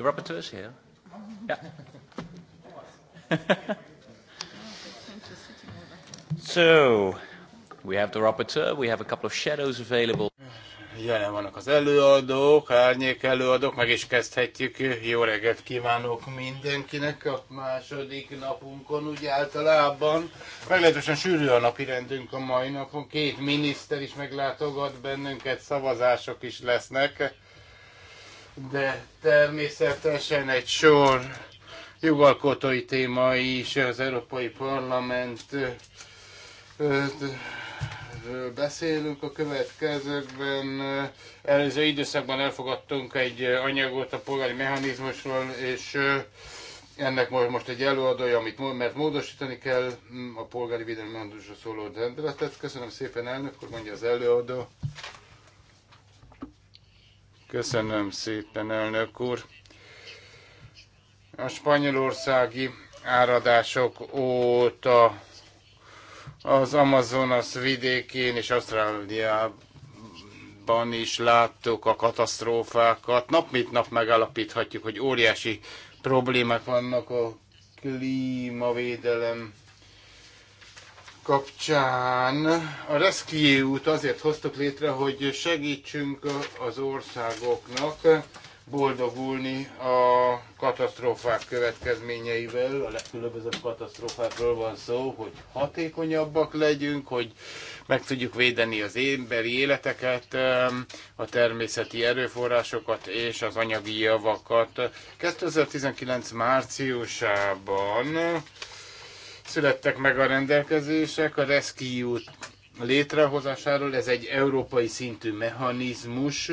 The rapporteur is here. Yeah. so, we have the rapporteur, we have a couple of shadows available. Jelen vannak az előadók, árnyék előadók, meg is kezdhetjük. Jó reggelt kívánok mindenkinek a második napunkon, úgy általában. Meglehetősen sűrű a napi rendünk a mai napon. Két miniszter is meglátogat bennünket, szavazások is lesznek de természetesen egy sor jogalkotói téma is az Európai Parlament beszélünk a következőkben. Előző időszakban elfogadtunk egy anyagot a polgári mechanizmusról, és ennek most egy előadója, amit mert módosítani kell a polgári védelmi mechanizmusra szóló rendeletet. Köszönöm szépen elnök hogy mondja az előadó. Köszönöm szépen, elnök úr. A spanyolországi áradások óta az Amazonas vidékén és Ausztráliában is láttuk a katasztrófákat. Nap mint nap megállapíthatjuk, hogy óriási problémák vannak a klímavédelem kapcsán a Rescue út azért hoztuk létre, hogy segítsünk az országoknak boldogulni a katasztrófák következményeivel. A legkülönbözőbb katasztrófákról van szó, hogy hatékonyabbak legyünk, hogy meg tudjuk védeni az emberi életeket, a természeti erőforrásokat és az anyagi javakat. 2019 márciusában születtek meg a rendelkezések a Rescue létrehozásáról. Ez egy európai szintű mechanizmus.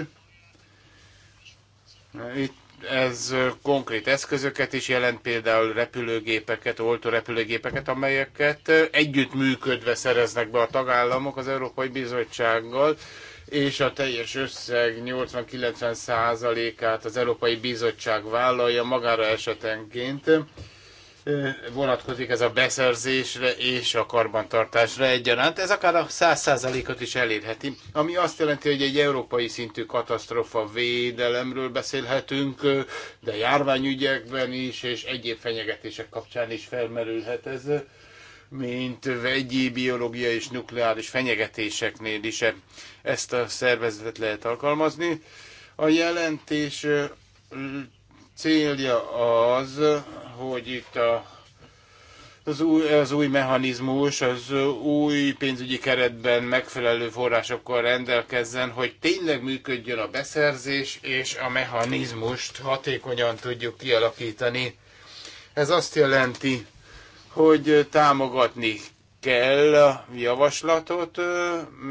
Itt ez konkrét eszközöket is jelent, például repülőgépeket, oltó repülőgépeket, amelyeket együttműködve szereznek be a tagállamok az Európai Bizottsággal, és a teljes összeg 80-90 százalékát az Európai Bizottság vállalja magára esetenként vonatkozik ez a beszerzésre és a karbantartásra egyaránt. Ez akár a 100%-ot is elérheti, ami azt jelenti, hogy egy európai szintű katasztrofa védelemről beszélhetünk, de járványügyekben is és egyéb fenyegetések kapcsán is felmerülhet ez mint vegyi, biológiai és nukleáris fenyegetéseknél is ezt a szervezetet lehet alkalmazni. A jelentés célja az, hogy itt a, az, új, az új mechanizmus az új pénzügyi keretben megfelelő forrásokkal rendelkezzen, hogy tényleg működjön a beszerzés, és a mechanizmust hatékonyan tudjuk kialakítani. Ez azt jelenti, hogy támogatni kell a javaslatot,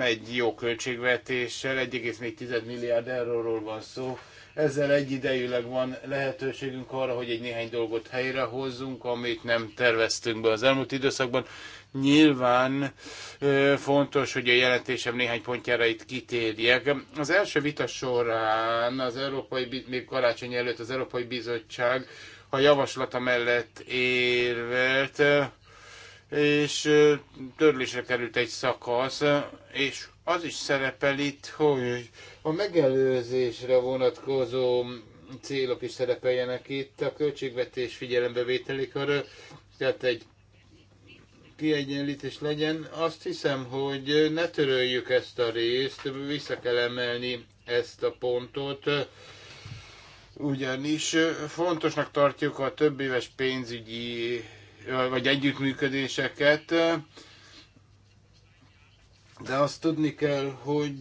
egy jó költségvetéssel, 1,4 milliárd euróról van szó, ezzel egyidejűleg van lehetőségünk arra, hogy egy néhány dolgot helyrehozzunk, amit nem terveztünk be az elmúlt időszakban. Nyilván fontos, hogy a jelentésem néhány pontjára itt kitérjek. Az első vita során az Európai, még karácsony előtt az Európai Bizottság a javaslata mellett érvelt, és törlésre került egy szakasz, és az is szerepel itt, hogy a megelőzésre vonatkozó célok is szerepeljenek itt, a költségvetés figyelembevételékor, tehát egy kiegyenlítés legyen. Azt hiszem, hogy ne töröljük ezt a részt, vissza kell emelni ezt a pontot, ugyanis fontosnak tartjuk a többéves pénzügyi vagy együttműködéseket, de azt tudni kell, hogy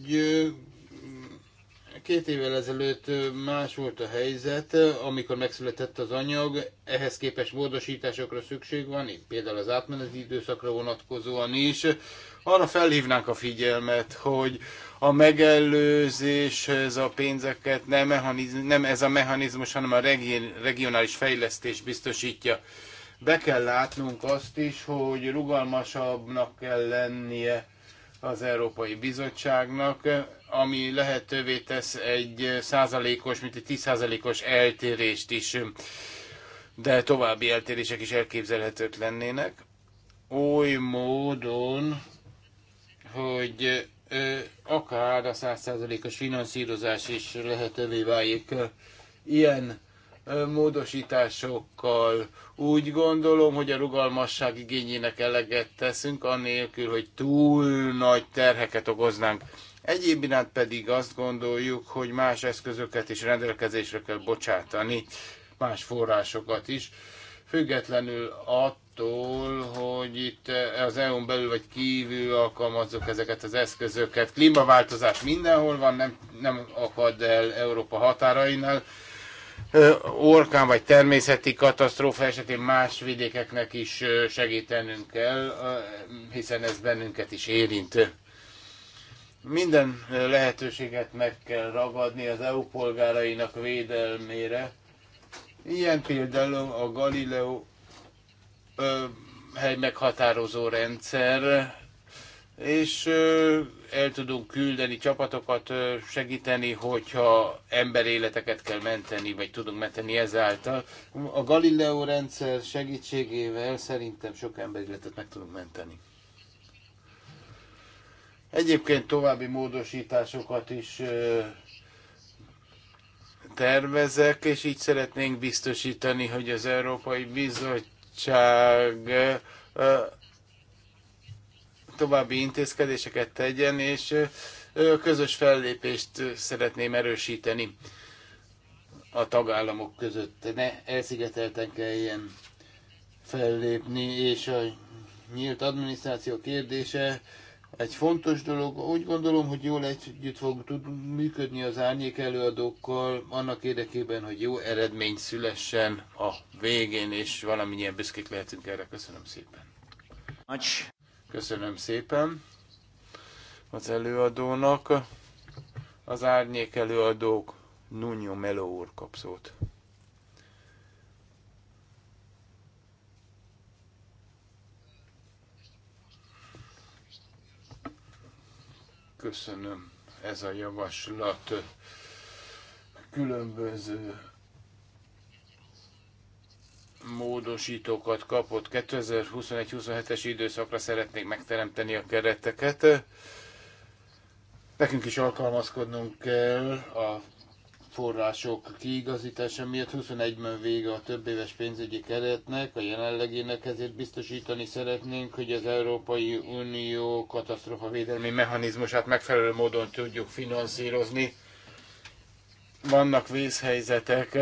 két évvel ezelőtt más volt a helyzet, amikor megszületett az anyag, ehhez képest módosításokra szükség van, például az átmeneti időszakra vonatkozóan is. Arra felhívnánk a figyelmet, hogy a megelőzéshez a pénzeket nem, nem ez a mechanizmus, hanem a regi, regionális fejlesztés biztosítja. Be kell látnunk azt is, hogy rugalmasabbnak kell lennie az Európai Bizottságnak, ami lehetővé tesz egy százalékos, mint egy 10 százalékos eltérést is, de további eltérések is elképzelhetők lennének. Oly módon, hogy akár a százszázalékos finanszírozás is lehetővé válik ilyen módosításokkal úgy gondolom, hogy a rugalmasság igényének eleget teszünk, anélkül, hogy túl nagy terheket okoznánk. Egyéb iránt pedig azt gondoljuk, hogy más eszközöket is rendelkezésre kell bocsátani, más forrásokat is, függetlenül attól, hogy itt az EU-n belül vagy kívül alkalmazzuk ezeket az eszközöket. Klímaváltozás mindenhol van, nem, nem akad el Európa határainál, orkán vagy természeti katasztrófa esetén más vidékeknek is segítenünk kell, hiszen ez bennünket is érint. Minden lehetőséget meg kell ragadni az EU polgárainak védelmére. Ilyen például a Galileo hely meghatározó rendszer, és el tudunk küldeni csapatokat, segíteni, hogyha emberéleteket kell menteni, vagy tudunk menteni ezáltal. A Galileo rendszer segítségével szerintem sok emberéletet meg tudunk menteni. Egyébként további módosításokat is tervezek, és így szeretnénk biztosítani, hogy az Európai Bizottság további intézkedéseket tegyen, és közös fellépést szeretném erősíteni a tagállamok között. Ne elszigetelten kelljen fellépni, és a nyílt adminisztráció kérdése egy fontos dolog. Úgy gondolom, hogy jól együtt fog tud működni az árnyék előadókkal, annak érdekében, hogy jó eredmény szülessen a végén, és valamilyen büszkék lehetünk erre. Köszönöm szépen. Much. Köszönöm szépen az előadónak. Az árnyék előadók Nunyó Melo úr kap szót. Köszönöm. Ez a javaslat különböző módosítókat kapott. 2021-27-es időszakra szeretnék megteremteni a kereteket. Nekünk is alkalmazkodnunk kell a források kiigazítása miatt 21-ben vége a több éves pénzügyi keretnek, a jelenlegének, ezért biztosítani szeretnénk, hogy az Európai Unió katasztrófavédelmi mechanizmusát megfelelő módon tudjuk finanszírozni vannak vészhelyzetek,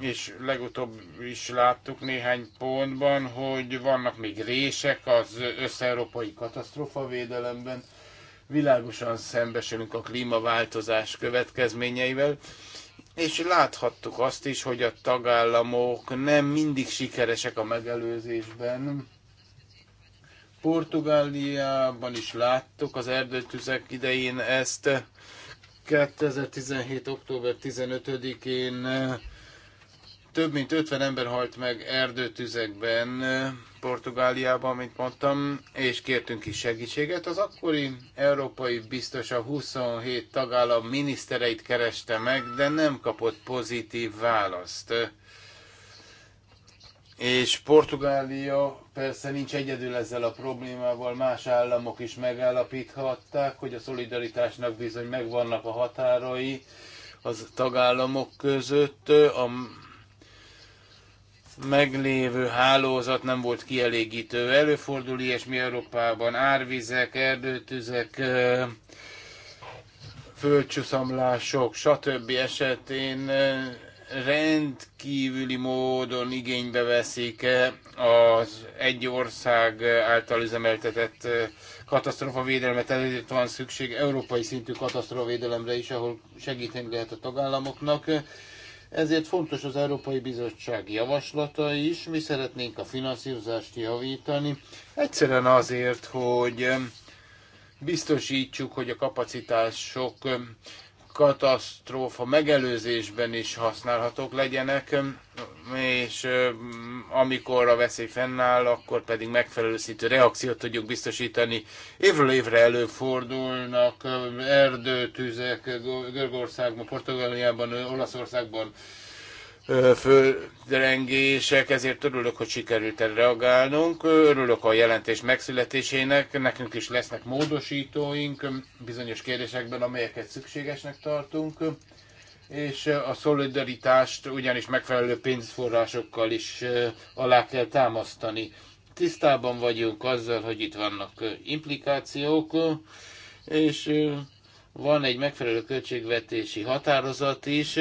és legutóbb is láttuk néhány pontban, hogy vannak még rések az összeurópai védelemben Világosan szembesülünk a klímaváltozás következményeivel, és láthattuk azt is, hogy a tagállamok nem mindig sikeresek a megelőzésben. Portugáliában is láttuk az erdőtüzek idején ezt, 2017. október 15-én eh, több mint 50 ember halt meg erdőtüzekben eh, Portugáliában, mint mondtam, és kértünk is segítséget. Az akkori európai biztos a 27 tagállam minisztereit kereste meg, de nem kapott pozitív választ és Portugália persze nincs egyedül ezzel a problémával, más államok is megállapíthatták, hogy a szolidaritásnak bizony megvannak a határai az tagállamok között. A meglévő hálózat nem volt kielégítő. Előfordul ilyesmi Európában árvizek, erdőtüzek, földcsúszamlások, stb. esetén rendkívüli módon igénybe veszik az egy ország által üzemeltetett védelmet, ezért van szükség európai szintű katasztrófavédelemre is, ahol segíteni lehet a tagállamoknak. Ezért fontos az Európai Bizottság javaslata is, mi szeretnénk a finanszírozást javítani, egyszerűen azért, hogy biztosítsuk, hogy a kapacitások katasztrófa megelőzésben is használhatók legyenek, és amikor a veszély fennáll, akkor pedig megfelelő szintű reakciót tudjuk biztosítani. Évről évre előfordulnak erdőtüzek Görögországban, Portugáliában, Olaszországban, földrengések, ezért örülök, hogy sikerült erre reagálnunk. Örülök a jelentés megszületésének, nekünk is lesznek módosítóink bizonyos kérdésekben, amelyeket szükségesnek tartunk, és a szolidaritást ugyanis megfelelő pénzforrásokkal is alá kell támasztani. Tisztában vagyunk azzal, hogy itt vannak implikációk, és van egy megfelelő költségvetési határozat is,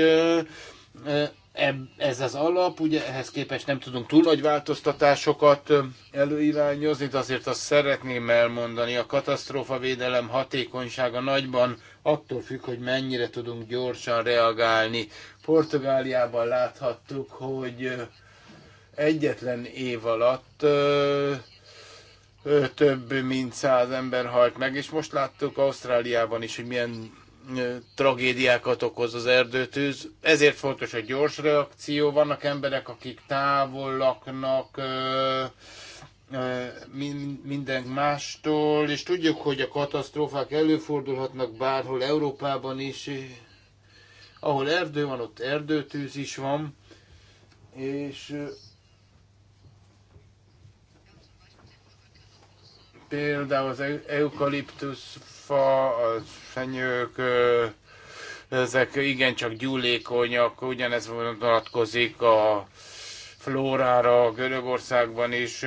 ez az alap, ugye ehhez képest nem tudunk túl nagy változtatásokat előirányozni, de azért azt szeretném elmondani, a katasztrófa védelem hatékonysága nagyban attól függ, hogy mennyire tudunk gyorsan reagálni. Portugáliában láthattuk, hogy egyetlen év alatt több mint száz ember halt meg, és most láttuk Ausztráliában is, hogy milyen tragédiákat okoz az erdőtűz. Ezért fontos a gyors reakció. Vannak emberek, akik távol laknak minden mástól, és tudjuk, hogy a katasztrófák előfordulhatnak bárhol Európában is. Ahol erdő van, ott erdőtűz is van. És például az eukaliptusz fa, a fenyők, ezek igencsak gyúlékonyak, ugyanez vonatkozik a flórára Görögországban is,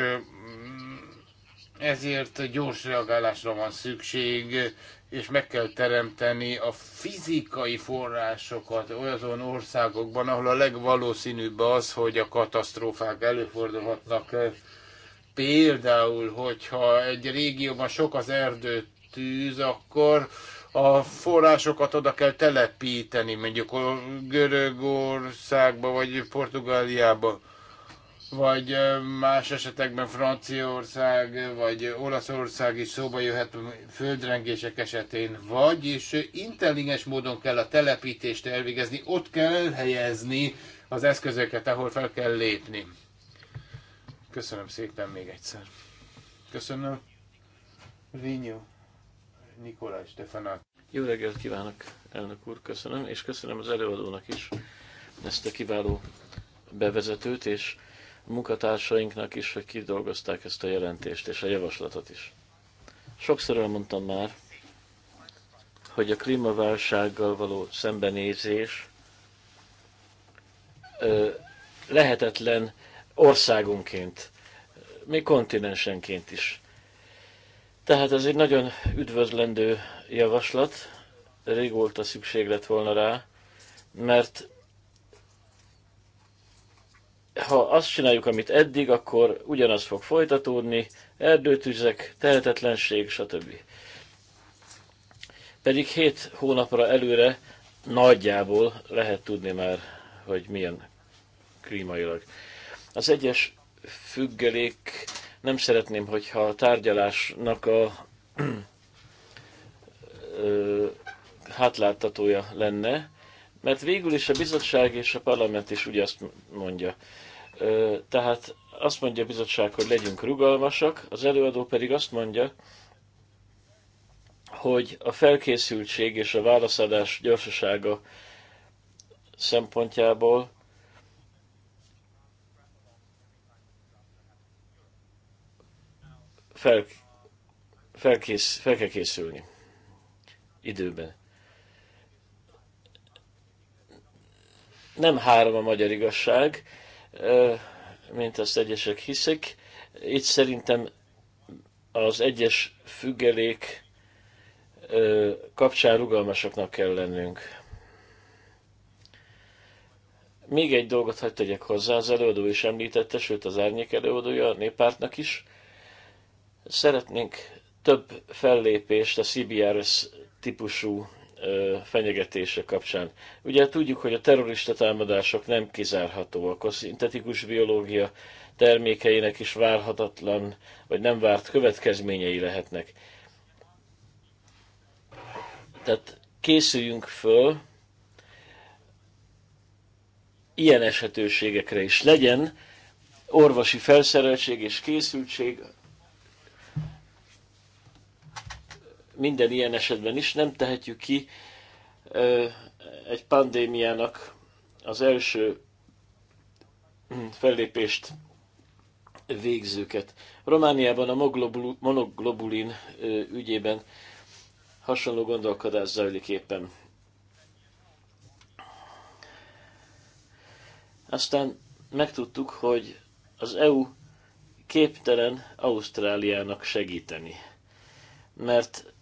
ezért gyors reagálásra van szükség, és meg kell teremteni a fizikai forrásokat olyan országokban, ahol a legvalószínűbb az, hogy a katasztrófák előfordulhatnak. Például, hogyha egy régióban sok az erdő tűz, akkor a forrásokat oda kell telepíteni, mondjuk Görögországba, vagy Portugáliába, vagy más esetekben Franciaország, vagy Olaszország is szóba jöhet földrengések esetén, vagyis intelligens módon kell a telepítést elvégezni, ott kell helyezni az eszközöket, ahol fel kell lépni. Köszönöm szépen még egyszer. Köszönöm. Rinyó. Nikolaj Stefanát. Jó reggelt kívánok, elnök úr, köszönöm, és köszönöm az előadónak is ezt a kiváló bevezetőt, és a munkatársainknak is, hogy kidolgozták ezt a jelentést és a javaslatot is. Sokszor elmondtam már, hogy a klímaválsággal való szembenézés ö, lehetetlen országunként, még kontinensenként is tehát ez egy nagyon üdvözlendő javaslat, régóta szükség lett volna rá, mert ha azt csináljuk, amit eddig, akkor ugyanaz fog folytatódni, erdőtüzek, tehetetlenség, stb. Pedig hét hónapra előre nagyjából lehet tudni már, hogy milyen klímailag. Az egyes függelék nem szeretném, hogyha a tárgyalásnak a hátláttatója lenne, mert végül is a bizottság és a parlament is azt mondja. Ö, tehát azt mondja a bizottság, hogy legyünk rugalmasak, az előadó pedig azt mondja, hogy a felkészültség és a válaszadás gyorsasága szempontjából fel, felkész, fel kell készülni időben. Nem három a magyar igazság, mint azt egyesek hiszek. Itt szerintem az egyes függelék kapcsán rugalmasaknak kell lennünk. Még egy dolgot hagyd tegyek hozzá, az előadó is említette, sőt az árnyék előadója a néppártnak is, Szeretnénk több fellépést a CBRS típusú fenyegetése kapcsán. Ugye tudjuk, hogy a terrorista támadások nem kizárhatóak. A szintetikus biológia termékeinek is várhatatlan vagy nem várt következményei lehetnek. Tehát készüljünk föl ilyen esetőségekre is. Legyen orvosi felszereltség és készültség minden ilyen esetben is nem tehetjük ki egy pandémiának az első hm, fellépést végzőket. Romániában a monoglobulin ügyében hasonló gondolkodás zajlik éppen. Aztán megtudtuk, hogy az EU képtelen Ausztráliának segíteni, mert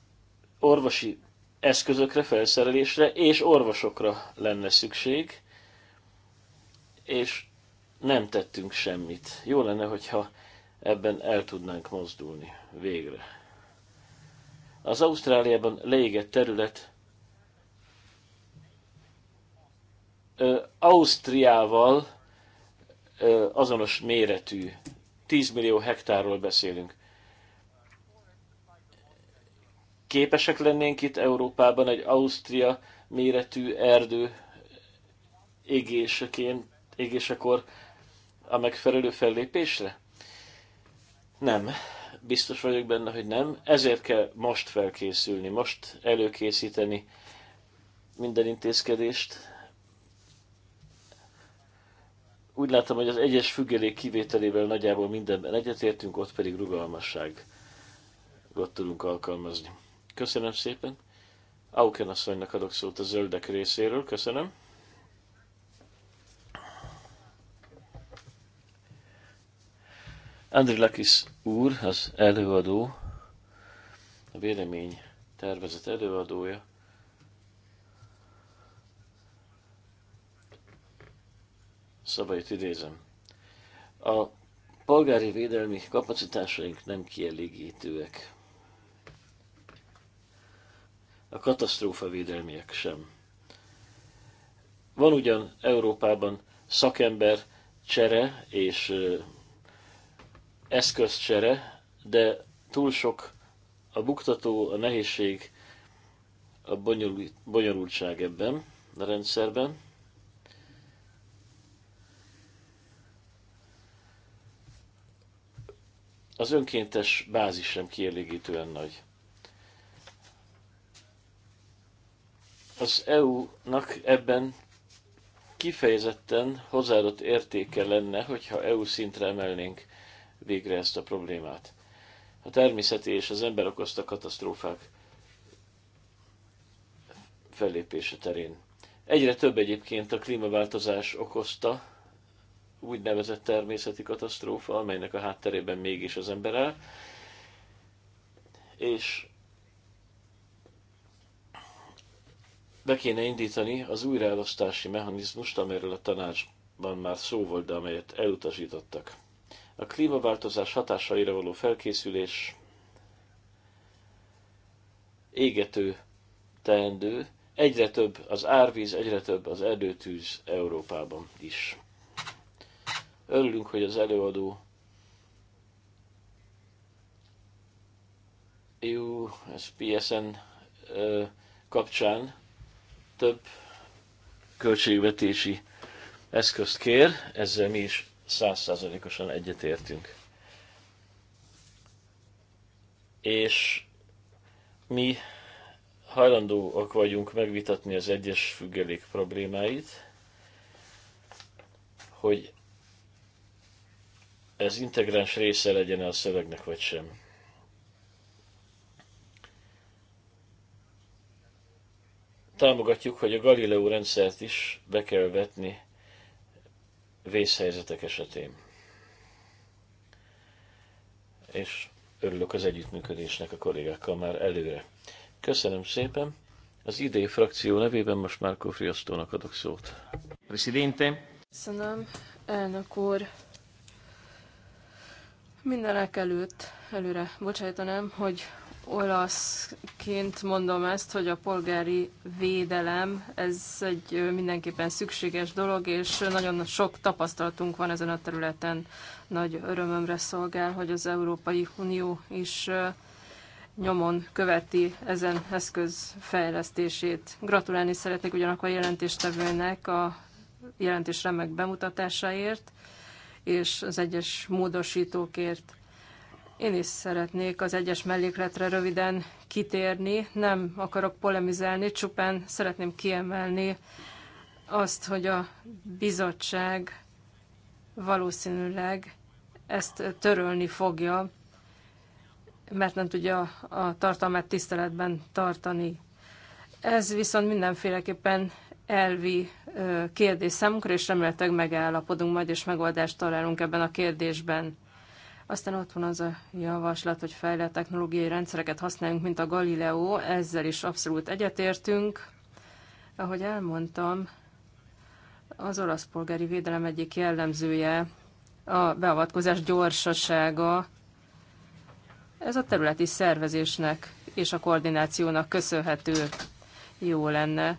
orvosi eszközökre, felszerelésre és orvosokra lenne szükség, és nem tettünk semmit. Jó lenne, hogyha ebben el tudnánk mozdulni végre. Az Ausztráliában leégett terület ö, Ausztriával ö, azonos méretű, 10 millió hektárról beszélünk. képesek lennénk itt Európában egy Ausztria méretű erdő égéseként, égésekor a megfelelő fellépésre? Nem. Biztos vagyok benne, hogy nem. Ezért kell most felkészülni, most előkészíteni minden intézkedést. Úgy látom, hogy az egyes függelék kivételével nagyjából mindenben egyetértünk, ott pedig rugalmasságot tudunk alkalmazni. Köszönöm szépen. Auken asszonynak adok szót a zöldek részéről. Köszönöm. Andri Lakis úr, az előadó, a vélemény tervezett előadója, szabályt idézem. A polgári védelmi kapacitásaink nem kielégítőek a védelmiek sem. Van ugyan Európában szakember csere és eszközcsere, de túl sok a buktató, a nehézség, a bonyolultság ebben a rendszerben. Az önkéntes bázis sem kielégítően nagy. Az EU-nak ebben kifejezetten hozzáadott értéke lenne, hogyha EU szintre emelnénk végre ezt a problémát. A természeti és az ember okozta katasztrófák fellépése terén. Egyre több egyébként a klímaváltozás okozta úgynevezett természeti katasztrófa, amelynek a hátterében mégis az ember áll, és be kéne indítani az újraelosztási mechanizmust, amiről a tanácsban már szó volt, de amelyet elutasítottak. A klímaváltozás hatásaira való felkészülés égető teendő, egyre több az árvíz, egyre több az erdőtűz Európában is. Örülünk, hogy az előadó EU, ez PSN kapcsán több költségvetési eszközt kér, ezzel mi is százszázalékosan egyetértünk. És mi hajlandóak vagyunk megvitatni az egyes függelék problémáit, hogy ez integráns része legyen a szövegnek, vagy sem. támogatjuk, hogy a Galileo rendszert is be kell vetni vészhelyzetek esetén. És örülök az együttműködésnek a kollégákkal már előre. Köszönöm szépen. Az idei frakció nevében most már Friasztónak adok szót. Presidente. Köszönöm, elnök úr. Mindenek előtt előre bocsájtanám, hogy olaszként mondom ezt, hogy a polgári védelem, ez egy mindenképpen szükséges dolog, és nagyon sok tapasztalatunk van ezen a területen. Nagy örömömre szolgál, hogy az Európai Unió is nyomon követi ezen eszköz fejlesztését. Gratulálni szeretnék ugyanakkor a jelentéstevőnek a jelentés remek bemutatásáért és az egyes módosítókért. Én is szeretnék az egyes mellékletre röviden kitérni, nem akarok polemizálni, csupán szeretném kiemelni azt, hogy a bizottság valószínűleg ezt törölni fogja, mert nem tudja a tartalmát tiszteletben tartani. Ez viszont mindenféleképpen elvi kérdés számunkra, és remélhetőleg megállapodunk majd, és megoldást találunk ebben a kérdésben. Aztán ott van az a javaslat, hogy fejlett technológiai rendszereket használjunk, mint a Galileo, ezzel is abszolút egyetértünk. Ahogy elmondtam, az olasz polgári védelem egyik jellemzője a beavatkozás gyorsasága. Ez a területi szervezésnek és a koordinációnak köszönhető jó lenne,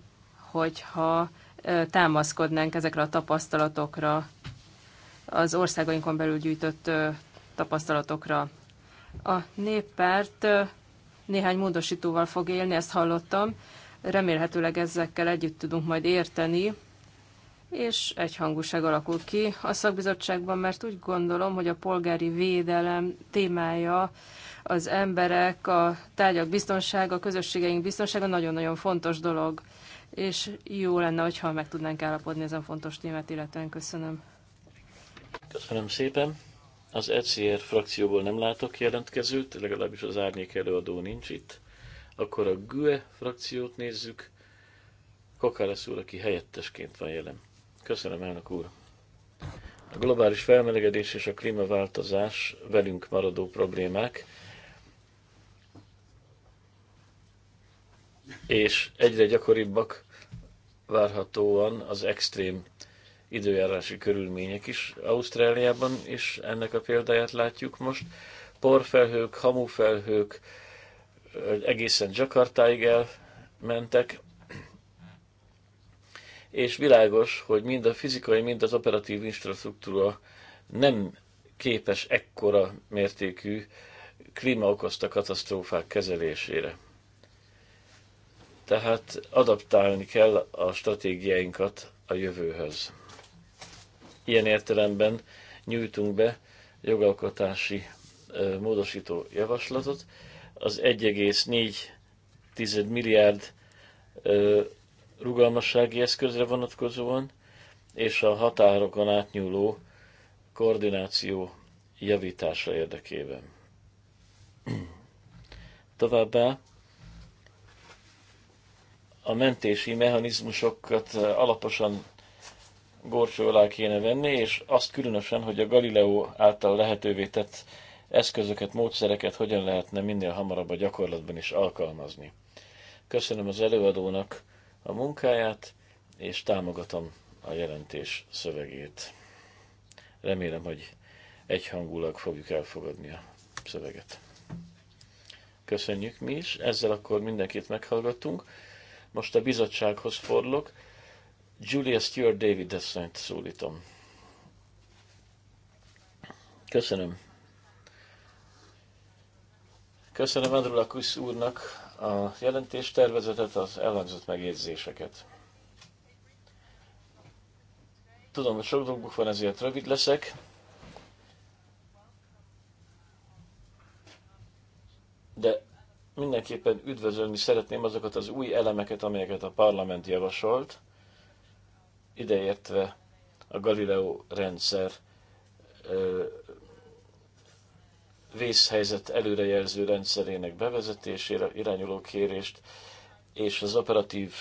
hogyha támaszkodnánk ezekre a tapasztalatokra, az országainkon belül gyűjtött tapasztalatokra. A néppárt néhány módosítóval fog élni, ezt hallottam. Remélhetőleg ezekkel együtt tudunk majd érteni, és egy hangúság alakul ki a szakbizottságban, mert úgy gondolom, hogy a polgári védelem témája az emberek, a tárgyak biztonsága, a közösségeink biztonsága nagyon-nagyon fontos dolog, és jó lenne, hogyha meg tudnánk állapodni ezen fontos témát, illetően köszönöm. Köszönöm szépen. Az ECR frakcióból nem látok jelentkezőt, legalábbis az árnyék előadó nincs itt. Akkor a GUE frakciót nézzük. Kokáles úr, aki helyettesként van jelen. Köszönöm, elnök úr! A globális felmelegedés és a klímaváltozás velünk maradó problémák, és egyre gyakoribbak várhatóan az extrém időjárási körülmények is Ausztráliában, és ennek a példáját látjuk most. Porfelhők, hamufelhők egészen Jakartáig elmentek, és világos, hogy mind a fizikai, mind az operatív infrastruktúra nem képes ekkora mértékű klíma okozta katasztrófák kezelésére. Tehát adaptálni kell a stratégiáinkat a jövőhöz ilyen értelemben nyújtunk be jogalkotási módosító javaslatot. Az 1,4 milliárd rugalmassági eszközre vonatkozóan, és a határokon átnyúló koordináció javítása érdekében. Továbbá a mentési mechanizmusokat alaposan górcső alá kéne venni, és azt különösen, hogy a Galileo által lehetővé tett eszközöket, módszereket hogyan lehetne minél hamarabb a gyakorlatban is alkalmazni. Köszönöm az előadónak a munkáját, és támogatom a jelentés szövegét. Remélem, hogy egyhangulag fogjuk elfogadni a szöveget. Köszönjük mi is, ezzel akkor mindenkit meghallgattunk. Most a bizottsághoz fordulok. Julia Stewart David asszonyt szólítom. Köszönöm. Köszönöm Andrula Kusz úrnak a jelentéstervezetet, az elhangzott megjegyzéseket. Tudom, hogy sok dolguk van, ezért rövid leszek. De mindenképpen üdvözölni szeretném azokat az új elemeket, amelyeket a parlament javasolt, ideértve a Galileo rendszer vészhelyzet előrejelző rendszerének bevezetésére irányuló kérést, és az operatív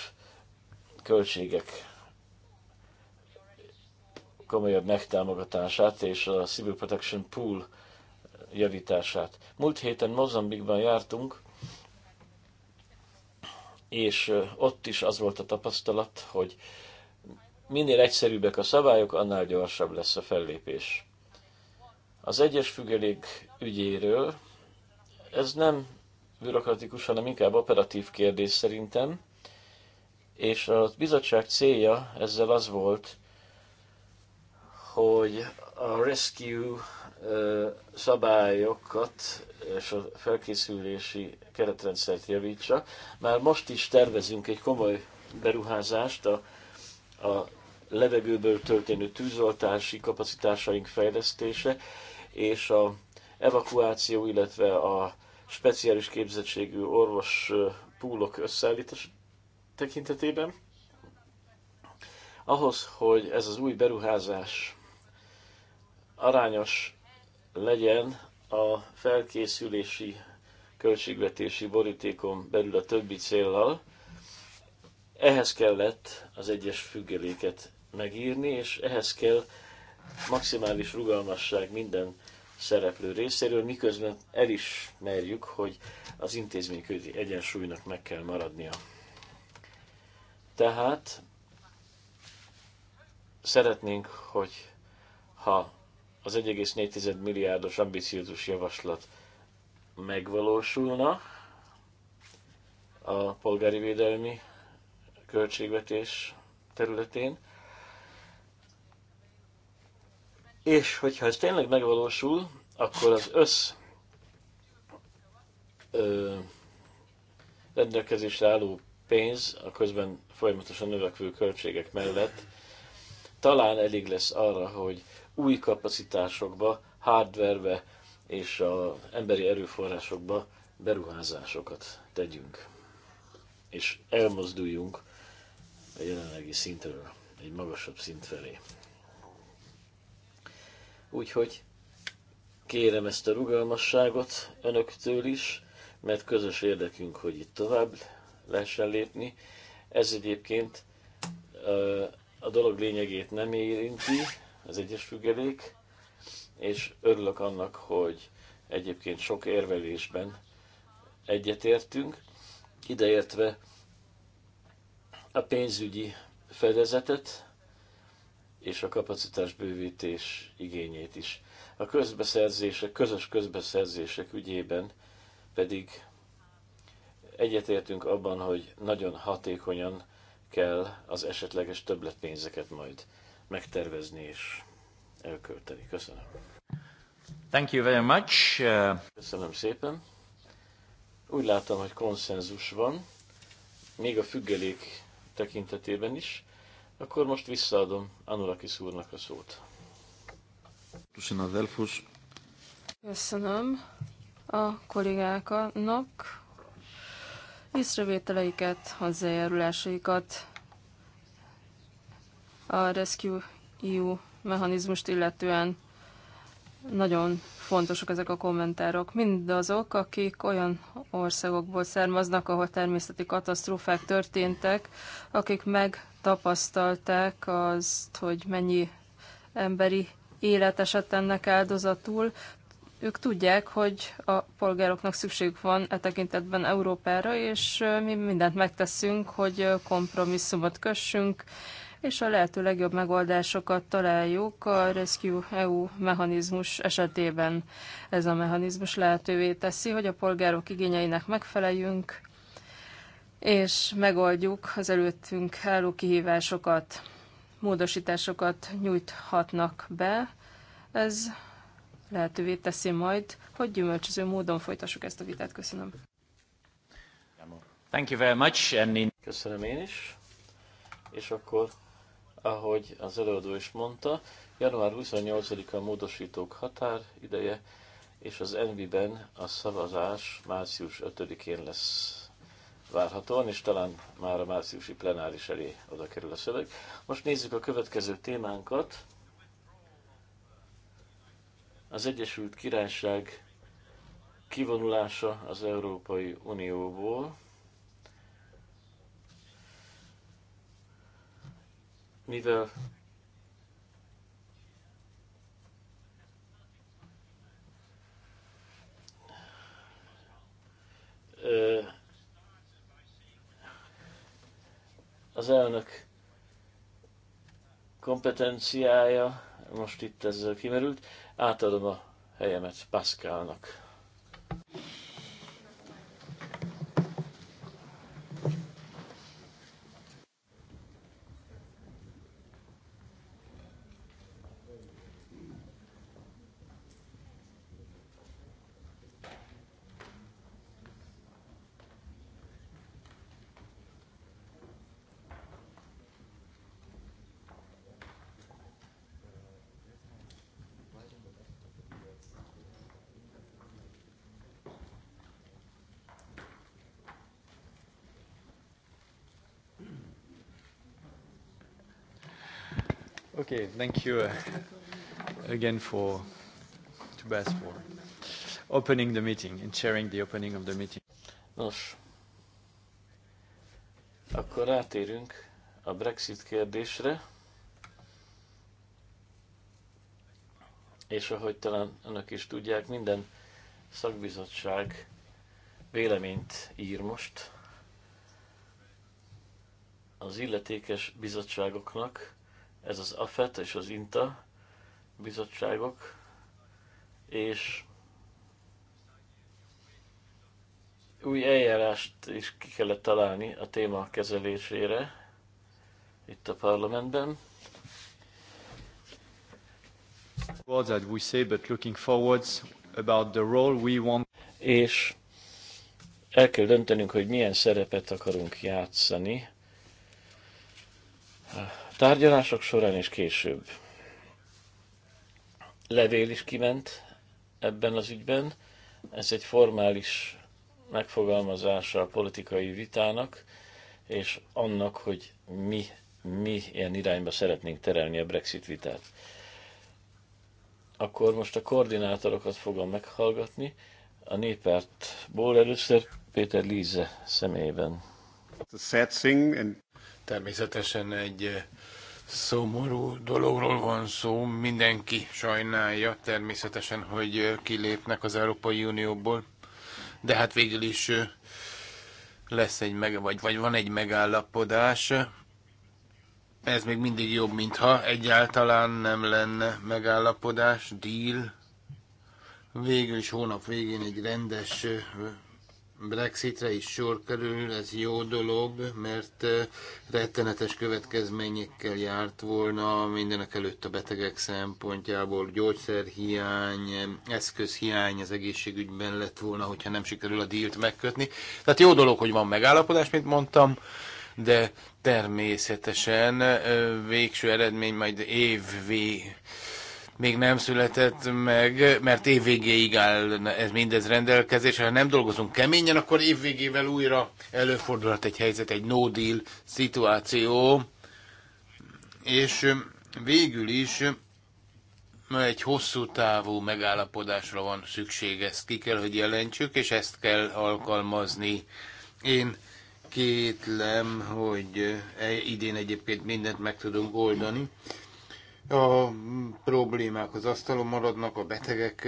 költségek komolyabb megtámogatását és a Civil Protection Pool javítását. Múlt héten Mozambikban jártunk, és ott is az volt a tapasztalat, hogy minél egyszerűbbek a szabályok, annál gyorsabb lesz a fellépés. Az egyes függelék ügyéről ez nem bürokratikus, hanem inkább operatív kérdés szerintem, és a bizottság célja ezzel az volt, hogy a rescue szabályokat és a felkészülési keretrendszert javítsa. Már most is tervezünk egy komoly beruházást a, a levegőből történő tűzoltási kapacitásaink fejlesztése, és a evakuáció, illetve a speciális képzettségű orvos púlok összeállítás tekintetében. Ahhoz, hogy ez az új beruházás arányos legyen a felkészülési költségvetési borítékon belül a többi céllal, ehhez kellett az egyes függeléket megírni, és ehhez kell maximális rugalmasság minden szereplő részéről, miközben elismerjük, hogy az intézményközi egyensúlynak meg kell maradnia. Tehát szeretnénk, hogy ha az 1,4 milliárdos ambiciózus javaslat megvalósulna a polgári védelmi költségvetés területén, És hogyha ez tényleg megvalósul, akkor az össz ö, rendelkezésre álló pénz a közben folyamatosan növekvő költségek mellett talán elég lesz arra, hogy új kapacitásokba, hardverbe és a emberi erőforrásokba beruházásokat tegyünk. És elmozduljunk a jelenlegi szintről egy magasabb szint felé. Úgyhogy kérem ezt a rugalmasságot önöktől is, mert közös érdekünk, hogy itt tovább lehessen lépni. Ez egyébként a dolog lényegét nem érinti, az egyes függelék, és örülök annak, hogy egyébként sok érvelésben egyetértünk, ideértve a pénzügyi fedezetet, és a kapacitás bővítés igényét is. A közbeszerzések, közös közbeszerzések ügyében pedig egyetértünk abban, hogy nagyon hatékonyan kell az esetleges többletpénzeket majd megtervezni és elkölteni. Köszönöm. Thank you very much. Uh... Köszönöm szépen. Úgy látom, hogy konszenzus van, még a függelék tekintetében is. Akkor most visszaadom Anurakis úrnak a szót. Köszönöm a kollégáknak észrevételeiket, hozzájárulásaikat, a Rescue EU mechanizmust illetően nagyon fontosak ezek a kommentárok. Mindazok, akik olyan országokból származnak, ahol természeti katasztrófák történtek, akik meg tapasztalták azt, hogy mennyi emberi élet esett ennek áldozatul. Ők tudják, hogy a polgároknak szükségük van e tekintetben Európára, és mi mindent megteszünk, hogy kompromisszumot kössünk, és a lehető legjobb megoldásokat találjuk a Rescue EU mechanizmus esetében. Ez a mechanizmus lehetővé teszi, hogy a polgárok igényeinek megfeleljünk, és megoldjuk az előttünk álló kihívásokat, módosításokat nyújthatnak be. Ez lehetővé teszi majd, hogy gyümölcsöző módon folytassuk ezt a vitát. Köszönöm. Thank you very much. And Köszönöm én is. És akkor, ahogy az előadó is mondta, január 28-a módosítók határ ideje, és az Envi-ben a szavazás március 5-én lesz várhatóan, és talán már a márciusi plenáris elé oda kerül a szöveg. Most nézzük a következő témánkat. Az Egyesült Királyság kivonulása az Európai Unióból. Mivel uh, az elnök kompetenciája, most itt ezzel kimerült, átadom a helyemet Pascalnak. Okay, thank you uh, again for to Tobias for opening the meeting and sharing the opening of the meeting. Nos, akkor rátérünk a Brexit kérdésre, és ahogy talán önök is tudják, minden szakbizottság véleményt ír most az illetékes bizottságoknak, ez az AFET és az INTA bizottságok, és új eljárást is ki kellett találni a téma kezelésére itt a parlamentben. That we say, but looking forwards about the role we want. És el kell döntenünk, hogy milyen szerepet akarunk játszani tárgyalások során és később. Levél is kiment ebben az ügyben. Ez egy formális megfogalmazása a politikai vitának, és annak, hogy mi, mi ilyen irányba szeretnénk terelni a Brexit vitát. Akkor most a koordinátorokat fogom meghallgatni. A néppártból először Péter Líze személyében. Természetesen egy Szomorú dologról van szó, mindenki sajnálja természetesen, hogy kilépnek az Európai Unióból, de hát végül is lesz egy meg, vagy, vagy van egy megállapodás. Ez még mindig jobb, mintha egyáltalán nem lenne megállapodás, deal. Végül is hónap végén egy rendes Brexitre is sor kerül, ez jó dolog, mert rettenetes következményekkel járt volna mindenek előtt a betegek szempontjából, gyógyszerhiány, eszközhiány az egészségügyben lett volna, hogyha nem sikerül a dílt megkötni. Tehát jó dolog, hogy van megállapodás, mint mondtam, de természetesen végső eredmény majd évvé még nem született meg, mert évvégéig áll ez mindez rendelkezésre. Ha nem dolgozunk keményen, akkor évvégével újra előfordulhat egy helyzet, egy no deal szituáció. És um, végül is ma um, egy hosszú távú megállapodásra van szükség, ezt ki kell, hogy jelentsük, és ezt kell alkalmazni. Én kétlem, hogy eh, idén egyébként mindent meg tudunk oldani a problémák az asztalon maradnak, a betegek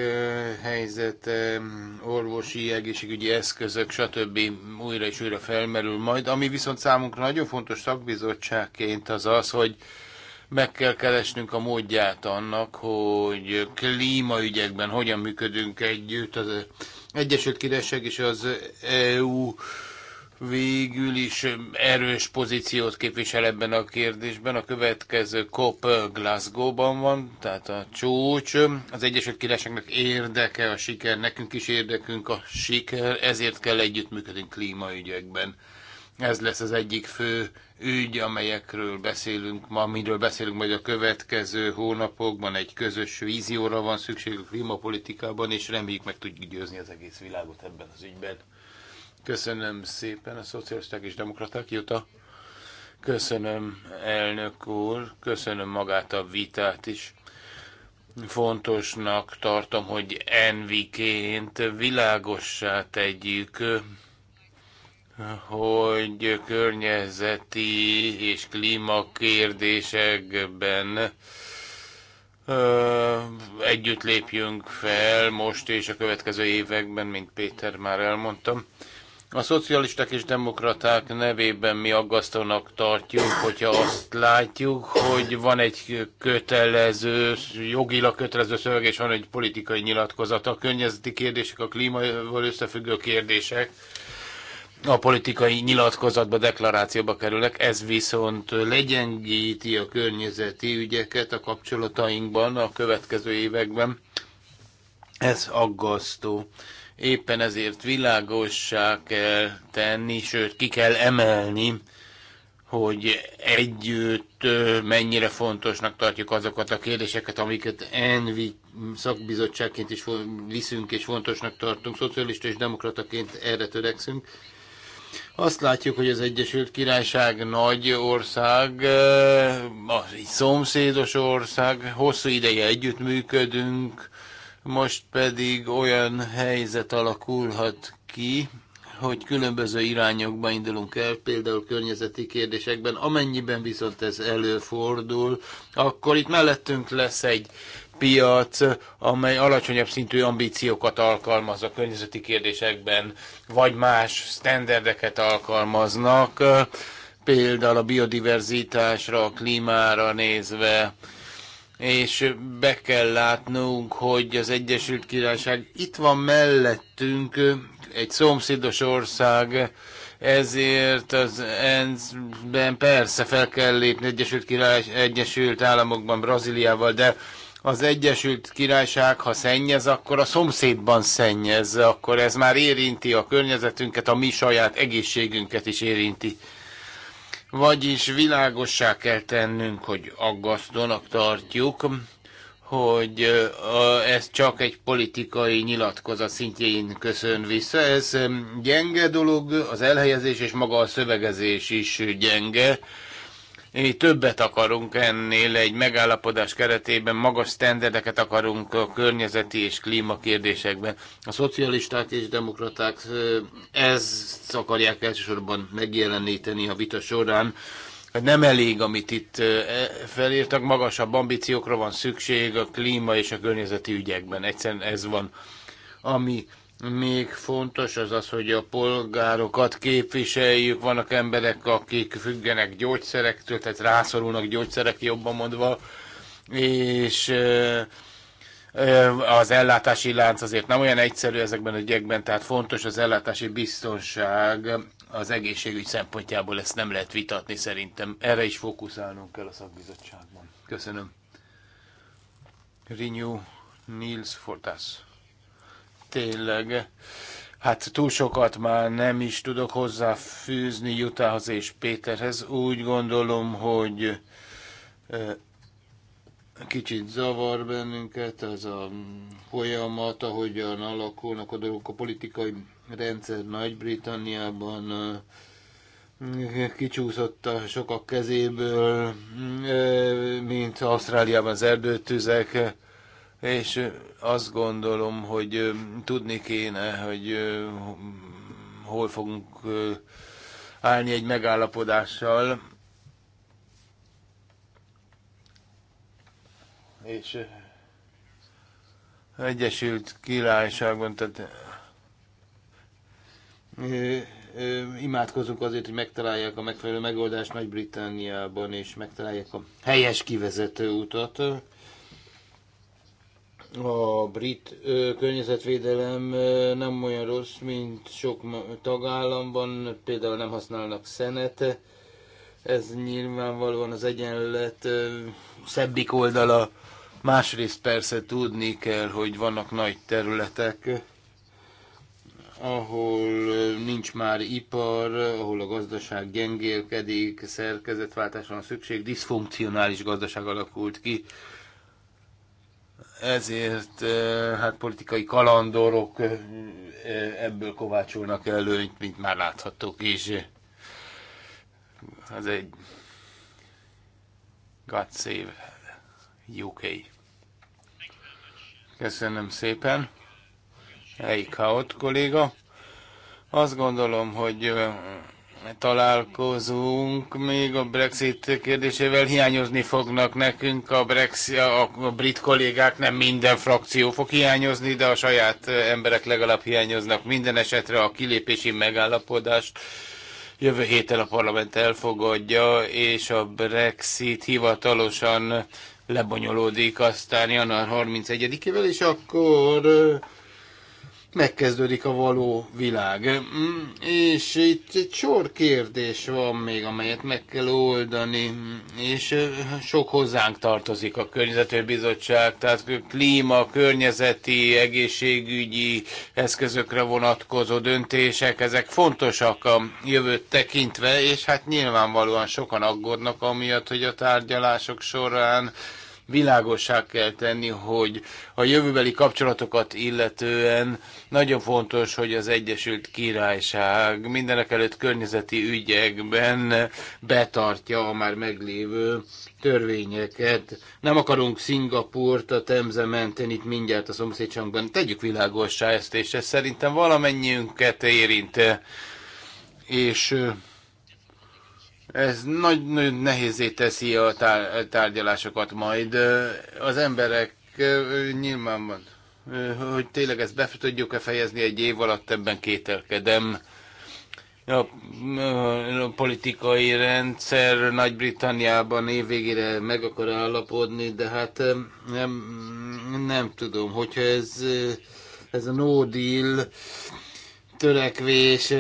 helyzete, orvosi, egészségügyi eszközök, stb. újra és újra felmerül majd. Ami viszont számunkra nagyon fontos szakbizottságként az az, hogy meg kell keresnünk a módját annak, hogy klímaügyekben hogyan működünk együtt az Egyesült Királyság és az EU végül is erős pozíciót képvisel ebben a kérdésben. A következő COP Glasgow-ban van, tehát a csúcs. Az Egyesült Királyságnak érdeke a siker, nekünk is érdekünk a siker, ezért kell együttműködni klímaügyekben. Ez lesz az egyik fő ügy, amelyekről beszélünk ma, miről beszélünk majd a következő hónapokban. Egy közös vízióra van szükség a klímapolitikában, és reméljük meg tudjuk győzni az egész világot ebben az ügyben. Köszönöm szépen a szocialisták és demokraták, Juta. Köszönöm, elnök úr, köszönöm magát a vitát is. Fontosnak tartom, hogy enviként világossá tegyük, hogy környezeti és klímakérdésekben együtt lépjünk fel most és a következő években, mint Péter már elmondtam. A szocialisták és demokraták nevében mi aggasztónak tartjuk, hogyha azt látjuk, hogy van egy kötelező, jogilag kötelező szöveg, és van egy politikai nyilatkozat. A környezeti kérdések, a klímaval összefüggő kérdések a politikai nyilatkozatba, deklarációba kerülnek. Ez viszont legyengíti a környezeti ügyeket a kapcsolatainkban a következő években. Ez aggasztó Éppen ezért világossá kell tenni, sőt ki kell emelni, hogy együtt mennyire fontosnak tartjuk azokat a kérdéseket, amiket ENVI szakbizottságként is viszünk és fontosnak tartunk, szocialista és demokrataként erre törekszünk. Azt látjuk, hogy az Egyesült Királyság nagy ország, a szomszédos ország, hosszú ideje együttműködünk, most pedig olyan helyzet alakulhat ki, hogy különböző irányokba indulunk el, például környezeti kérdésekben. Amennyiben viszont ez előfordul, akkor itt mellettünk lesz egy piac, amely alacsonyabb szintű ambíciókat alkalmaz a környezeti kérdésekben, vagy más standardeket alkalmaznak, például a biodiverzitásra, a klímára nézve, és be kell látnunk, hogy az Egyesült Királyság itt van mellettünk, egy szomszédos ország, ezért az ENSZ-ben persze fel kell lépni Egyesült, Király, Egyesült Államokban, Brazíliával, de az Egyesült Királyság, ha szennyez, akkor a szomszédban szennyez, akkor ez már érinti a környezetünket, a mi saját egészségünket is érinti. Vagyis világossá kell tennünk, hogy aggasztónak tartjuk, hogy ez csak egy politikai nyilatkozat szintjén köszön vissza. Ez gyenge dolog, az elhelyezés és maga a szövegezés is gyenge mi többet akarunk ennél, egy megállapodás keretében magas sztenderdeket akarunk a környezeti és klímakérdésekben. A szocialisták és demokraták ezt akarják elsősorban megjeleníteni a vita során. Nem elég, amit itt felírtak, magasabb ambíciókra van szükség a klíma és a környezeti ügyekben. Egyszerűen ez van. Ami még fontos az az, hogy a polgárokat képviseljük. Vannak emberek, akik függenek gyógyszerektől, tehát rászorulnak gyógyszerek, jobban mondva, és az ellátási lánc azért nem olyan egyszerű ezekben a gyekben, tehát fontos az ellátási biztonság az egészségügy szempontjából, ezt nem lehet vitatni szerintem. Erre is fókuszálnunk kell a szakbizottságban. Köszönöm. Renew Nils Fortas tényleg, hát túl sokat már nem is tudok hozzáfűzni Jutához és Péterhez. Úgy gondolom, hogy kicsit zavar bennünket ez a folyamat, ahogyan alakulnak a dolgok a politikai rendszer Nagy-Britanniában kicsúszott a sokak kezéből, mint Ausztráliában az erdőtüzek, és azt gondolom, hogy tudni kéne, hogy hol fogunk állni egy megállapodással. És Egyesült Királyságban, tehát imádkozunk azért, hogy megtalálják a megfelelő megoldást Nagy-Britanniában, és megtalálják a helyes kivezető utat a brit környezetvédelem nem olyan rossz, mint sok tagállamban, például nem használnak szenet, ez nyilvánvalóan az egyenlet szebbik oldala. Másrészt persze tudni kell, hogy vannak nagy területek, ahol nincs már ipar, ahol a gazdaság gyengélkedik, szerkezetváltásra van szükség, diszfunkcionális gazdaság alakult ki, ezért hát politikai kalandorok ebből kovácsolnak előnyt, mint már láthattuk is. Ez egy God save UK. Köszönöm szépen. Eichhaut kolléga. Azt gondolom, hogy találkozunk még a Brexit kérdésével, hiányozni fognak nekünk a, Brexit, a brit kollégák, nem minden frakció fog hiányozni, de a saját emberek legalább hiányoznak minden esetre a kilépési megállapodást. Jövő héten a parlament elfogadja, és a Brexit hivatalosan lebonyolódik aztán január 31-ével, és akkor megkezdődik a való világ. Mm, és itt egy sor kérdés van még, amelyet meg kell oldani, és sok hozzánk tartozik a Környezetőbizottság, tehát klíma, környezeti, egészségügyi eszközökre vonatkozó döntések, ezek fontosak a jövőt tekintve, és hát nyilvánvalóan sokan aggódnak amiatt, hogy a tárgyalások során világossá kell tenni, hogy a jövőbeli kapcsolatokat illetően nagyon fontos, hogy az Egyesült Királyság mindenek előtt környezeti ügyekben betartja a már meglévő törvényeket. Nem akarunk Szingapurt a Temze mentén itt mindjárt a szomszédságban. Tegyük világossá ezt, és ez szerintem valamennyiünket érint. És ez nagy, nagyon nehézé teszi a tárgyalásokat majd. Az emberek nyilván van, hogy tényleg ezt be tudjuk-e fejezni egy év alatt, ebben kételkedem. A, a politikai rendszer Nagy-Britanniában évvégére meg akar állapodni, de hát nem, nem tudom, hogyha ez, ez a no deal törekvés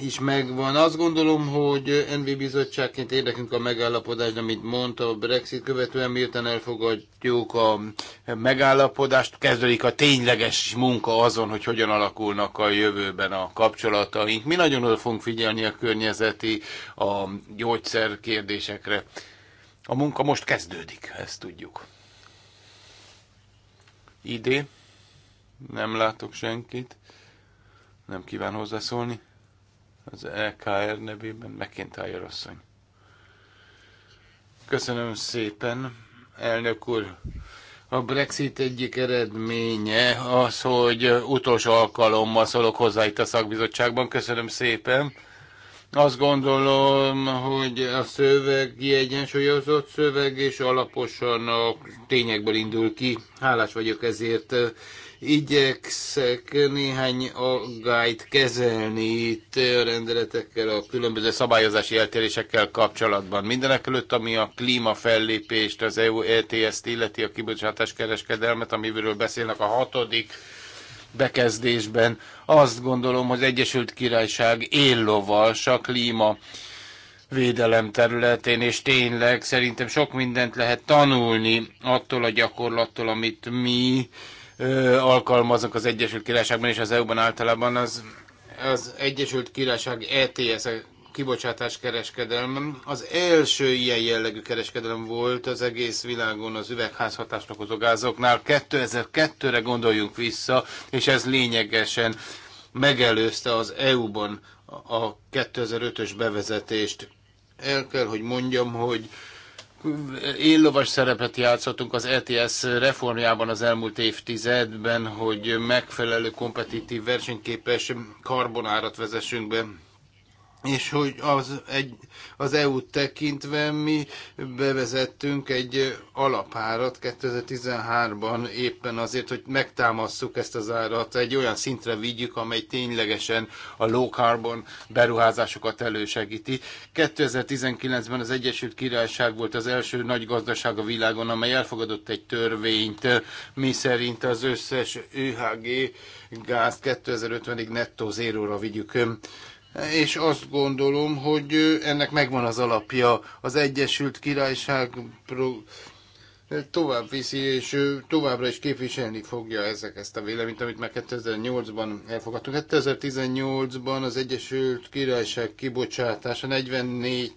is megvan. Azt gondolom, hogy NV bizottságként érdekünk a megállapodást, amit mondta a Brexit követően, miután elfogadjuk a megállapodást, kezdődik a tényleges munka azon, hogy hogyan alakulnak a jövőben a kapcsolataink. Mi nagyon oda fogunk figyelni a környezeti, a gyógyszer kérdésekre. A munka most kezdődik, ezt tudjuk. Idé? Nem látok senkit. Nem kíván hozzászólni az EKR nevében McIntyre asszony. Köszönöm szépen, elnök úr. A Brexit egyik eredménye az, hogy utolsó alkalommal szólok hozzá itt a szakbizottságban. Köszönöm szépen. Azt gondolom, hogy a szöveg kiegyensúlyozott szöveg, és alaposan a tényekből indul ki. Hálás vagyok ezért igyekszek néhány aggályt kezelni itt a rendeletekkel, a különböző szabályozási eltérésekkel kapcsolatban. Mindenek előtt, ami a klíma fellépést, az EU ETS-t illeti a kibocsátás kereskedelmet, amiről beszélnek a hatodik bekezdésben. Azt gondolom, hogy az Egyesült Királyság éllovas a klíma védelem területén, és tényleg szerintem sok mindent lehet tanulni attól a gyakorlattól, amit mi alkalmaznak az Egyesült Királyságban és az EU-ban általában, az, az Egyesült Királyság ETS, a kibocsátás kereskedelem, az első ilyen jellegű kereskedelem volt az egész világon az üvegházhatást okozó gázoknál. 2002-re gondoljunk vissza, és ez lényegesen megelőzte az EU-ban a 2005-ös bevezetést. El kell, hogy mondjam, hogy éllovas szerepet játszottunk az ETS reformjában az elmúlt évtizedben, hogy megfelelő kompetitív versenyképes karbonárat vezessünk be és hogy az, egy, az EU-t tekintve mi bevezettünk egy alapárat 2013-ban éppen azért, hogy megtámasszuk ezt az árat, egy olyan szintre vigyük, amely ténylegesen a low carbon beruházásokat elősegíti. 2019-ben az Egyesült Királyság volt az első nagy gazdaság a világon, amely elfogadott egy törvényt, mi szerint az összes ÖHG gáz 2050-ig nettó zéróra vigyük és azt gondolom, hogy ennek megvan az alapja. Az Egyesült Királyság tovább viszi, és továbbra is képviselni fogja ezek ezt a véleményt, amit már 2008-ban elfogadtunk. 2018-ban az Egyesült Királyság kibocsátása 44,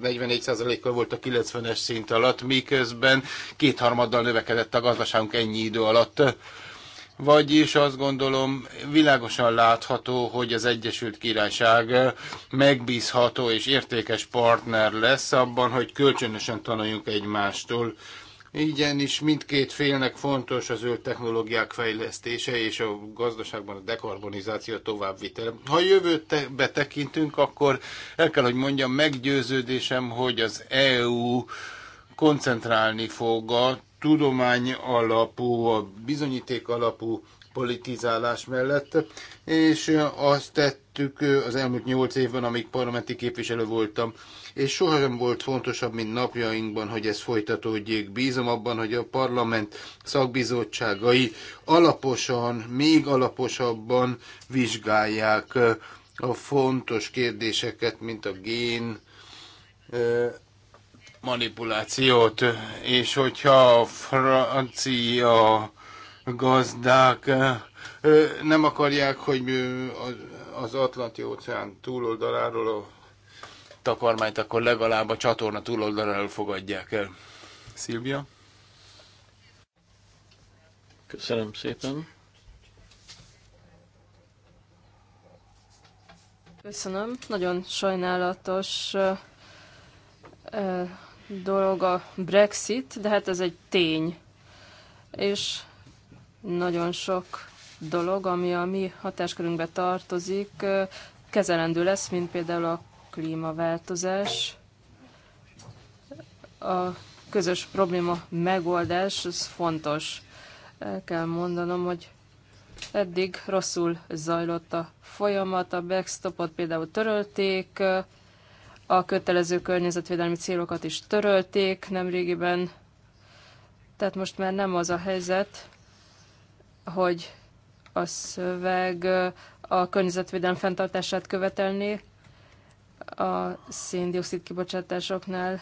44 kal volt a 90-es szint alatt, miközben kétharmaddal növekedett a gazdaságunk ennyi idő alatt vagyis azt gondolom világosan látható, hogy az Egyesült Királyság megbízható és értékes partner lesz abban, hogy kölcsönösen tanuljunk egymástól. Igenis, mindkét félnek fontos az ő technológiák fejlesztése és a gazdaságban a dekarbonizáció továbbvitele. Ha jövőt betekintünk, akkor el kell, hogy mondjam, meggyőződésem, hogy az EU koncentrálni fog a tudomány alapú, a bizonyíték alapú politizálás mellett, és azt tettük az elmúlt nyolc évben, amíg parlamenti képviselő voltam, és sohasem volt fontosabb, mint napjainkban, hogy ez folytatódjék. Bízom abban, hogy a parlament szakbizottságai alaposan, még alaposabban vizsgálják a fontos kérdéseket, mint a gén manipulációt, és hogyha a francia gazdák nem akarják, hogy az Atlanti óceán túloldaláról a takarmányt, akkor legalább a csatorna túloldaláról fogadják el. Szilvia? Köszönöm szépen. Köszönöm. Nagyon sajnálatos dolog a Brexit, de hát ez egy tény. És nagyon sok dolog, ami a mi hatáskörünkbe tartozik, kezelendő lesz, mint például a klímaváltozás. A közös probléma megoldás, ez fontos. El kell mondanom, hogy eddig rosszul zajlott a folyamat, a backstopot például törölték, a kötelező környezetvédelmi célokat is törölték nemrégiben. Tehát most már nem az a helyzet, hogy a szöveg a környezetvédelem fenntartását követelné a széndiokszid kibocsátásoknál.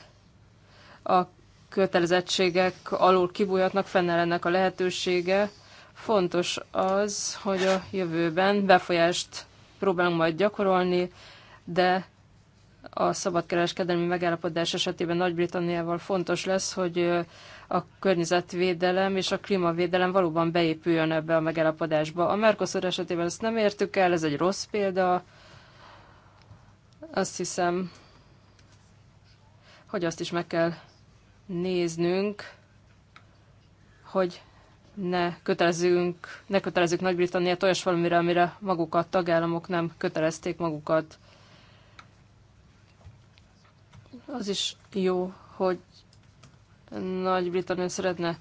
A kötelezettségek alul kibújhatnak, fennel ennek a lehetősége. Fontos az, hogy a jövőben befolyást próbálunk majd gyakorolni, de a szabadkereskedelmi megállapodás esetében Nagy-Britanniával fontos lesz, hogy a környezetvédelem és a klímavédelem valóban beépüljön ebbe a megállapodásba. A Mercosur esetében ezt nem értük el, ez egy rossz példa. Azt hiszem, hogy azt is meg kell néznünk, hogy ne kötelezzünk, ne kötelezzük Nagy-Britanniát olyas valamire, amire maguk a tagállamok nem kötelezték magukat. Az is jó, hogy Nagy-Britannia szeretne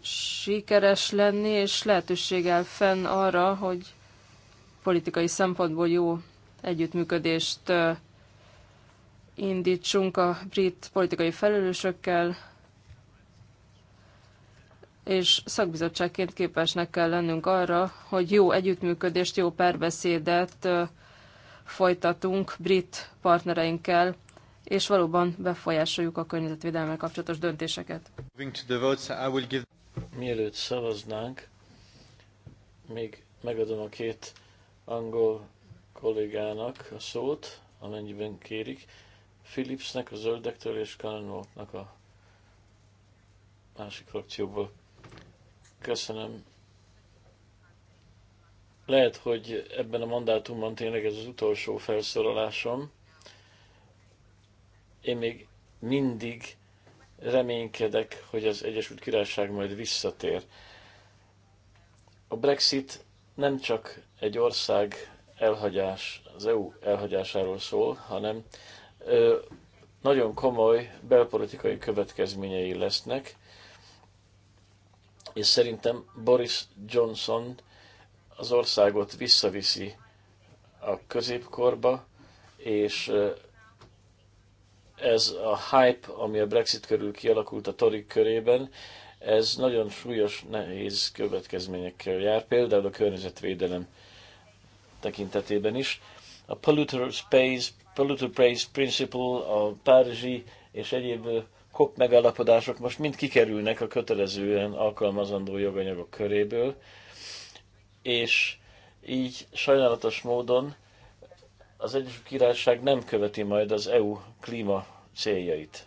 sikeres lenni, és lehetőség áll fenn arra, hogy politikai szempontból jó együttműködést indítsunk a brit politikai felelősökkel, és szakbizottságként képesnek kell lennünk arra, hogy jó együttműködést, jó párbeszédet folytatunk brit partnereinkkel és valóban befolyásoljuk a környezetvédelmel kapcsolatos döntéseket. Mielőtt szavaznánk, még megadom a két angol kollégának a szót, amennyiben kérik. Philipsnek a zöldektől és Canonoknak a másik frakcióból. Köszönöm. Lehet, hogy ebben a mandátumban tényleg ez az utolsó felszólalásom. Én még mindig reménykedek, hogy az Egyesült Királyság majd visszatér. A Brexit nem csak egy ország elhagyás, az EU elhagyásáról szól, hanem ö, nagyon komoly belpolitikai következményei lesznek, és szerintem Boris Johnson az országot visszaviszi a középkorba, és ez a hype, ami a Brexit körül kialakult a Tory körében, ez nagyon súlyos, nehéz következményekkel jár, például a környezetvédelem tekintetében is. A Polluter Space, Polluter Praise Principle, a párizsi és egyéb COP megállapodások most mind kikerülnek a kötelezően alkalmazandó joganyagok köréből, és így sajnálatos módon az Egyesült Királyság nem követi majd az EU klíma céljait.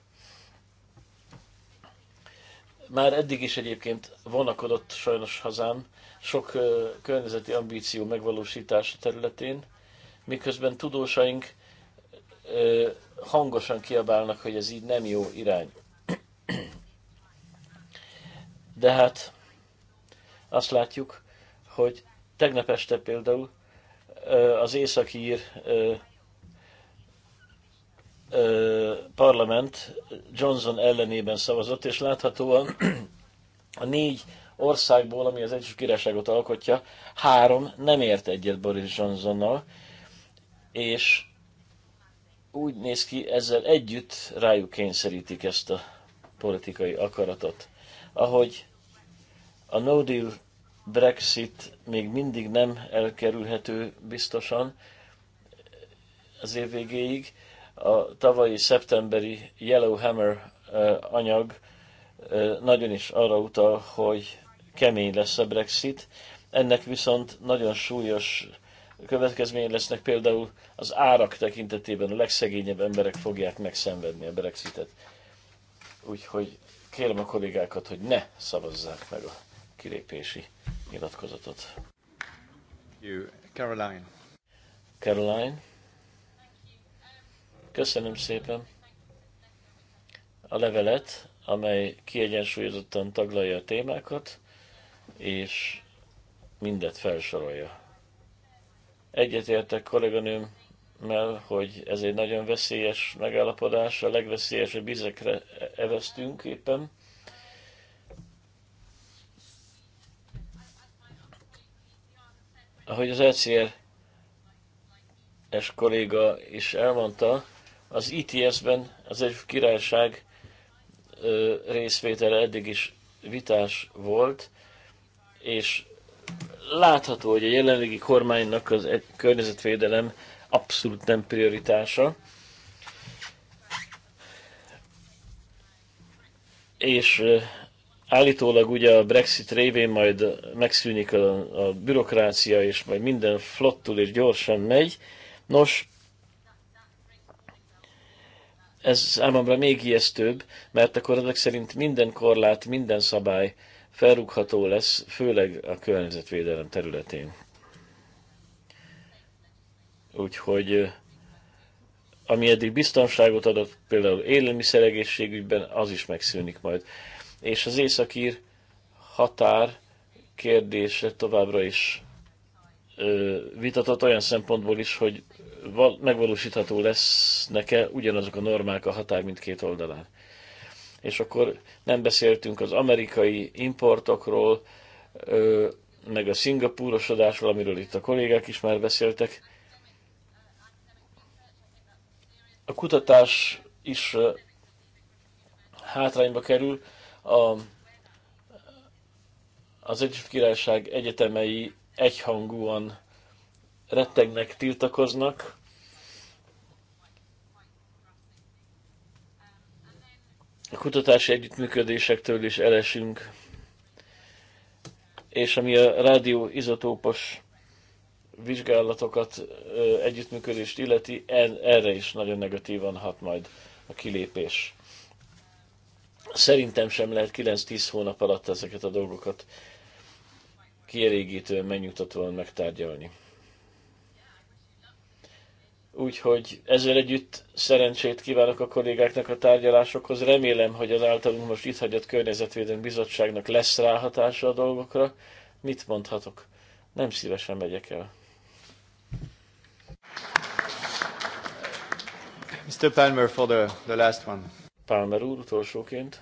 Már eddig is egyébként vonakodott sajnos hazán, sok környezeti ambíció megvalósítása területén, miközben tudósaink hangosan kiabálnak, hogy ez így nem jó irány. De hát azt látjuk, hogy tegnap este például az északír parlament Johnson ellenében szavazott, és láthatóan a négy országból, ami az Egyesült Királyságot alkotja, három nem ért egyet Boris Johnsonnal, és úgy néz ki, ezzel együtt rájuk kényszerítik ezt a politikai akaratot. Ahogy a no deal Brexit még mindig nem elkerülhető biztosan az év végéig. A tavalyi szeptemberi Yellowhammer anyag nagyon is arra utal, hogy kemény lesz a Brexit. Ennek viszont nagyon súlyos következmény lesznek, például az árak tekintetében a legszegényebb emberek fogják megszenvedni a Brexitet. Úgyhogy kérem a kollégákat, hogy ne szavazzák meg a kilépési nyilatkozatot. You, Caroline. Caroline. Köszönöm szépen a levelet, amely kiegyensúlyozottan taglalja a témákat, és mindet felsorolja. Egyetértek mert hogy ez egy nagyon veszélyes megállapodás, a legveszélyesebb vizekre evesztünk éppen, Ahogy az ECR-es kolléga is elmondta, az ITS-ben e az egy királyság részvétele eddig is vitás volt, és látható, hogy a jelenlegi kormánynak az környezetvédelem abszolút nem prioritása. És Állítólag ugye a Brexit révén majd megszűnik a, a bürokrácia, és majd minden flottul és gyorsan megy. Nos, ez számomra még ijesztőbb, mert akkor ezek szerint minden korlát, minden szabály felrúgható lesz, főleg a környezetvédelem területén. Úgyhogy ami eddig biztonságot adott, például élelmiszeregészségügyben, az is megszűnik majd és az északír határ kérdése továbbra is ö, vitatott olyan szempontból is, hogy val- megvalósítható lesz neke ugyanazok a normák a határ mindkét oldalán. És akkor nem beszéltünk az amerikai importokról, ö, meg a szingapúrosodásról, amiről itt a kollégák is már beszéltek. A kutatás is hátrányba kerül, a, az Egyesült Királyság egyetemei egyhangúan rettegnek, tiltakoznak. A kutatási együttműködésektől is elesünk. És ami a rádióizotópos vizsgálatokat, együttműködést illeti, erre is nagyon negatívan hat majd a kilépés. Szerintem sem lehet 9-10 hónap alatt ezeket a dolgokat kielégítően, megnyugtatóan megtárgyalni. Úgyhogy ezzel együtt szerencsét kívánok a kollégáknak a tárgyalásokhoz. Remélem, hogy az általunk most itt hagyott Környezetvédelmi Bizottságnak lesz ráhatása a dolgokra. Mit mondhatok? Nem szívesen megyek el. Mr. Palmer for the, the last one. Pálmer úr utolsóként.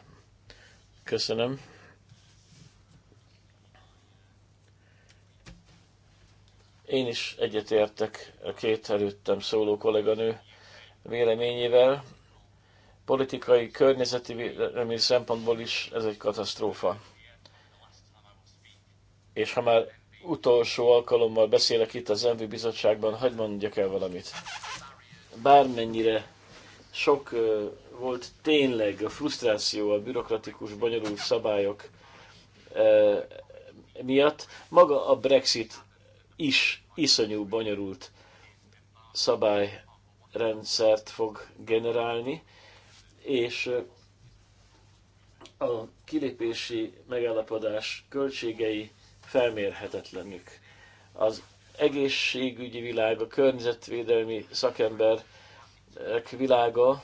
Köszönöm. Én is egyetértek a két előttem szóló kolléganő véleményével. Politikai, környezeti vélemény szempontból is ez egy katasztrófa. És ha már utolsó alkalommal beszélek itt az MV bizottságban, hagyd mondjak el valamit. Bármennyire sok volt tényleg a frusztráció a bürokratikus, bonyolult szabályok e, miatt. Maga a Brexit is iszonyú bonyolult szabályrendszert fog generálni, és e, a kilépési megállapodás költségei felmérhetetlenük. Az egészségügyi világ, a környezetvédelmi szakemberek világa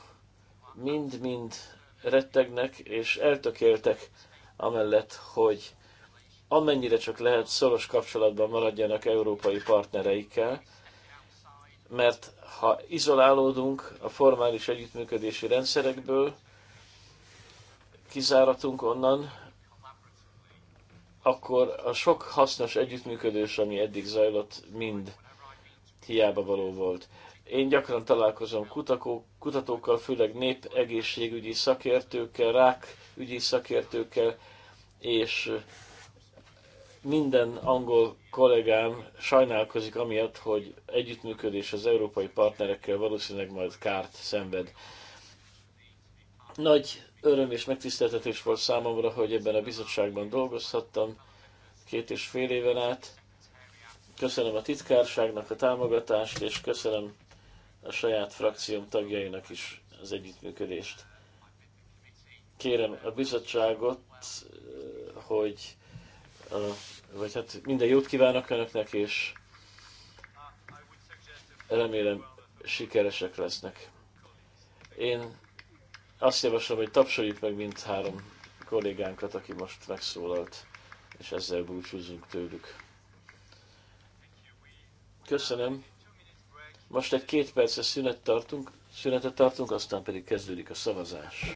mind-mind rettegnek és eltökéltek amellett, hogy amennyire csak lehet szoros kapcsolatban maradjanak európai partnereikkel, mert ha izolálódunk a formális együttműködési rendszerekből, kizáratunk onnan, akkor a sok hasznos együttműködés, ami eddig zajlott, mind hiába való volt. Én gyakran találkozom kutakó, kutatókkal, főleg népegészségügyi szakértőkkel, rákügyi szakértőkkel, és minden angol kollégám sajnálkozik amiatt, hogy együttműködés az európai partnerekkel valószínűleg majd kárt szenved. Nagy öröm és megtiszteltetés volt számomra, hogy ebben a bizottságban dolgozhattam két és fél éven át. Köszönöm a titkárságnak a támogatást, és köszönöm a saját frakcióm tagjainak is az együttműködést. Kérem a bizottságot, eh, hogy a, vagy hát minden jót kívánok önöknek, és remélem sikeresek lesznek. Én azt javaslom, hogy tapsoljuk meg mind három kollégánkat, aki most megszólalt, és ezzel búcsúzunk tőlük. Köszönöm. Most egy két perces szünet tartunk, szünetet tartunk, aztán pedig kezdődik a szavazás.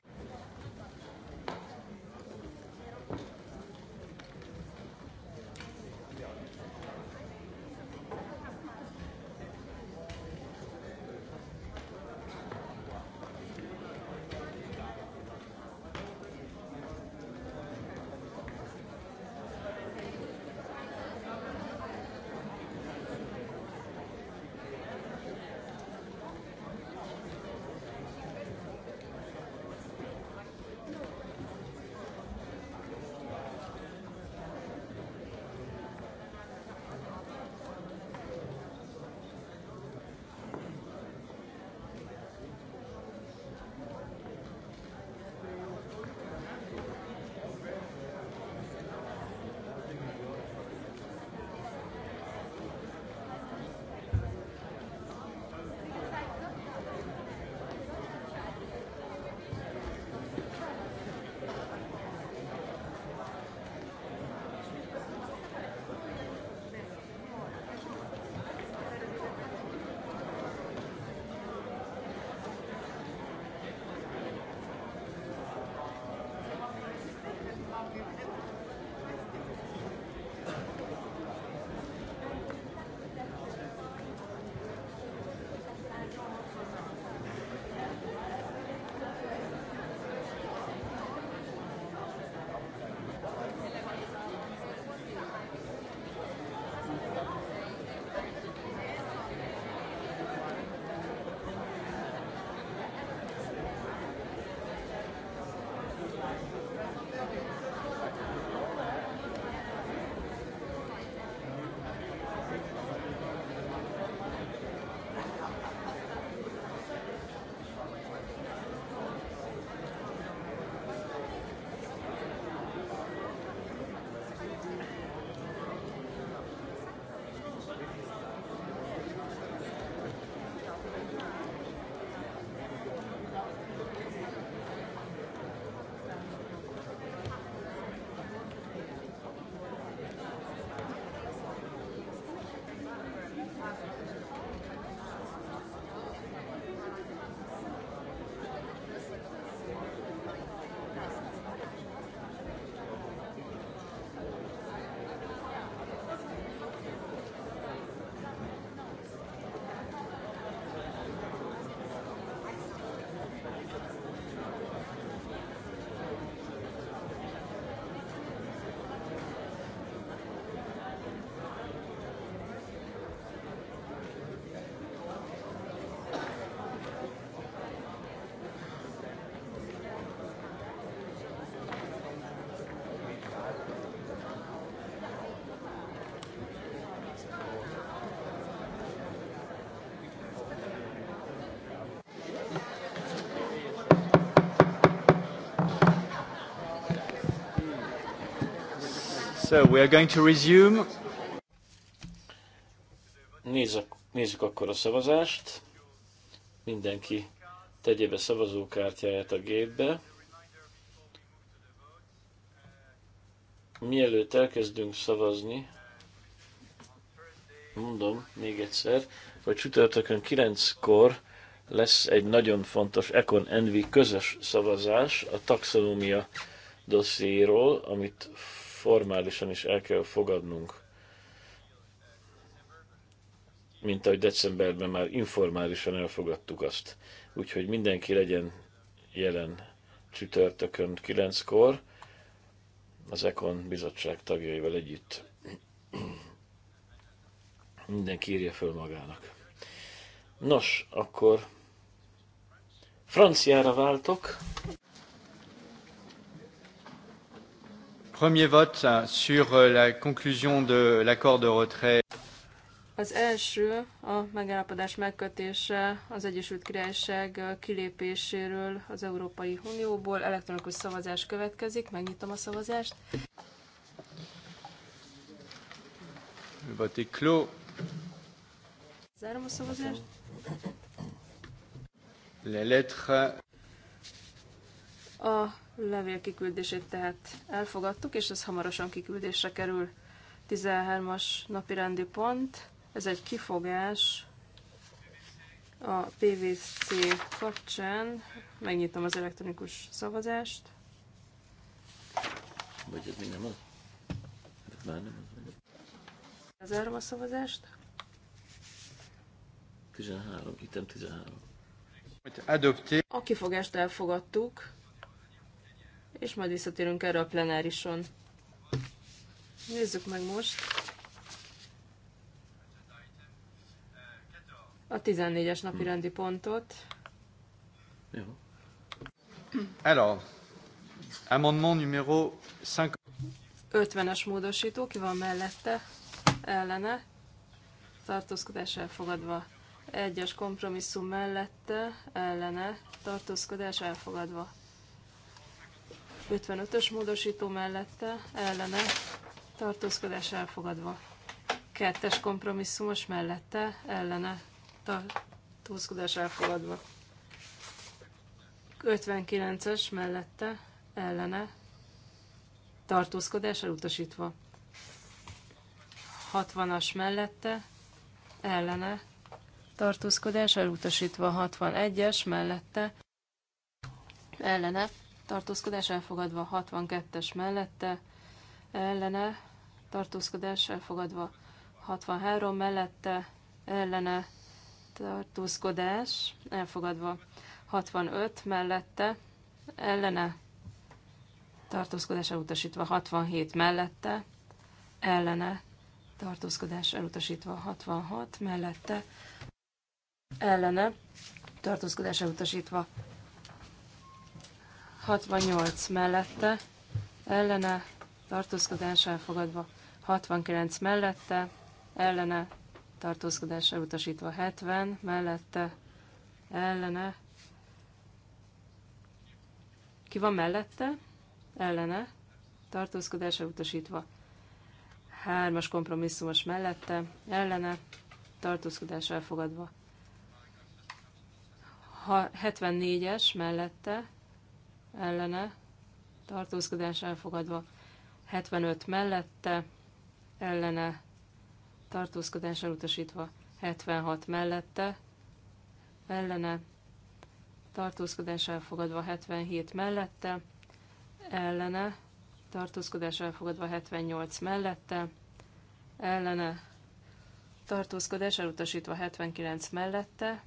Nézzük, nézzük akkor a szavazást. Mindenki tegye be szavazókártyáját a gépbe. Mielőtt elkezdünk szavazni, mondom még egyszer, hogy csütörtökön 9-kor lesz egy nagyon fontos Econ Envy közös szavazás a taxonómia dossziéról, amit formálisan is el kell fogadnunk, mint ahogy decemberben már informálisan elfogadtuk azt. Úgyhogy mindenki legyen jelen csütörtökön kilenckor az Ekon bizottság tagjaival együtt. Mindenki írja föl magának. Nos, akkor franciára váltok. Premier vote sur euh, la conclusion de l'accord de retrait. Az első a megállapodás megkötése az Egyesült Királyság uh, kilépéséről az Európai Unióból. Elektronikus szavazás következik. Megnyitom a szavazást. Le vote est clos. Zárom a szavazást. Les lettres. A levél kiküldését tehát elfogadtuk, és ez hamarosan kiküldésre kerül. 13-as napi rendi pont, ez egy kifogás a PVC kapcsán. Megnyitom az elektronikus szavazást. Vagy ez még nem az? már nem az. Lezárom a szavazást. 13, item 13. A kifogást elfogadtuk és majd visszatérünk erre a plenárison. Nézzük meg most a 14-es napi hm. rendi pontot. Jó. amendement numéro 5. 50-es módosító, ki van mellette, ellene, tartózkodás elfogadva. Egyes kompromisszum mellette, ellene, tartózkodás elfogadva. 55-ös módosító mellette ellene tartózkodás elfogadva. Kettes kompromisszumos mellette ellene tartózkodás elfogadva. 59-es mellette ellene tartózkodás elutasítva. 60-as mellette ellene tartózkodás elutasítva. 61-es mellette ellene tartózkodás elfogadva 62-es mellette, ellene, tartózkodás elfogadva 63 mellette, ellene, tartózkodás elfogadva 65 mellette, ellene, tartózkodás elutasítva 67 mellette, ellene, tartózkodás elutasítva 66 mellette, ellene, tartózkodás elutasítva 68 mellette, ellene, tartózkodás elfogadva. 69 mellette, ellene, tartózkodás elutasítva. 70 mellette, ellene. Ki van mellette? Ellene, tartózkodás elutasítva. 3-as kompromisszumos mellette, ellene, tartózkodás elfogadva. 74-es mellette, ellene, tartózkodás elfogadva. 75 mellette, ellene, tartózkodás elutasítva. 76 mellette, ellene, tartózkodás elfogadva 77 mellette, ellene, tartózkodás elfogadva 78 mellette, ellene, tartózkodás elutasítva 79 mellette,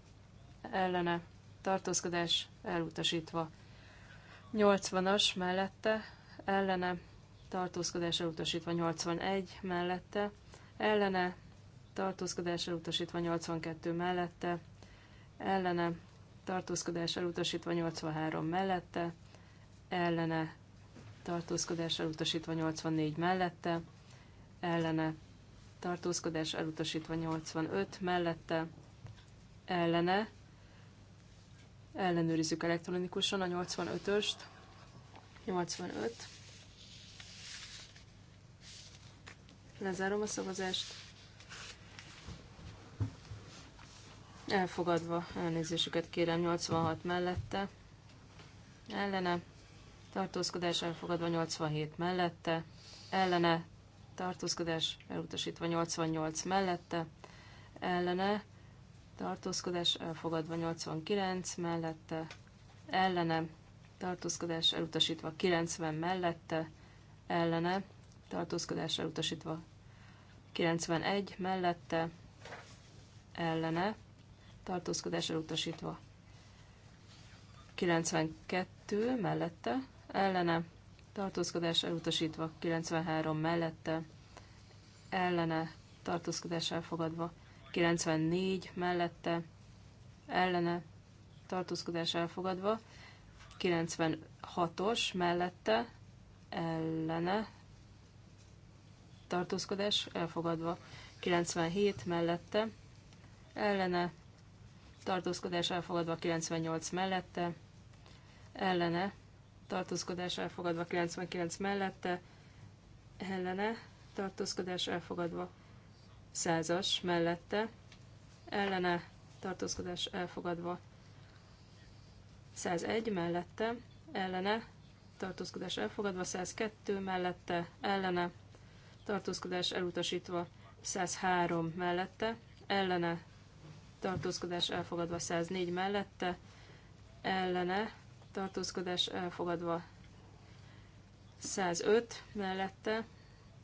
ellene, tartózkodás elutasítva 80-as mellette ellene tartózkodásra elutasítva 81 mellette ellene tartózkodásra elutasítva 82 mellette ellene tartózkodásra elutasítva 83 mellette ellene tartózkodásra elutasítva 84 mellette ellene tartózkodás elutasítva 85 mellette ellene Ellenőrizzük elektronikusan a 85-öst. 85. Lezárom a szavazást. Elfogadva elnézésüket kérem 86 mellette. Ellene. Tartózkodás elfogadva 87 mellette. Ellene. Tartózkodás elutasítva 88 mellette. Ellene tartózkodás elfogadva 89 mellette, ellene tartózkodás elutasítva 90 mellette, ellene tartózkodás elutasítva 91 mellette, ellene tartózkodás elutasítva 92 mellette, ellene tartózkodás elutasítva 93 mellette, ellene tartózkodás elfogadva 94 mellette ellene tartózkodás elfogadva, 96-os mellette ellene tartózkodás elfogadva, 97 mellette ellene tartózkodás elfogadva, 98 mellette ellene tartózkodás elfogadva, 99 mellette ellene tartózkodás elfogadva, százas mellette, ellene tartózkodás elfogadva. 101 mellette, ellene tartózkodás elfogadva, 102 mellette, ellene tartózkodás elutasítva, 103 mellette, ellene tartózkodás elfogadva, 104 mellette, ellene tartózkodás elfogadva, 105 mellette,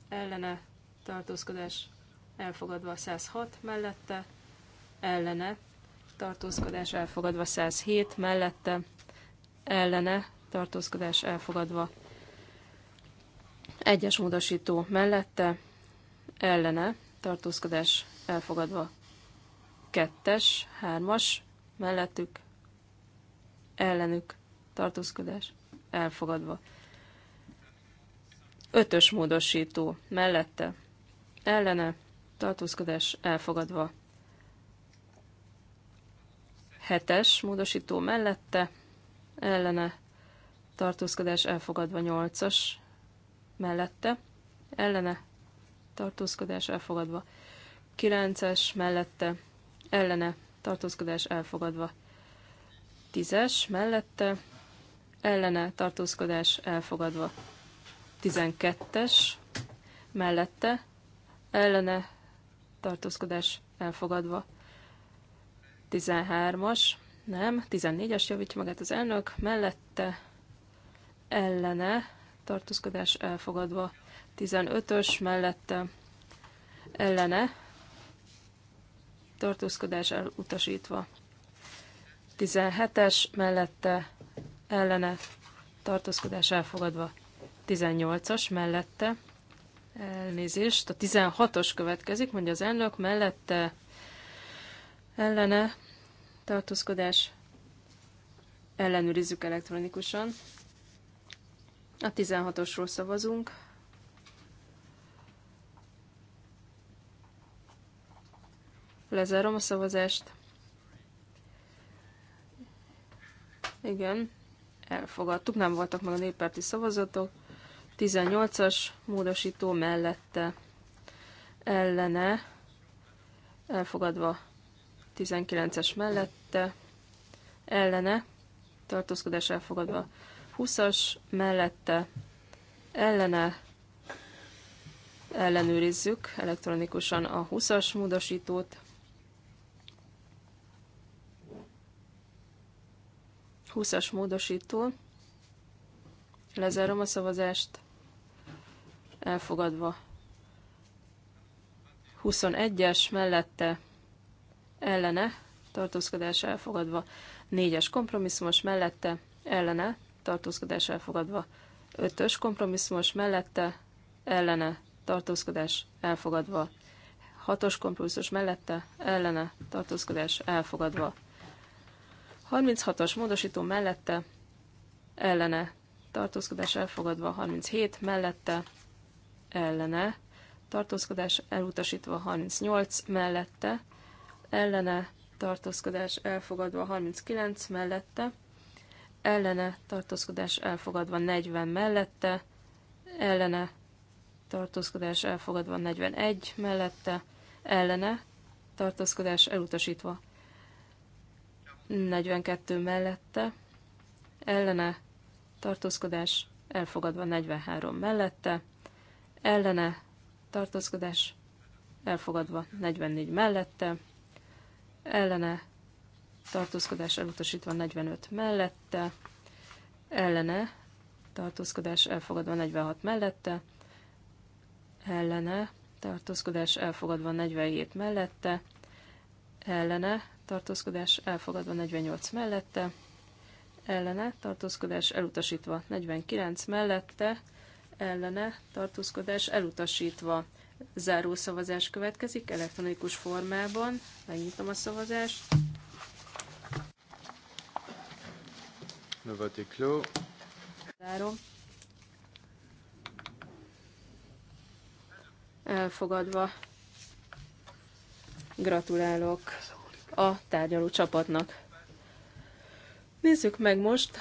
ellene tartózkodás elfogadva 106 mellette, ellene tartózkodás elfogadva 107 mellette, ellene tartózkodás elfogadva egyes módosító mellette, ellene tartózkodás elfogadva kettes, hármas mellettük, ellenük tartózkodás elfogadva ötös módosító mellette, ellene tartózkodás elfogadva. Hetes módosító mellette, ellene tartózkodás elfogadva. Nyolcas mellette, ellene tartózkodás elfogadva. Kilences mellette, ellene tartózkodás elfogadva. Tízes mellette, ellene tartózkodás elfogadva. Tizenkettes mellette, ellene tartózkodás elfogadva. 13-as, nem, 14-es javítja magát az elnök, mellette ellene tartózkodás elfogadva. 15-ös mellette ellene tartózkodás elutasítva. 17-es mellette ellene tartózkodás elfogadva. 18-as mellette Elnézést, a 16-os következik, mondja az elnök, mellette ellene tartózkodás ellenőrizzük elektronikusan. A 16-osról szavazunk. Lezárom a szavazást. Igen, elfogadtuk, nem voltak meg a néppárti szavazatok. 18-as módosító mellette ellene, elfogadva 19-es mellette ellene, tartózkodás elfogadva 20-as mellette ellene, ellenőrizzük elektronikusan a 20-as módosítót. 20-as módosító. Lezárom a szavazást elfogadva. 21-es mellette ellene tartózkodás elfogadva. 4-es kompromisszumos mellette ellene tartózkodás elfogadva. 5-ös kompromisszumos mellette ellene tartózkodás elfogadva. 6-os kompromisszumos mellette ellene tartózkodás elfogadva. 36-os módosító mellette ellene tartózkodás elfogadva, 37 mellette ellene, tartózkodás elutasítva 38 mellette, ellene tartózkodás elfogadva 39 mellette, ellene tartózkodás elfogadva 40 mellette, ellene tartózkodás elfogadva 41 mellette, ellene tartózkodás elutasítva 42 mellette, ellene tartózkodás elfogadva 43 mellette, ellene tartózkodás elfogadva 44 mellette, ellene tartózkodás elutasítva 45 mellette, ellene tartózkodás elfogadva 46 mellette, ellene tartózkodás elfogadva 47 mellette, ellene tartózkodás elfogadva 48 mellette, ellene tartózkodás elutasítva 49 mellette, ellene tartózkodás elutasítva. Záró szavazás következik elektronikus formában. Megnyitom a szavazást. Le Zárom. Elfogadva. Gratulálok a tárgyaló csapatnak. Nézzük meg most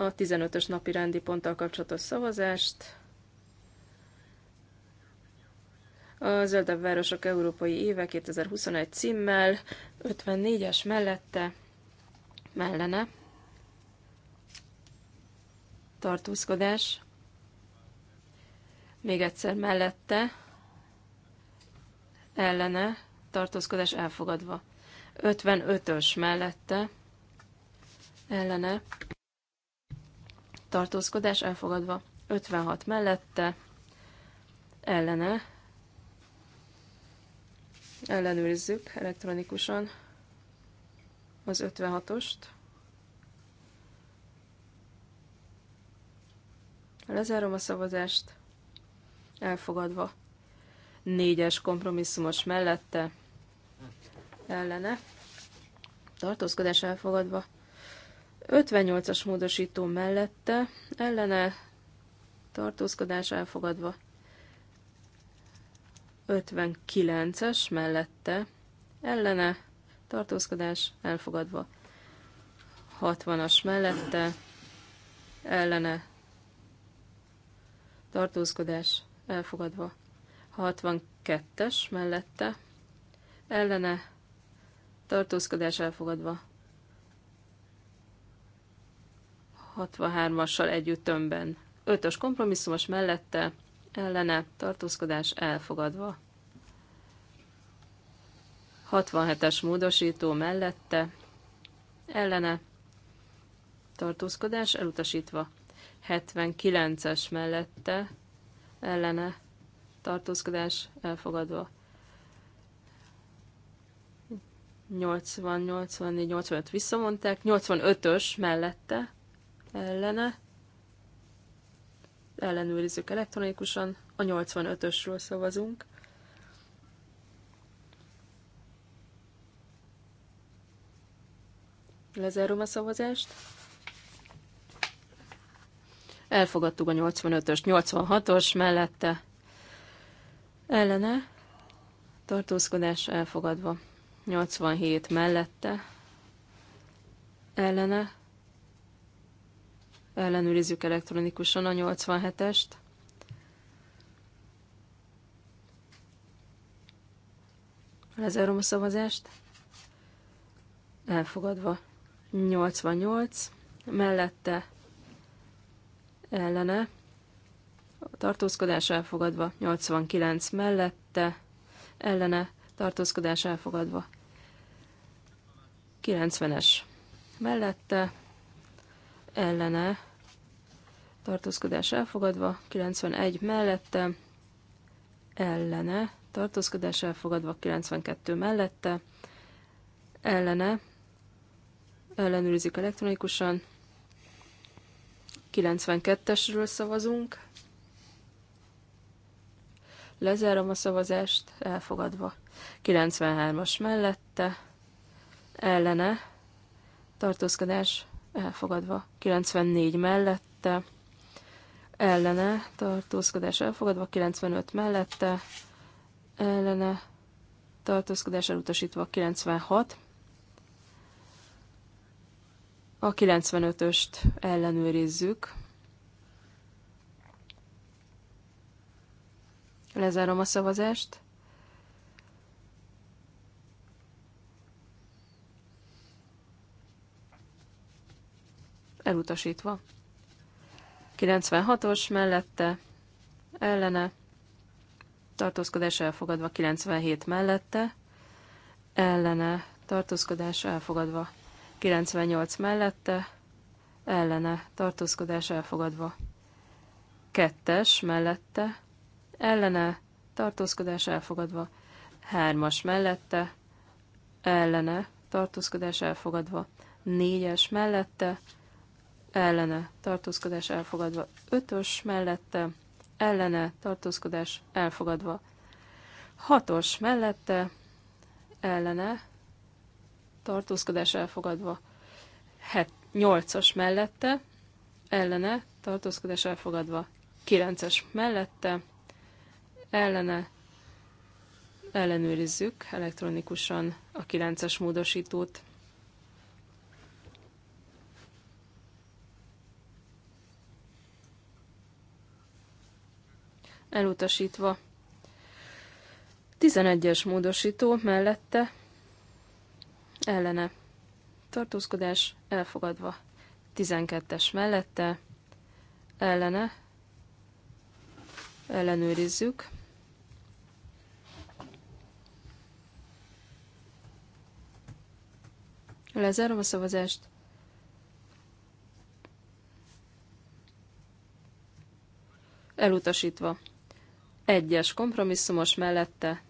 a 15-ös napi rendi ponttal kapcsolatos szavazást. A Zöldebb Városok Európai Éve 2021 címmel, 54-es mellette, mellene, tartózkodás, még egyszer mellette, ellene, tartózkodás elfogadva. 55-ös mellette, ellene, tartózkodás elfogadva. 56 mellette, ellene, ellenőrizzük elektronikusan az 56-ost. Lezárom a szavazást, elfogadva. Négyes kompromisszumos mellette, ellene, tartózkodás elfogadva. 58-as módosító mellette ellene tartózkodás elfogadva. 59-es mellette ellene tartózkodás elfogadva. 60-as mellette ellene tartózkodás elfogadva. 62-es mellette ellene tartózkodás elfogadva. 63-assal együtt tömbben. 5-ös kompromisszumos mellette ellene tartózkodás elfogadva. 67-es módosító mellette ellene tartózkodás elutasítva. 79-es mellette ellene tartózkodás elfogadva. 80, 84, 85 visszamondták, 85-ös mellette ellene. Ellenőrizzük elektronikusan. A 85-ösről szavazunk. Lezárom a szavazást. Elfogadtuk a 85-ös, 86-os mellette. Ellene. Tartózkodás elfogadva. 87 mellette. Ellene Ellenőrizzük elektronikusan a 87-est. Lezárom a szavazást. Elfogadva. 88. Mellette ellene. A tartózkodás elfogadva. 89. Mellette ellene. Tartózkodás elfogadva. 90-es. Mellette ellene tartózkodás elfogadva, 91 mellette ellene tartózkodás elfogadva, 92 mellette ellene ellenőrizik elektronikusan, 92-esről szavazunk, lezárom a szavazást, elfogadva. 93-as mellette, ellene, tartózkodás elfogadva. 94 mellette, ellene, tartózkodás elfogadva. 95 mellette, ellene, tartózkodás elutasítva. 96 a 95-öst ellenőrizzük. Lezárom a szavazást. elutasítva. 96-os mellette, ellene, tartózkodás elfogadva, 97 mellette, ellene, tartózkodás elfogadva, 98 mellette, ellene, tartózkodás elfogadva, 2-es mellette, ellene, tartózkodás elfogadva, 3-as mellette, ellene, tartózkodás elfogadva, 4-es mellette, ellene tartózkodás elfogadva. Ötös mellette ellene tartózkodás elfogadva. Hatos mellette ellene tartózkodás elfogadva. Het, nyolcas mellette ellene tartózkodás elfogadva. Kilences mellette ellene ellenőrizzük elektronikusan a kilences módosítót. elutasítva. 11-es módosító mellette ellene tartózkodás elfogadva. 12-es mellette ellene ellenőrizzük. Lezárom a szavazást. Elutasítva. Egyes kompromisszumos mellette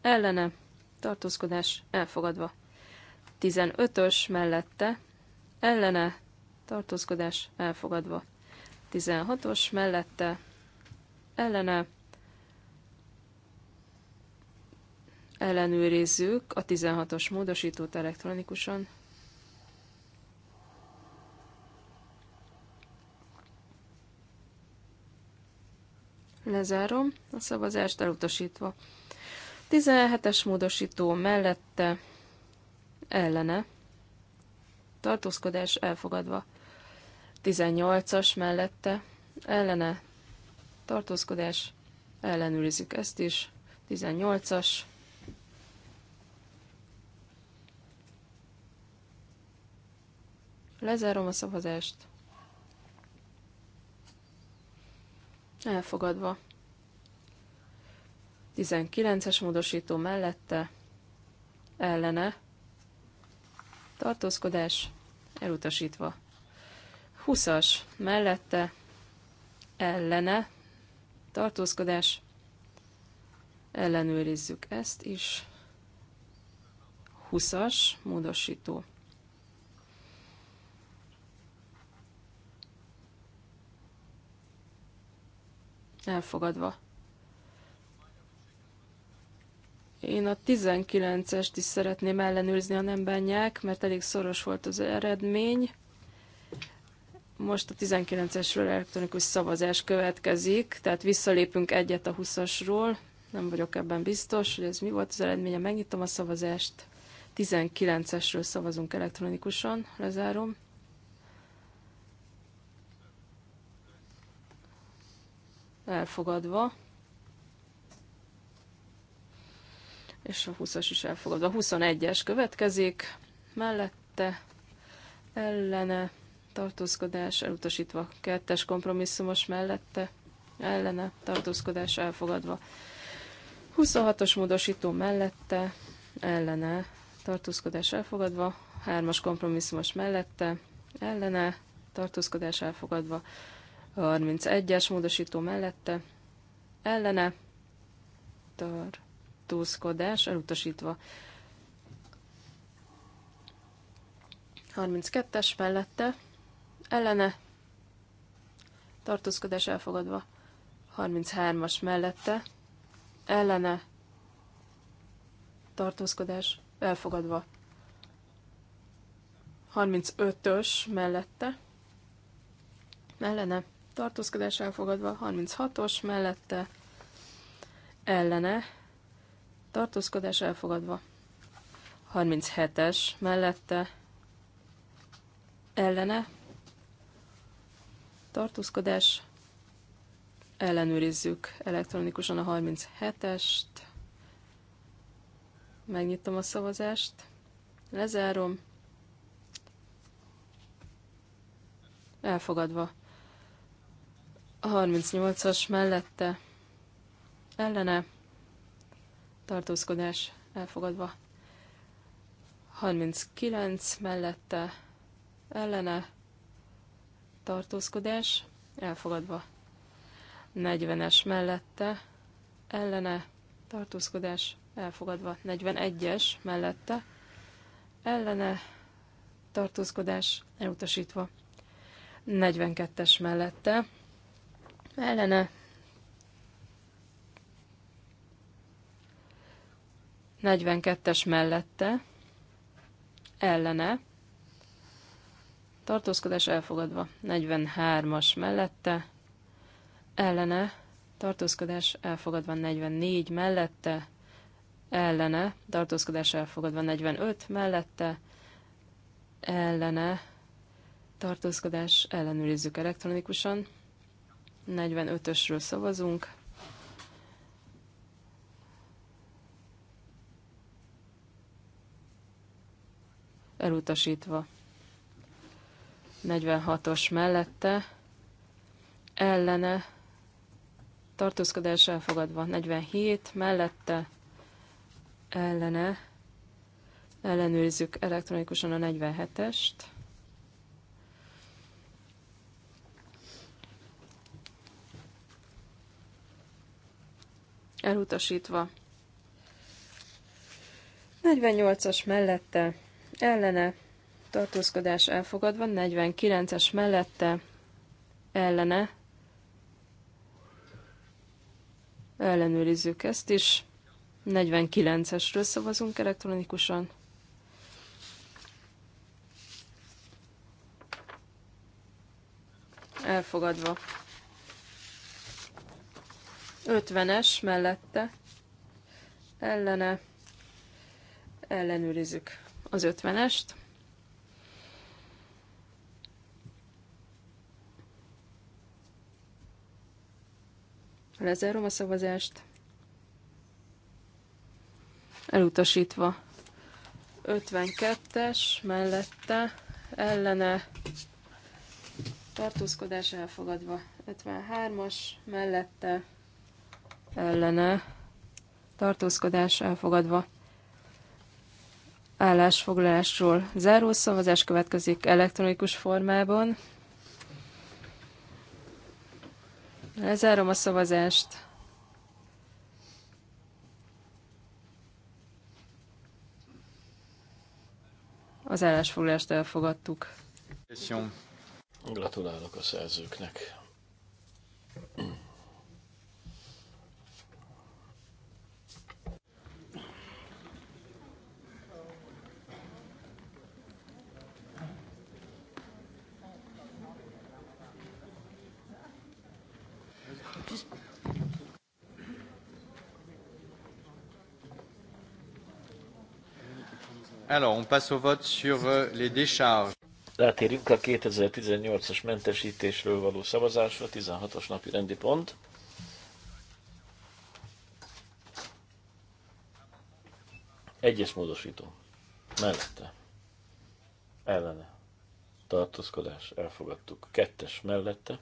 ellene tartózkodás elfogadva. 15-ös mellette ellene tartózkodás elfogadva. 16-os mellette ellene ellenőrizzük a 16-os módosítót elektronikusan. Lezárom a szavazást, elutasítva. 17-es módosító mellette ellene. Tartózkodás elfogadva. 18-as mellette ellene. Tartózkodás ellenőrizik ezt is. 18-as. Lezárom a szavazást. Elfogadva. 19-es módosító mellette ellene tartózkodás elutasítva. 20-as mellette ellene tartózkodás ellenőrizzük ezt is. 20-as módosító. Elfogadva. Én a 19-est is szeretném ellenőrizni, ha nem bánják, mert elég szoros volt az eredmény. Most a 19-esről elektronikus szavazás következik, tehát visszalépünk egyet a 20-asról. Nem vagyok ebben biztos, hogy ez mi volt az eredménye. Megnyitom a szavazást. 19-esről szavazunk elektronikusan, lezárom. Elfogadva. és a 20-as is elfogadva. A 21-es következik, mellette ellene tartózkodás elutasítva, kettes kompromisszumos mellette ellene tartózkodás elfogadva. 26-os módosító mellette ellene tartózkodás elfogadva, 3-as kompromisszumos mellette ellene tartózkodás elfogadva, 31-es módosító mellette ellene tar tartózkodás elutasítva. 32-es mellette ellene tartózkodás elfogadva. 33-as mellette ellene tartózkodás elfogadva. 35-ös mellette ellene tartózkodás elfogadva. 36-os mellette ellene tartózkodás elfogadva. 37-es mellette ellene tartózkodás ellenőrizzük elektronikusan a 37-est. Megnyitom a szavazást, lezárom. Elfogadva. A 38-as mellette ellene tartózkodás elfogadva. 39 mellette ellene tartózkodás elfogadva. 40-es mellette ellene tartózkodás elfogadva. 41-es mellette ellene tartózkodás elutasítva. 42-es mellette ellene 42-es mellette, ellene, tartózkodás elfogadva. 43-as mellette, ellene, tartózkodás elfogadva. 44 mellette, ellene, tartózkodás elfogadva. 45 mellette, ellene, tartózkodás ellenőrizzük elektronikusan. 45-ösről szavazunk. elutasítva. 46-os mellette, ellene, tartózkodás elfogadva. 47 mellette, ellene, ellenőrizzük elektronikusan a 47-est. Elutasítva. 48-as mellette ellene tartózkodás elfogadva, 49-es mellette ellene ellenőrizzük ezt is. 49-esről szavazunk elektronikusan. Elfogadva. 50-es mellette ellene ellenőrizzük az ötvenest. Lezárom a szavazást. Elutasítva. 52-es mellette ellene tartózkodás elfogadva. 53-as mellette ellene tartózkodás elfogadva állásfoglalásról záró szavazás következik elektronikus formában. Lezárom a szavazást. Az állásfoglalást elfogadtuk. Köszönöm. Gratulálok a szerzőknek. Alors, on passe au vote sur euh, les décharges. Rátérünk a 2018-as mentesítésről való szavazásra, 16-as napi rendi pont. Egyes módosító. Mellette. Ellene. Tartózkodás. Elfogadtuk. Kettes mellette.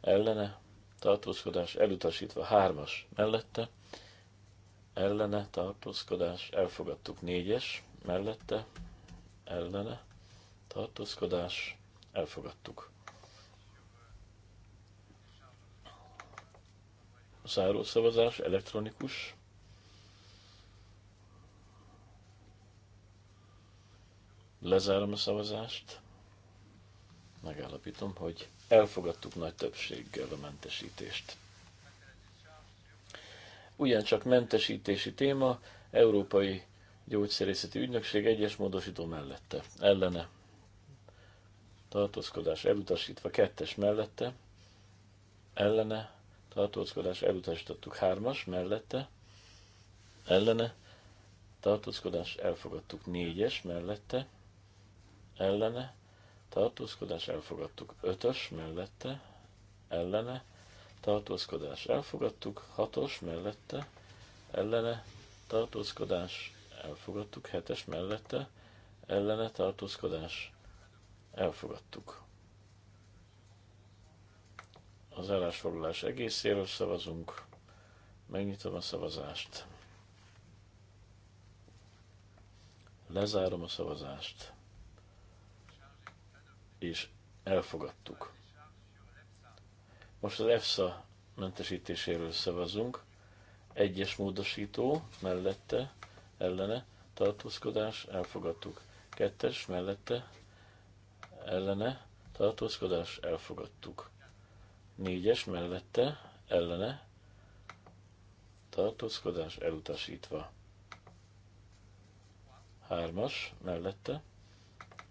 Ellene. Tartózkodás. Elutasítva. Hármas mellette ellene tartózkodás, elfogadtuk négyes, mellette ellene tartózkodás, elfogadtuk. Záró szavazás elektronikus. Lezárom a szavazást. Megállapítom, hogy elfogadtuk nagy többséggel a mentesítést ugyancsak mentesítési téma, Európai Gyógyszerészeti Ügynökség egyes módosító mellette, ellene. Tartózkodás elutasítva kettes mellette, ellene. Tartózkodás elutasítottuk hármas mellette, ellene. Tartózkodás elfogadtuk négyes mellette, ellene. Tartózkodás elfogadtuk ötös mellette, ellene tartózkodás elfogadtuk, hatos mellette, ellene tartózkodás elfogadtuk, hetes mellette, ellene tartózkodás elfogadtuk. Az állásfoglalás egészéről szavazunk, megnyitom a szavazást. Lezárom a szavazást, és elfogadtuk. Most az EFSA mentesítéséről szavazunk. Egyes módosító mellette, ellene, tartózkodás, elfogadtuk. Kettes mellette, ellene, tartózkodás, elfogadtuk. Négyes mellette, ellene, tartózkodás, elutasítva. Hármas mellette,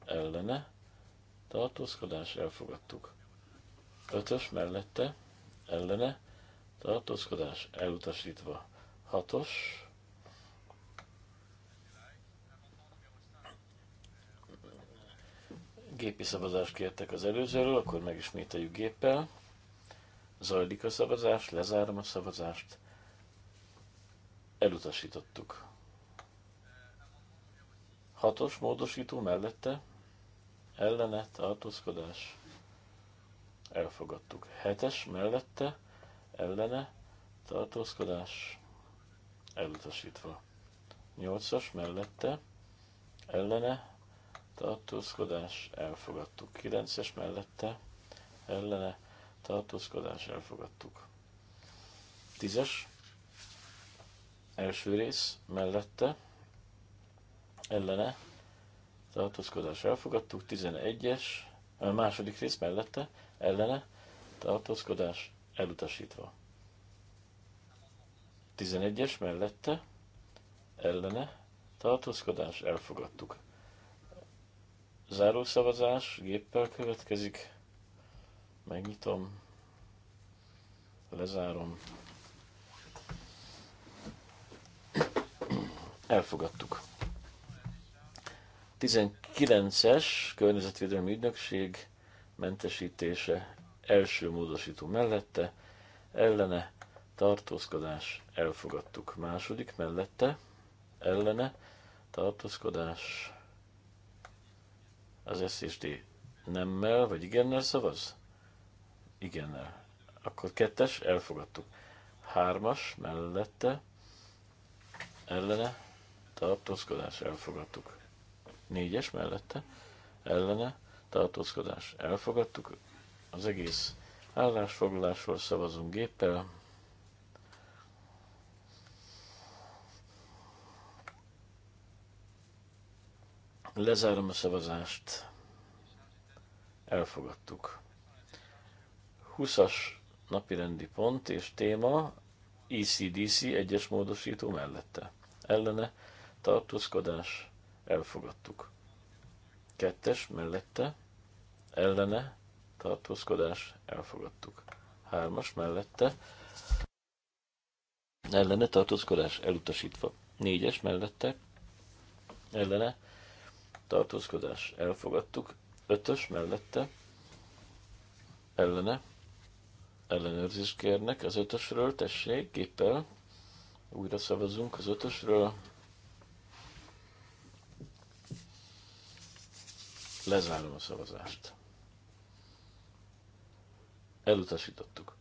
ellene, tartózkodás, elfogadtuk Ötös mellette, ellene, tartózkodás elutasítva. Hatos. Gépi szavazást kértek az előzőről, akkor megismételjük géppel. Zajlik a szavazás, lezárom a szavazást. Elutasítottuk. Hatos módosító mellette, ellene tartózkodás elfogadtuk. Hetes mellette, ellene, tartózkodás, elutasítva. Nyolcas mellette, ellene, tartózkodás, elfogadtuk. Kilences mellette, ellene, tartózkodás, elfogadtuk. Tízes, első rész, mellette, ellene, tartózkodás, elfogadtuk. Tizenegyes, a második rész mellette, ellene, tartózkodás elutasítva. 11-es mellette, ellene, tartózkodás elfogadtuk. Zárószavazás géppel következik. Megnyitom, lezárom. Elfogadtuk. 19-es környezetvédelmi ügynökség mentesítése első módosító mellette, ellene tartózkodás elfogadtuk. Második mellette, ellene tartózkodás az SSD nemmel vagy igennel szavaz? Igennel. Akkor kettes, elfogadtuk. Hármas mellette, ellene tartózkodás elfogadtuk. Négyes mellette, ellene tartózkodás elfogadtuk. Az egész állásfoglalásról szavazunk géppel. Lezárom a szavazást. Elfogadtuk. 20-as napirendi pont és téma ECDC egyes módosító mellette. Ellene tartózkodás elfogadtuk. Kettes mellette, ellene, tartózkodás, elfogadtuk. Hármas mellette, ellene, tartózkodás, elutasítva. Négyes mellette, ellene, tartózkodás, elfogadtuk. Ötös mellette, ellene, ellenőrzést kérnek az ötösről, tessék, géppel. Újra szavazunk az ötösről. Lezárom a szavazást. Elutasítottuk.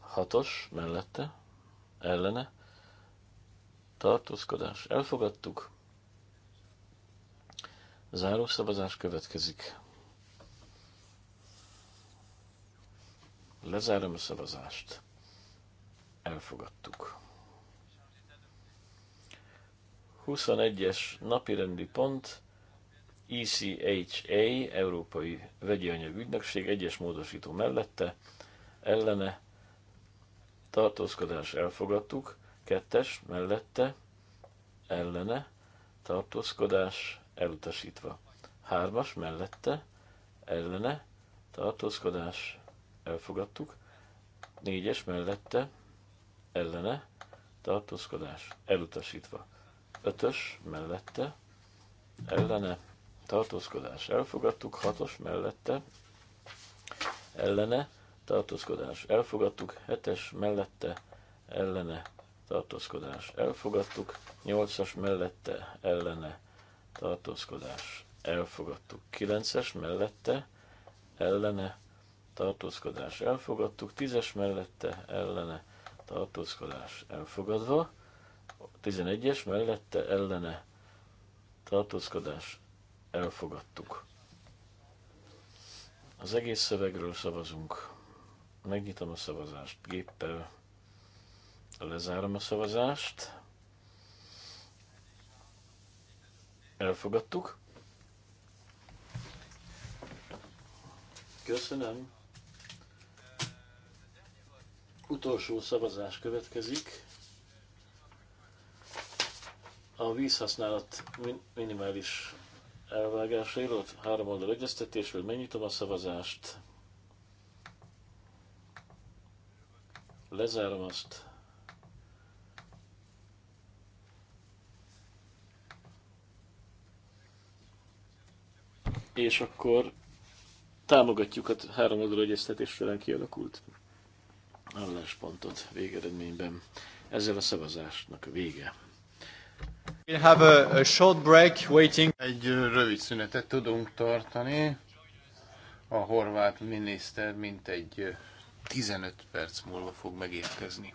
Hatos mellette, ellene, tartózkodás, elfogadtuk. Záró szavazás következik. Lezárom a szavazást. Elfogadtuk. 21-es napirendi pont ECHA, Európai Vegyi Anyag Ügynökség, egyes módosító mellette, ellene, tartózkodás elfogadtuk, kettes mellette, ellene, tartózkodás elutasítva. Hármas mellette, ellene, tartózkodás elfogadtuk, négyes mellette, ellene, tartózkodás elutasítva. Ötös mellette, ellene, tartózkodás elfogadtuk, hatos mellette, ellene, tartózkodás elfogadtuk, hetes mellette, ellene, tartózkodás elfogadtuk, nyolcas mellette, ellene, tartózkodás elfogadtuk, kilences mellette, ellene, tartózkodás elfogadtuk, tízes mellette, ellene, tartózkodás elfogadva, 11-es mellette ellene tartózkodás Elfogadtuk. Az egész szövegről szavazunk. Megnyitom a szavazást géppel. Lezárom a szavazást. Elfogadtuk. Köszönöm. Utolsó szavazás következik. A vízhasználat minimális elvágásairól, három oldal egyeztetésről. Megnyitom a szavazást. Lezárom azt. És akkor támogatjuk a három oldal egyeztetés során kialakult álláspontot végeredményben. Ezzel a szavazásnak a vége. We'll have a, a short break waiting. Egy rövid szünetet tudunk tartani. A horvát miniszter mintegy 15 perc múlva fog megérkezni.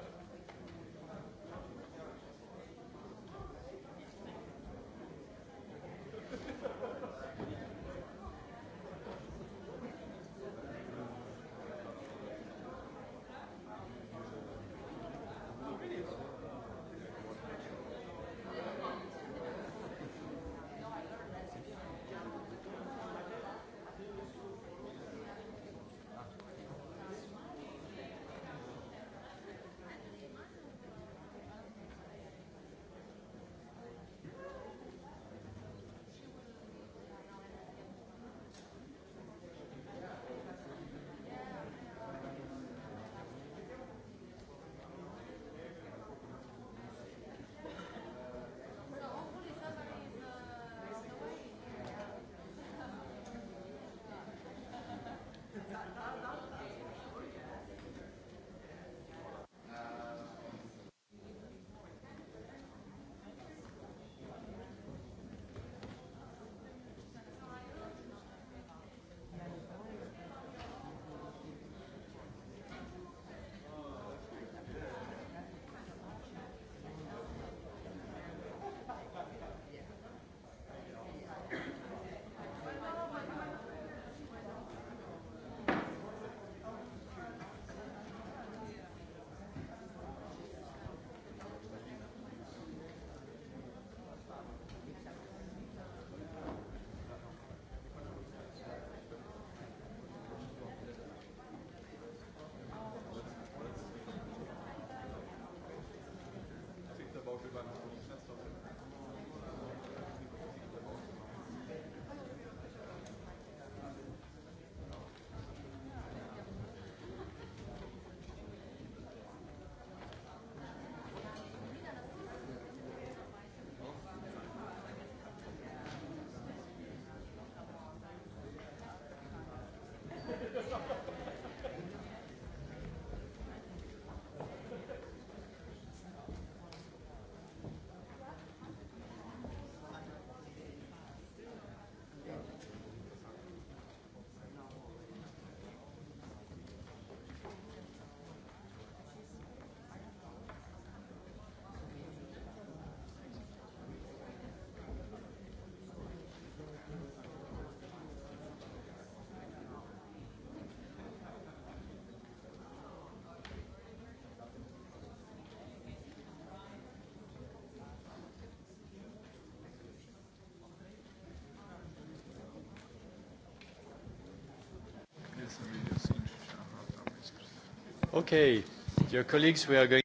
Okay, dear colleagues, we are going...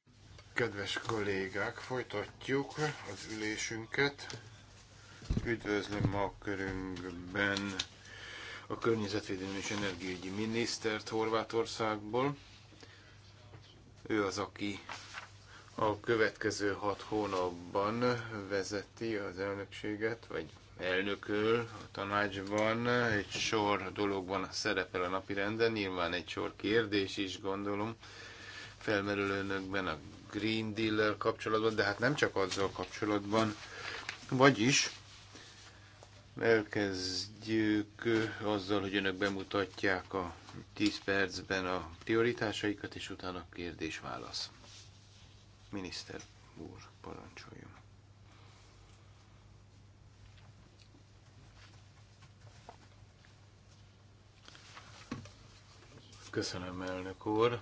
Kedves kollégák, folytatjuk az ülésünket. Üdvözlöm ma a körünkben a Környezetvédelmi és Energiaügyi Minisztert Horvátországból. Ő az, aki a következő hat hónapban vezeti az elnökséget, vagy elnököl a tanácsban, egy sor dologban szerepel a napi renden, nyilván egy sor kérdés is gondolom felmerül önökben a Green deal kapcsolatban, de hát nem csak azzal kapcsolatban, vagyis elkezdjük azzal, hogy önök bemutatják a 10 percben a prioritásaikat, és utána kérdés-válasz. Miniszter úr, parancsoljon. Köszönöm, elnök úr.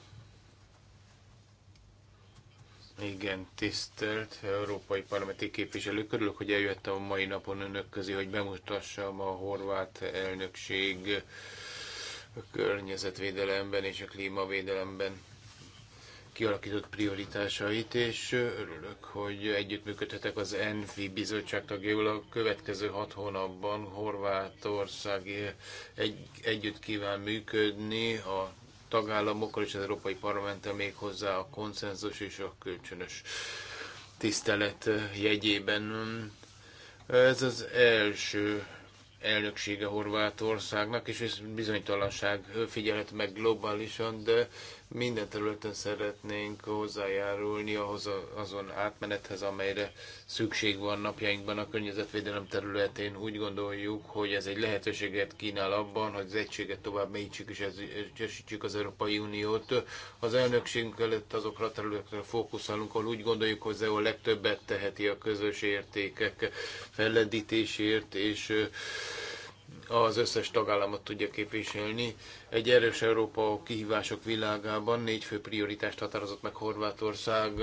Igen, tisztelt európai parlamenti képviselő, Körülök, hogy eljöttem a mai napon önök közé, hogy bemutassam a horvát elnökség a környezetvédelemben és a klímavédelemben kialakított prioritásait, és örülök, hogy együttműködhetek az ENFI bizottság tagjával a következő hat hónapban Horvátország egy, együtt kíván működni a tagállamokkal és az Európai Parlamenttel még hozzá a konszenzus és a kölcsönös tisztelet jegyében. Ez az első elnöksége Horvátországnak, és ez bizonytalanság figyelhet meg globálisan, de minden területen szeretnénk hozzájárulni ahhoz a, azon átmenethez, amelyre szükség van napjainkban a környezetvédelem területén. Úgy gondoljuk, hogy ez egy lehetőséget kínál abban, hogy az egységet tovább mélyítsük és erősítsük az Európai Uniót. Az elnökségünk előtt azokra a területekre fókuszálunk, ahol úgy gondoljuk, hogy e a legtöbbet teheti a közös értékek fellendítésért és az összes tagállamot tudja képviselni. Egy erős Európa kihívások világában négy fő prioritást határozott meg Horvátország.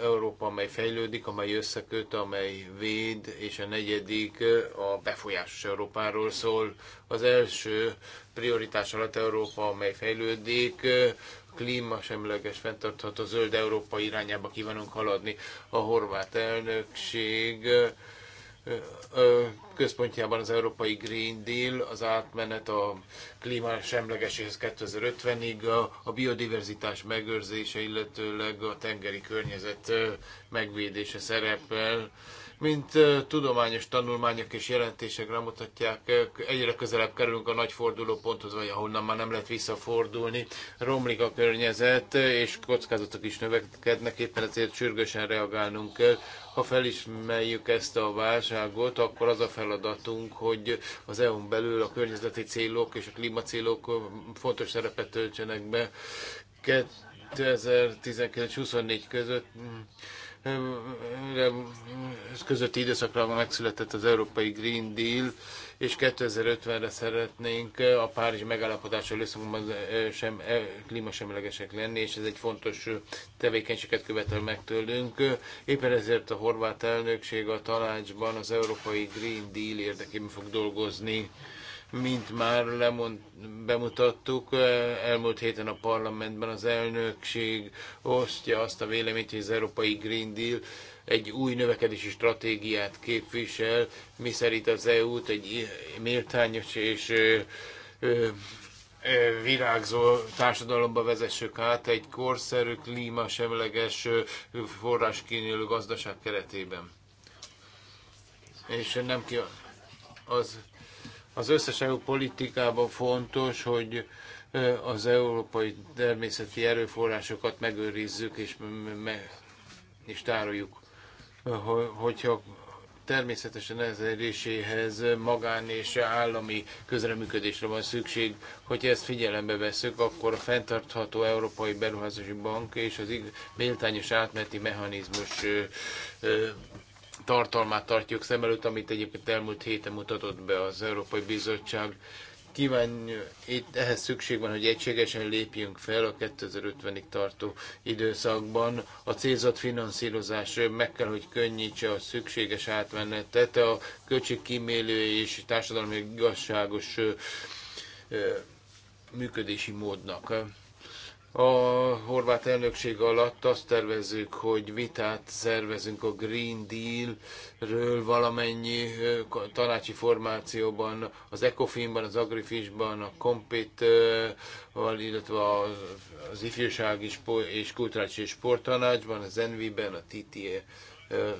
Európa, amely fejlődik, amely összeköt, amely véd, és a negyedik a befolyásos Európáról szól. Az első prioritás alatt Európa, amely fejlődik, semleges fenntartható zöld Európa irányába kívánunk haladni. A horvát elnökség központjában az Európai Green Deal, az átmenet a klímasemlegeséhez 2050-ig, a, a biodiverzitás megőrzése, illetőleg a tengeri környezet megvédése szerepel. Mint tudományos tanulmányok és jelentések rámutatják, egyre közelebb kerülünk a nagy fordulóponthoz, vagy ahonnan már nem lehet visszafordulni. Romlik a környezet, és kockázatok is növekednek, éppen ezért sürgősen reagálnunk kell. Ha felismerjük ezt a válságot, akkor az a feladatunk, hogy az EU-n belül a környezeti célok és a klímacélok fontos szerepet töltsenek be. 2019-24 között mm, mm, mm, közötti időszakra megszületett az Európai Green Deal, és 2050-re szeretnénk a Párizsi megállapodással összhangban eh, sem, eh, klímasemlegesek lenni, és ez egy fontos tevékenységet követel meg tőlünk. Éppen ezért a horvát elnökség a tanácsban az Európai Green Deal érdekében fog dolgozni mint már lemond, bemutattuk, eh, elmúlt héten a parlamentben az elnökség osztja azt a véleményt, hogy az Európai Green Deal egy új növekedési stratégiát képvisel, miszerint az EU-t egy méltányos és virágzó társadalomba vezessük át egy korszerű, semleges forráskínélő gazdaság keretében. És nem ki az, az összes EU politikában fontos, hogy az európai természeti erőforrásokat megőrizzük és, és tároljuk hogyha természetesen ez eléréséhez magán és állami közreműködésre van szükség. Hogyha ezt figyelembe veszük, akkor a fenntartható Európai Beruházási Bank és az méltányos átmeti mechanizmus tartalmát tartjuk szem előtt, amit egyébként elmúlt héten mutatott be az Európai Bizottság kívánj, itt ehhez szükség van, hogy egységesen lépjünk fel a 2050-ig tartó időszakban. A célzott finanszírozás meg kell, hogy könnyítse a szükséges átmenetet, a kímélő és társadalmi igazságos működési módnak. A horvát elnökség alatt azt tervezzük, hogy vitát szervezünk a Green Deal-ről valamennyi tanácsi formációban, az ECOFIN-ban, az AgriFish-ban, a Compit-val, illetve az ifjúsági és Kulturális és Sporttanácsban, az Envi-ben, a TTE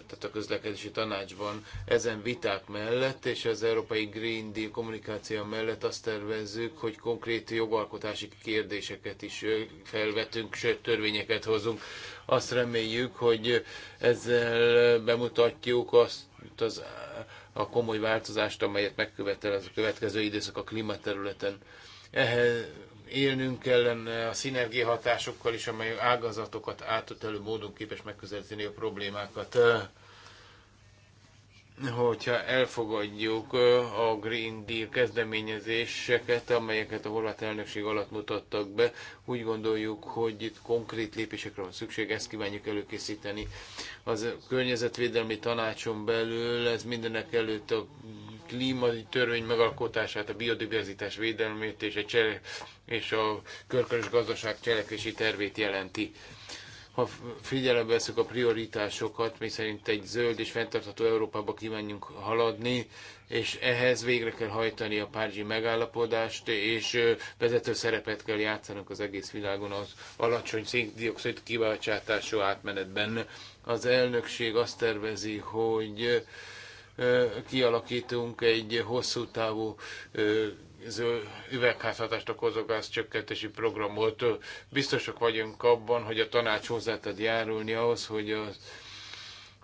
tehát a közlekedési tanácsban ezen viták mellett, és az Európai Green Deal kommunikáció mellett azt tervezzük, hogy konkrét jogalkotási kérdéseket is felvetünk, sőt törvényeket hozunk. Azt reméljük, hogy ezzel bemutatjuk azt az, a komoly változást, amelyet megkövetel az a következő időszak a klímaterületen. Ehhez élnünk kellene a szinergia hatásokkal is, amely ágazatokat átutelő módon képes megközelíteni a problémákat hogyha elfogadjuk a Green Deal kezdeményezéseket, amelyeket a horvát elnökség alatt mutattak be, úgy gondoljuk, hogy itt konkrét lépésekre van szükség, ezt kívánjuk előkészíteni. Az környezetvédelmi tanácson belül ez mindenek előtt a klímai törvény megalkotását, a biodiverzitás védelmét és a, csele- és a körkörös gazdaság cselekvési tervét jelenti ha figyelembe veszük a prioritásokat, mi szerint egy zöld és fenntartható Európába kívánjunk haladni, és ehhez végre kell hajtani a párizsi megállapodást, és vezető szerepet kell játszanunk az egész világon az alacsony szintdioxid kiváltsátású átmenetben. Az elnökség azt tervezi, hogy kialakítunk egy hosszú távú üvegházhatást okozó gáz csökkentési programot. Biztosak vagyunk abban, hogy a tanács hozzá tud járulni ahhoz, hogy az,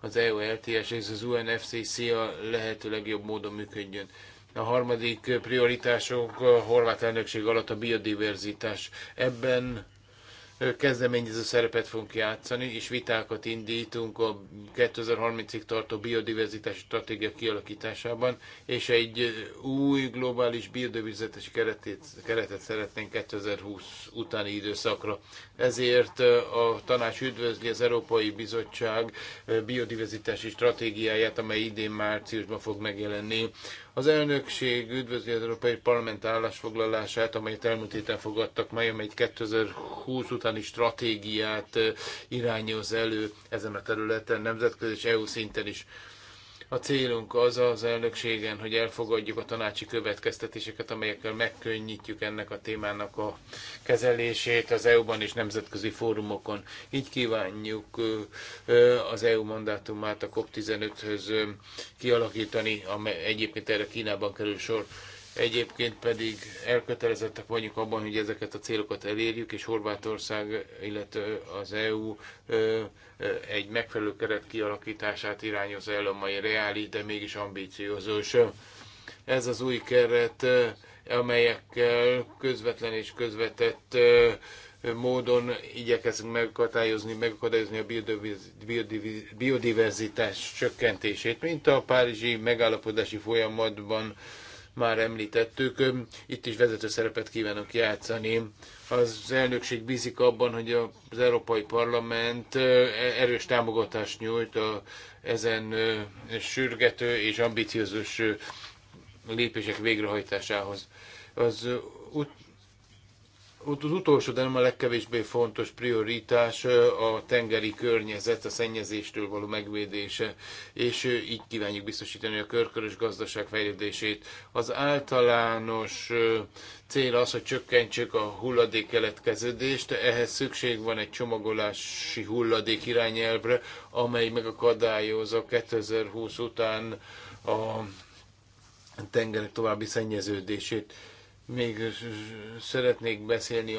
az e EU LTS és az UNFCC a lehető legjobb módon működjön. A harmadik prioritások a horvát elnökség alatt a biodiverzitás. Ebben kezdeményező szerepet fogunk játszani, és vitákat indítunk a 2030-ig tartó biodiverzitási stratégia kialakításában, és egy új globális biodiverzitási keretét, keretet szeretnénk 2020 utáni időszakra. Ezért a tanács üdvözli az Európai Bizottság biodiverzitási stratégiáját, amely idén márciusban fog megjelenni. Az elnökség üdvözli az Európai Parlament állásfoglalását, amelyet elmúlt héten fogadtak, mely amely 2020 utáni stratégiát irányoz elő ezen a területen, nemzetközi és EU szinten is. A célunk az az elnökségen, hogy elfogadjuk a tanácsi következtetéseket, amelyekkel megkönnyítjük ennek a témának a kezelését az EU-ban és nemzetközi fórumokon. Így kívánjuk az EU mandátumát a COP15-höz kialakítani, amely egyébként erre Kínában kerül sor. Egyébként pedig elkötelezettek vagyunk abban, hogy ezeket a célokat elérjük, és Horvátország, illetve az EU egy megfelelő keret kialakítását irányoz el, mai reáli, de mégis ambíciózós. Ez az új keret, amelyekkel közvetlen és közvetett módon igyekezünk megakadályozni, megakadályozni a biodiverzitás csökkentését, mint a párizsi megállapodási folyamatban már említettük, itt is vezető szerepet kívánok játszani. Az elnökség bízik abban, hogy az Európai Parlament e- erős támogatást nyújt a, ezen sürgető és ambiciózus lépések végrehajtásához. Az az utolsó, de nem a legkevésbé fontos prioritás a tengeri környezet, a szennyezéstől való megvédése, és így kívánjuk biztosítani a körkörös gazdaság fejlődését. Az általános cél az, hogy csökkentsük a hulladék keletkeződést, ehhez szükség van egy csomagolási hulladék irányelvre, amely megakadályozza 2020 után a tengerek további szennyeződését még szeretnék beszélni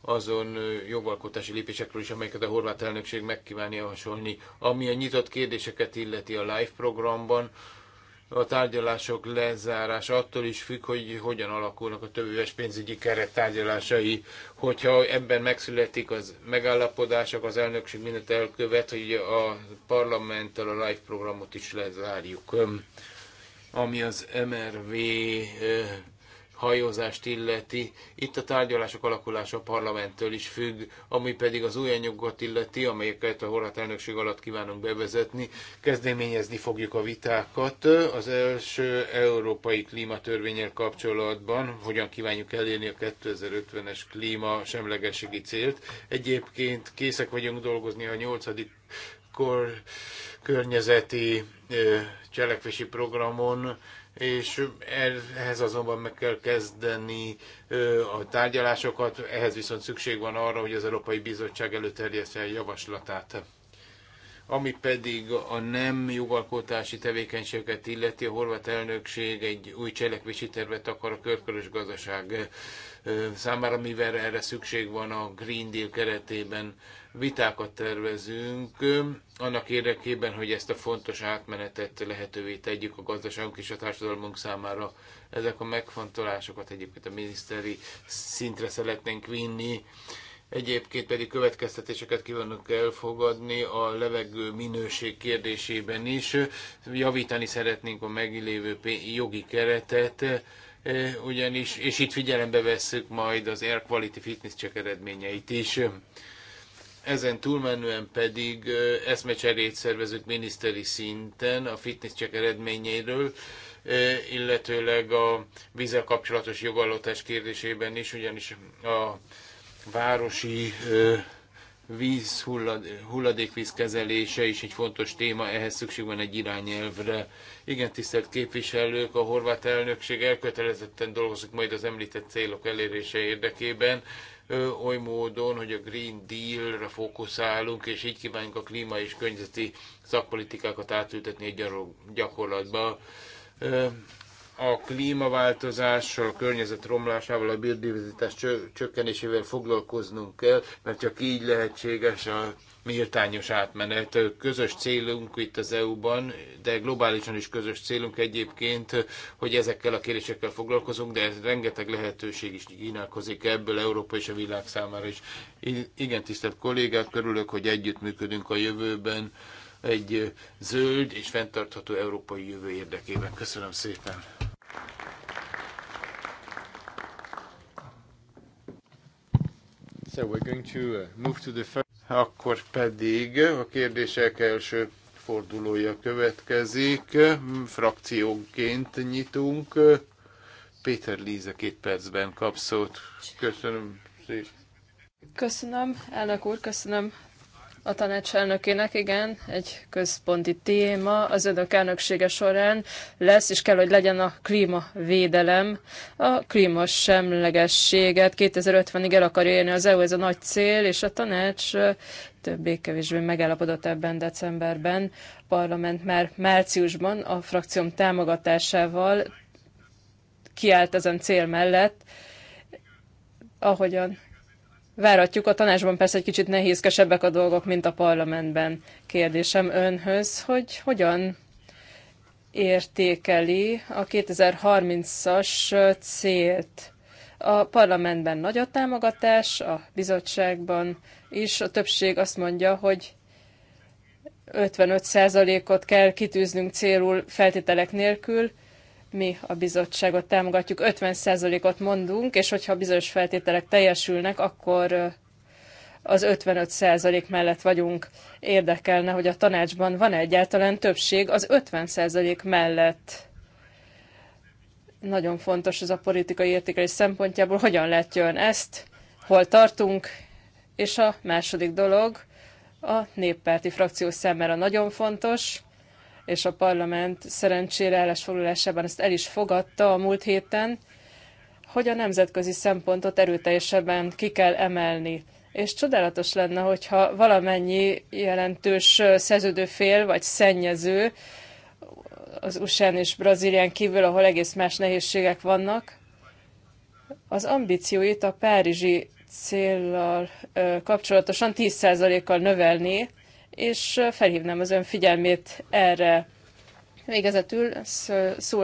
azon jogalkotási lépésekről is, amelyeket a horvát elnökség megkívánja javasolni. Ami a nyitott kérdéseket illeti a LIFE programban, a tárgyalások lezárása attól is függ, hogy hogyan alakulnak a többéves pénzügyi keret tárgyalásai. Hogyha ebben megszületik az megállapodások az elnökség mindent elkövet, hogy a parlamenttel a live programot is lezárjuk. Ami az MRV hajózást illeti. Itt a tárgyalások alakulása a parlamenttől is függ, ami pedig az új anyagokat illeti, amelyeket a horvát elnökség alatt kívánunk bevezetni. Kezdeményezni fogjuk a vitákat az első európai klímatörvényel kapcsolatban, hogyan kívánjuk elérni a 2050-es klíma semlegességi célt. Egyébként készek vagyunk dolgozni a nyolcadik kor környezeti cselekvési programon, és ehhez azonban meg kell kezdeni a tárgyalásokat, ehhez viszont szükség van arra, hogy az Európai Bizottság előterjesztje a javaslatát. Ami pedig a nem jogalkotási tevékenységeket illeti, a horvát elnökség egy új cselekvési tervet akar a körkörös gazdaság számára, mivel erre szükség van a Green Deal keretében. Vitákat tervezünk annak érdekében, hogy ezt a fontos átmenetet lehetővé tegyük a gazdaságunk és a társadalmunk számára. Ezek a megfontolásokat egyébként a miniszteri szintre szeretnénk vinni. Egyébként pedig következtetéseket kívánunk elfogadni a levegő minőség kérdésében is. Javítani szeretnénk a megillévő jogi keretet, ugyanis, és itt figyelembe vesszük majd az Air Quality Fitness Check eredményeit is. Ezen túlmenően pedig eszmecserét szervezünk miniszteri szinten a fitness check eredményéről, illetőleg a vízzel kapcsolatos jogalotás kérdésében is, ugyanis a városi víz hulladékvíz kezelése is egy fontos téma, ehhez szükség van egy irányelvre. Igen, tisztelt képviselők, a horvát elnökség elkötelezetten dolgozik majd az említett célok elérése érdekében, oly módon, hogy a Green Deal-re fókuszálunk, és így kívánjuk a klíma és környezeti szakpolitikákat átültetni egy gyakorlatba. Ö, a klímaváltozással, a környezet romlásával, a biodiverzitás csökkenésével foglalkoznunk kell, mert csak így lehetséges a méltányos átmenet. Közös célunk itt az EU-ban, de globálisan is közös célunk egyébként, hogy ezekkel a kérdésekkel foglalkozunk, de ez rengeteg lehetőség is kínálkozik ebből Európa és a világ számára is. Igen, tisztelt kollégák, örülök, hogy együttműködünk a jövőben egy zöld és fenntartható európai jövő érdekében. Köszönöm szépen! So we're going to uh, move to the first... Akkor pedig a kérdések első fordulója következik. Frakcióként nyitunk. Péter Líze két percben kap szót. Köszönöm szépen. Köszönöm, elnök úr, köszönöm a tanácselnökének, igen, egy központi téma az önök elnöksége során lesz, és kell, hogy legyen a klímavédelem. A klímasemlegességet 2050-ig el akar élni az EU, ez a nagy cél, és a tanács többé-kevésbé megállapodott ebben decemberben. A parlament már márciusban a frakcióm támogatásával kiállt ezen cél mellett, ahogyan Váratjuk, a tanácsban persze egy kicsit nehézkesebbek a dolgok, mint a parlamentben. Kérdésem önhöz, hogy hogyan értékeli a 2030-as célt? A parlamentben nagy a támogatás, a bizottságban is a többség azt mondja, hogy 55%-ot kell kitűznünk célul feltételek nélkül, mi a bizottságot támogatjuk, 50%-ot mondunk, és hogyha bizonyos feltételek teljesülnek, akkor az 55% mellett vagyunk. Érdekelne, hogy a tanácsban van -e egyáltalán többség az 50% mellett. Nagyon fontos ez a politikai értékelés szempontjából, hogyan lehet jön ezt, hol tartunk, és a második dolog a néppárti frakció számára nagyon fontos és a parlament szerencsére állásfoglalásában ezt el is fogadta a múlt héten, hogy a nemzetközi szempontot erőteljesebben ki kell emelni. És csodálatos lenne, hogyha valamennyi jelentős szerződőfél vagy szennyező az usa és Brazílián kívül, ahol egész más nehézségek vannak, az ambícióit a párizsi célral kapcsolatosan 10%-kal növelni, és felhívnám az ön figyelmét erre. Végezetül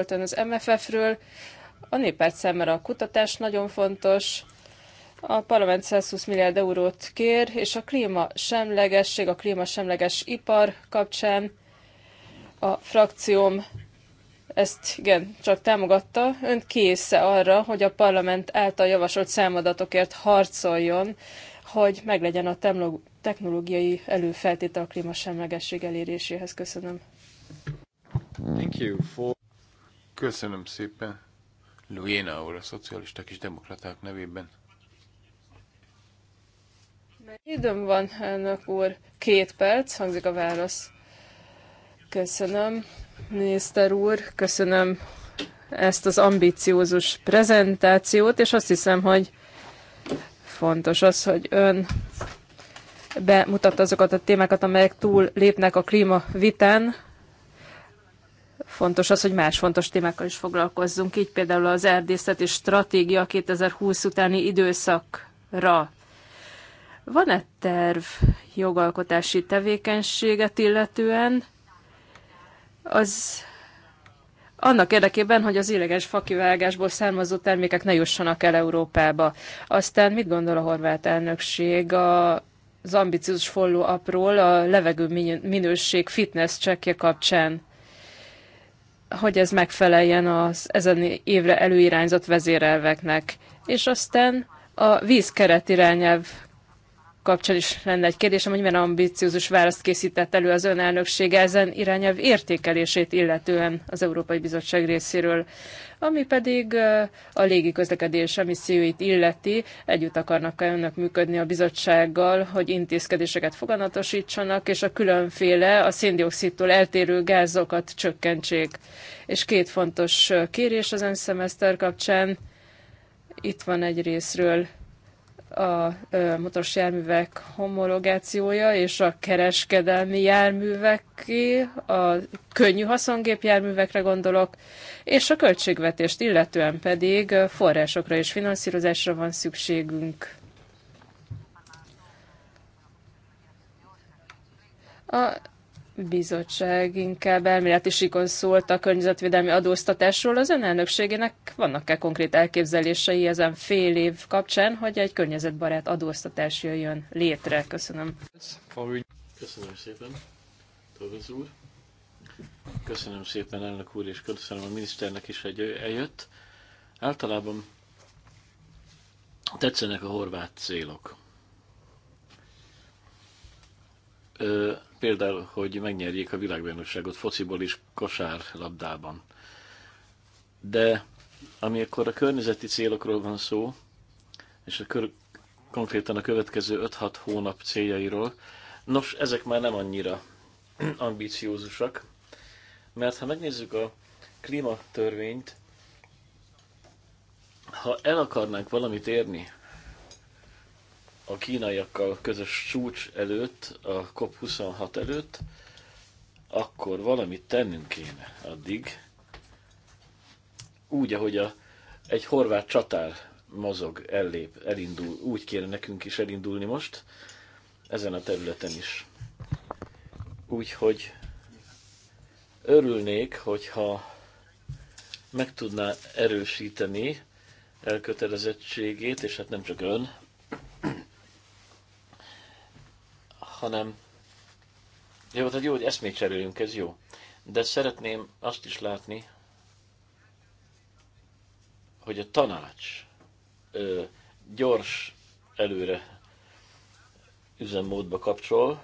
ön az MFF-ről. A néppárt számára a kutatás nagyon fontos. A parlament 120 milliárd eurót kér, és a klíma semlegesség, a klíma semleges ipar kapcsán a frakcióm ezt igen, csak támogatta, önt késze arra, hogy a parlament által javasolt számadatokért harcoljon, hogy meglegyen a technológiai előfeltétel a klímasemlegesség eléréséhez. Köszönöm. Thank you for... Köszönöm szépen. Luéna úr, a szocialisták és demokraták nevében. Időm van, elnök úr. Két perc, hangzik a válasz. Köszönöm, miniszter úr, köszönöm ezt az ambiciózus prezentációt, és azt hiszem, hogy fontos az, hogy ön bemutatta azokat a témákat, amelyek túl lépnek a vitán. Fontos az, hogy más fontos témákkal is foglalkozzunk, így például az erdészeti stratégia 2020 utáni időszakra. Van-e terv jogalkotási tevékenységet illetően? Az annak érdekében, hogy az illegális fakivágásból származó termékek ne jussanak el Európába. Aztán mit gondol a horvát elnökség a az ambiciós folló apról a levegő minőség fitness csekje kapcsán, hogy ez megfeleljen az ezen évre előirányzott vezérelveknek. És aztán a vízkeret irányelv kapcsán is lenne egy kérdésem, hogy milyen ambiciózus választ készített elő az elnöksége ezen irányelv értékelését illetően az Európai Bizottság részéről, ami pedig a légi közlekedés emisszióit illeti. Együtt akarnak-e önök működni a bizottsággal, hogy intézkedéseket foganatosítsanak, és a különféle a széndiokszidtól eltérő gázokat csökkentsék. És két fontos kérés az szemeszter kapcsán. Itt van egy részről a motoros járművek homologációja és a kereskedelmi járműveké, a könnyű járművekre gondolok, és a költségvetést illetően pedig forrásokra és finanszírozásra van szükségünk. A bizottság inkább elméleti síkon szólt a környezetvédelmi adóztatásról. Az ön elnökségének vannak-e konkrét elképzelései ezen fél év kapcsán, hogy egy környezetbarát adóztatás jöjjön létre? Köszönöm. Köszönöm szépen, Torres úr. Köszönöm szépen, elnök úr, és köszönöm a miniszternek is, hogy eljött. Általában tetszenek a horvát célok. például, hogy megnyerjék a világbajnokságot fociból és kosárlabdában. De amikor a környezeti célokról van szó, és a kör, konkrétan a következő 5-6 hónap céljairól, nos, ezek már nem annyira ambíciózusak, mert ha megnézzük a klímatörvényt, ha el akarnánk valamit érni a kínaiakkal közös csúcs előtt, a COP26 előtt, akkor valamit tennünk kéne addig, úgy, ahogy a, egy horvát csatár mozog, ellép, elindul, úgy kéne nekünk is elindulni most, ezen a területen is. Úgyhogy örülnék, hogyha meg tudná erősíteni elkötelezettségét, és hát nem csak ön, hanem jó, tehát jó, hogy eszmét cserélünk, ez jó. De szeretném azt is látni, hogy a tanács ö, gyors előre üzemmódba kapcsol,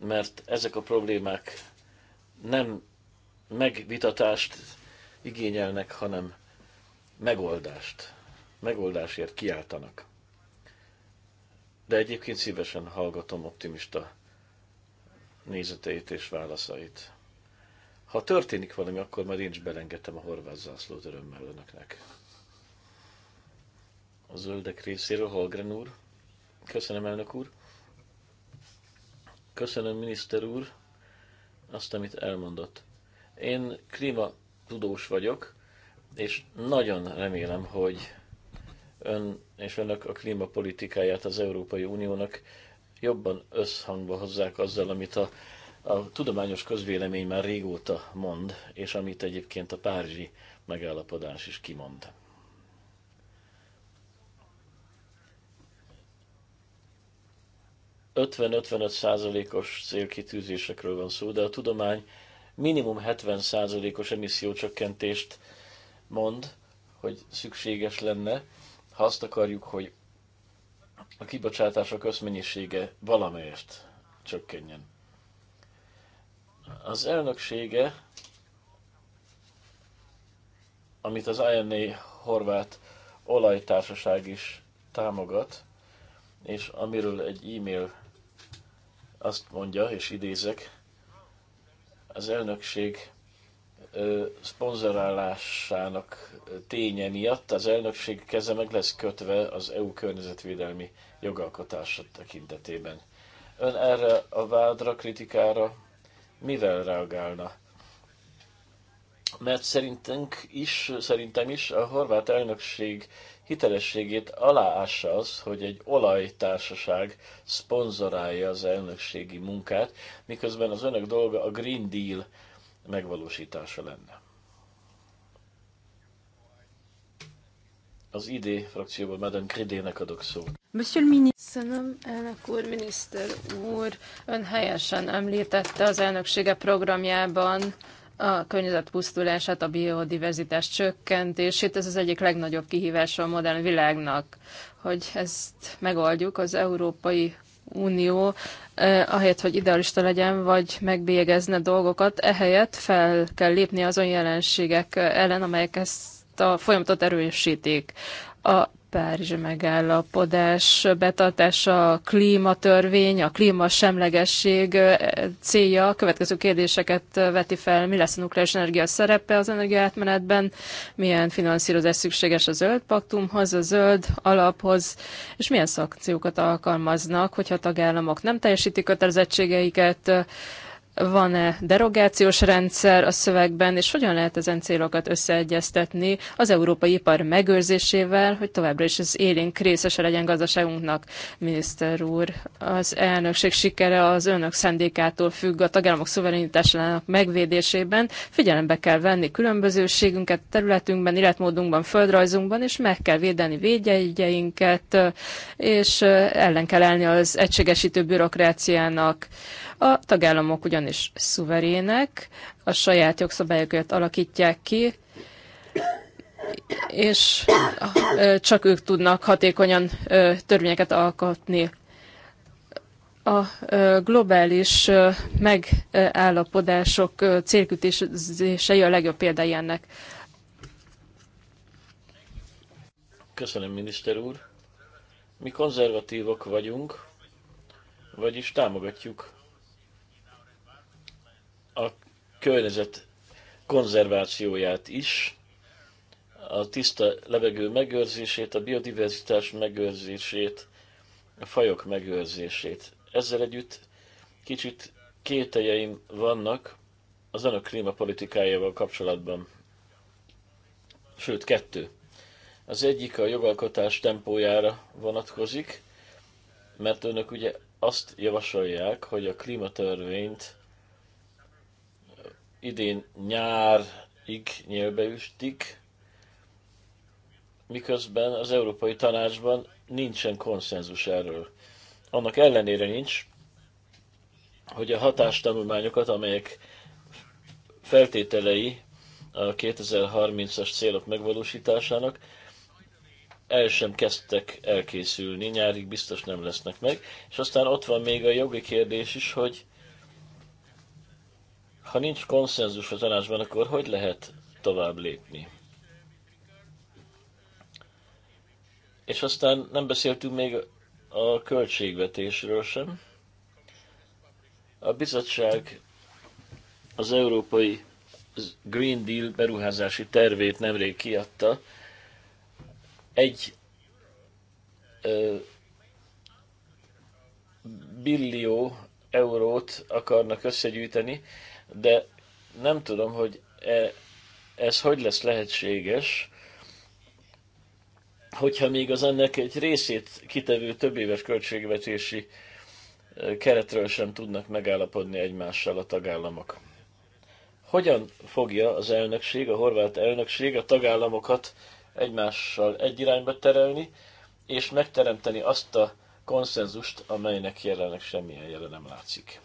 mert ezek a problémák nem megvitatást igényelnek, hanem megoldást. Megoldásért kiáltanak de egyébként szívesen hallgatom optimista nézeteit és válaszait. Ha történik valami, akkor már én is belengedtem a horvát zászlót örömmel önöknek. A zöldek részéről Holgren úr. Köszönöm, elnök úr. Köszönöm, miniszter úr, azt, amit elmondott. Én klímatudós vagyok, és nagyon remélem, hogy ön és ennek a klímapolitikáját az Európai Uniónak jobban összhangba hozzák azzal, amit a, a tudományos közvélemény már régóta mond, és amit egyébként a párizsi megállapodás is kimond. százalékos célkitűzésekről van szó, de a tudomány minimum 70%-os emissziócsökkentést mond, hogy szükséges lenne, ha azt akarjuk, hogy a kibocsátások összmennyisége valamelyest csökkenjen. Az elnöksége, amit az INA horvát olajtársaság is támogat, és amiről egy e-mail azt mondja, és idézek, az elnökség szponzorálásának ténye miatt az elnökség keze meg lesz kötve az EU környezetvédelmi jogalkotása tekintetében. Ön erre a vádra, kritikára mivel reagálna? Mert szerintünk is, szerintem is a horvát elnökség hitelességét aláássa az, hogy egy olajtársaság szponzorálja az elnökségi munkát, miközben az önök dolga a Green Deal megvalósítása lenne. Az ID frakcióban Madame Kredének adok szót. Monsieur le ministre, elnök úr, miniszter úr, ön helyesen említette az elnöksége programjában a környezet pusztulását, a biodiverzitás csökkentését. Ez az egyik legnagyobb kihívása a modern világnak, hogy ezt megoldjuk. Az Európai Unió, eh, ahelyett, hogy idealista legyen, vagy megbélyegezne dolgokat, ehelyett fel kell lépni azon jelenségek eh, ellen, amelyek ezt a folyamatot erősítik. A Párizsi megállapodás betartása, a klímatörvény, a klímasemlegesség célja. A következő kérdéseket veti fel, mi lesz a nukleáris energia szerepe az energiaátmenetben, milyen finanszírozás szükséges a zöld paktumhoz, a zöld alaphoz, és milyen szankciókat alkalmaznak, hogyha a tagállamok nem teljesítik kötelezettségeiket, van-e derogációs rendszer a szövegben, és hogyan lehet ezen célokat összeegyeztetni az európai ipar megőrzésével, hogy továbbra is az élénk részese legyen gazdaságunknak. Miniszter úr, az elnökség sikere az önök szendékától függ a tagállamok szuverenitásának megvédésében. Figyelembe kell venni különbözőségünket területünkben, életmódunkban, földrajzunkban, és meg kell védeni védjegyeinket, és ellen kell állni az egységesítő bürokráciának. A tagállamok ugyanis szuverének, a saját jogszabályokat alakítják ki, és csak ők tudnak hatékonyan törvényeket alkotni. A globális megállapodások célkütései a legjobb példája ennek. Köszönöm, miniszter úr. Mi konzervatívok vagyunk, vagyis támogatjuk környezet konzervációját is, a tiszta levegő megőrzését, a biodiverzitás megőrzését, a fajok megőrzését. Ezzel együtt kicsit kételjeim vannak az önök klímapolitikájával kapcsolatban. Sőt, kettő. Az egyik a jogalkotás tempójára vonatkozik, mert önök ugye azt javasolják, hogy a klímatörvényt idén nyárig nyélbe üstik, miközben az Európai Tanácsban nincsen konszenzus erről. Annak ellenére nincs, hogy a hatástanulmányokat, amelyek feltételei a 2030-as célok megvalósításának, el sem kezdtek elkészülni, nyárig biztos nem lesznek meg. És aztán ott van még a jogi kérdés is, hogy ha nincs konszenzus a tanácsban, akkor hogy lehet tovább lépni? És aztán nem beszéltünk még a költségvetésről sem. A bizottság az európai Green Deal beruházási tervét nemrég kiadta. Egy ö, billió eurót akarnak összegyűjteni, de nem tudom, hogy e, ez hogy lesz lehetséges, hogyha még az ennek egy részét kitevő több éves költségvetési e, keretről sem tudnak megállapodni egymással a tagállamok. Hogyan fogja az elnökség, a horvát elnökség a tagállamokat egymással egy irányba terelni, és megteremteni azt a konszenzust, amelynek jelenleg semmilyen jelen nem látszik?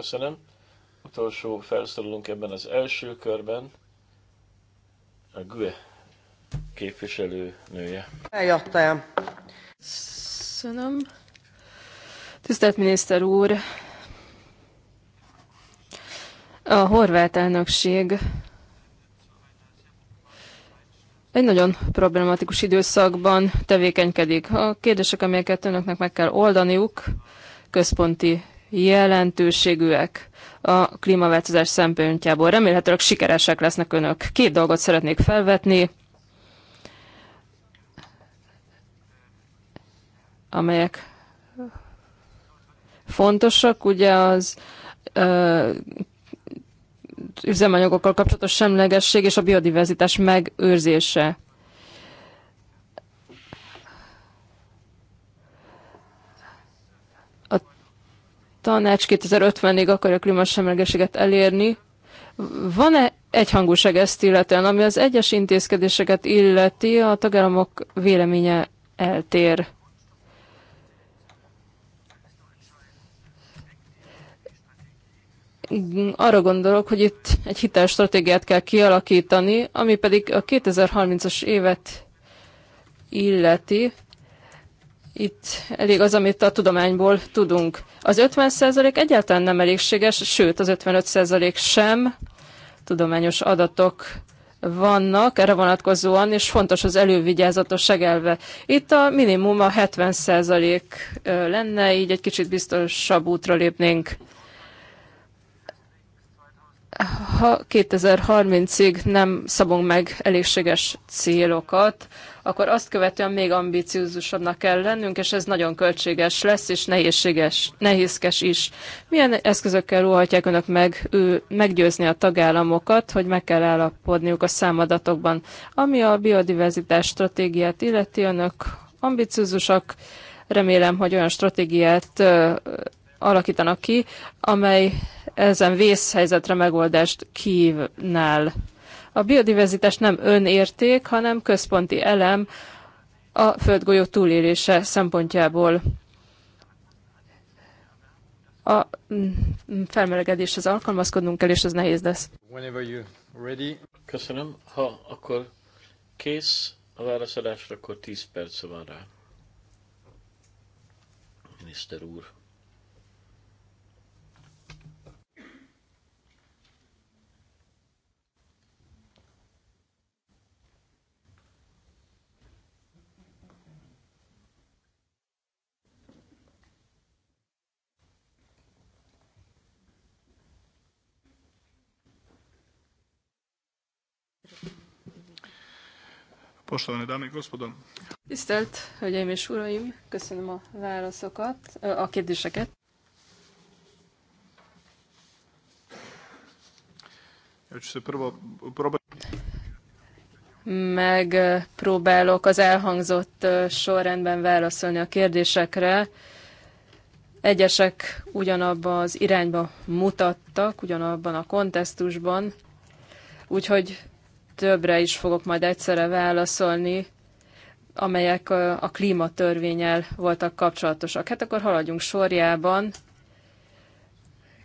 Köszönöm. Utolsó felszólalunk ebben az első körben. A GUE képviselő nője. Eljöttem. Köszönöm. Tisztelt miniszter úr, a horvát elnökség egy nagyon problematikus időszakban tevékenykedik. A kérdések, amelyeket önöknek meg kell oldaniuk, központi jelentőségűek a klímaváltozás szempontjából. Remélhetőleg sikeresek lesznek önök. Két dolgot szeretnék felvetni, amelyek fontosak. Ugye az ö, üzemanyagokkal kapcsolatos semlegesség és a biodiverzitás megőrzése. tanács 2050-ig akarja klímasemlegeséget elérni. Van-e egyhangúság ezt illetően, ami az egyes intézkedéseket illeti, a tagállamok véleménye eltér? arra gondolok, hogy itt egy hiteles stratégiát kell kialakítani, ami pedig a 2030-as évet illeti. Itt elég az, amit a tudományból tudunk. Az 50% egyáltalán nem elégséges, sőt az 55% sem. Tudományos adatok vannak erre vonatkozóan, és fontos az elővigyázatosság elve. Itt a minimum a 70% lenne, így egy kicsit biztosabb útra lépnénk. Ha 2030-ig nem szabunk meg elégséges célokat, akkor azt követően még ambiciózusabbnak kell lennünk, és ez nagyon költséges lesz, és nehézséges, nehézkes is. Milyen eszközökkel óhatják önök meg, ő, meggyőzni a tagállamokat, hogy meg kell állapodniuk a számadatokban? Ami a biodiverzitás stratégiát illeti, önök ambiciózusak, remélem, hogy olyan stratégiát ö, alakítanak ki, amely ezen vészhelyzetre megoldást kívnál. A biodiverzitás nem önérték, hanem központi elem a földgolyó túlélése szempontjából. A mm, mm, felmelegedéshez alkalmazkodnunk kell, és ez nehéz lesz. Köszönöm. Ha akkor kész a válaszadásra, akkor 10 perc van rá. Miniszter úr. Poštovane dame i gospodo. Tisztelt Hölgyeim és Uraim, köszönöm a válaszokat, a kérdéseket. Megpróbálok az elhangzott sorrendben válaszolni a kérdésekre. Egyesek ugyanabban az irányba mutattak, ugyanabban a kontextusban, úgyhogy többre is fogok majd egyszerre válaszolni, amelyek a, a klímatörvényel voltak kapcsolatosak. Hát akkor haladjunk sorjában.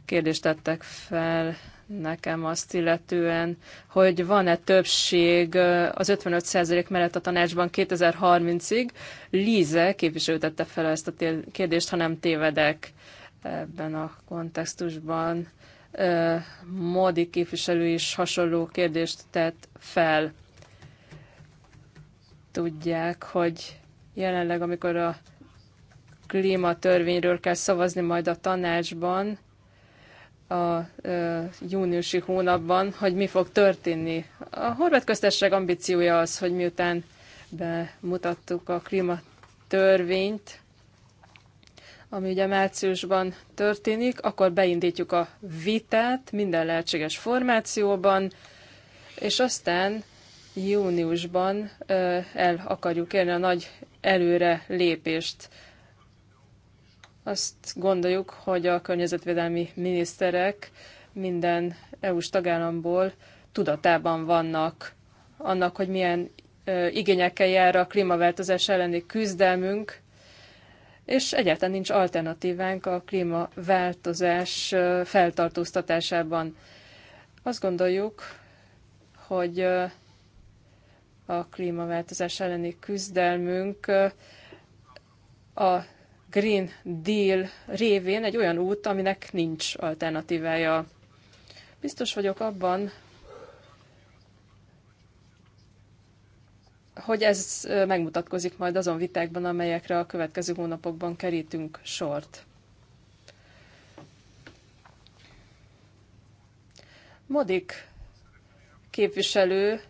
Kérdést tettek fel nekem azt illetően, hogy van-e többség az 55% mellett a tanácsban 2030-ig. Líze képviselő tette fel ezt a kérdést, ha nem tévedek ebben a kontextusban. Modi képviselő is hasonló kérdést tett fel. Tudják, hogy jelenleg, amikor a klímatörvényről kell szavazni majd a tanácsban, a e, júniusi hónapban, hogy mi fog történni. A horvát köztesség ambíciója az, hogy miután bemutattuk a klímatörvényt, ami ugye márciusban történik, akkor beindítjuk a vitát minden lehetséges formációban, és aztán júniusban el akarjuk érni a nagy előre lépést. Azt gondoljuk, hogy a környezetvédelmi miniszterek minden EU-s tagállamból tudatában vannak annak, hogy milyen igényekkel jár a klímaváltozás elleni küzdelmünk, és egyáltalán nincs alternatívánk a klímaváltozás feltartóztatásában. Azt gondoljuk, hogy a klímaváltozás elleni küzdelmünk a Green Deal révén egy olyan út, aminek nincs alternatívája. Biztos vagyok abban, hogy ez megmutatkozik majd azon vitákban, amelyekre a következő hónapokban kerítünk sort. Modik képviselő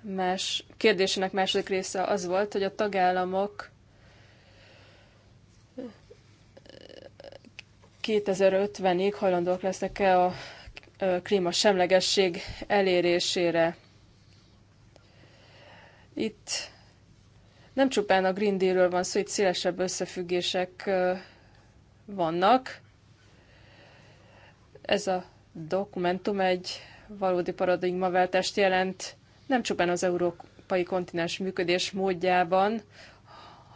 más kérdésének második része az volt, hogy a tagállamok 2050-ig hajlandóak lesznek-e a semlegesség elérésére. Itt nem csupán a Green Deal-ről van szó, itt szélesebb összefüggések vannak. Ez a dokumentum egy valódi paradigmaváltást jelent, nem csupán az európai kontinens működés módjában,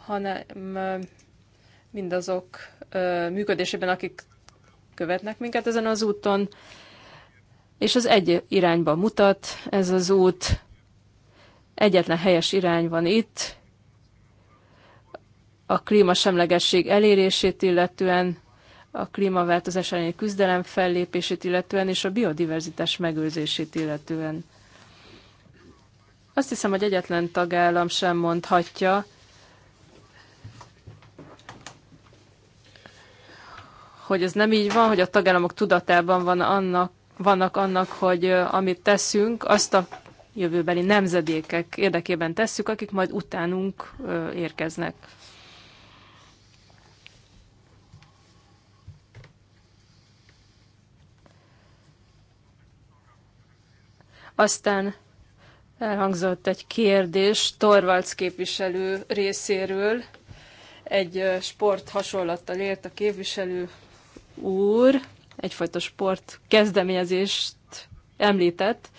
hanem mindazok működésében, akik követnek minket ezen az úton, és az egy irányba mutat ez az út, Egyetlen helyes irány van itt, a klímasemlegesség elérését illetően, a klímaváltozás elleni küzdelem fellépését illetően, és a biodiverzitás megőrzését illetően. Azt hiszem, hogy egyetlen tagállam sem mondhatja, hogy ez nem így van, hogy a tagállamok tudatában van annak, vannak annak, hogy amit teszünk, azt a jövőbeli nemzedékek érdekében tesszük, akik majd utánunk érkeznek. Aztán elhangzott egy kérdés Torvalc képviselő részéről. Egy sport hasonlattal ért a képviselő úr, egyfajta sport kezdeményezést említett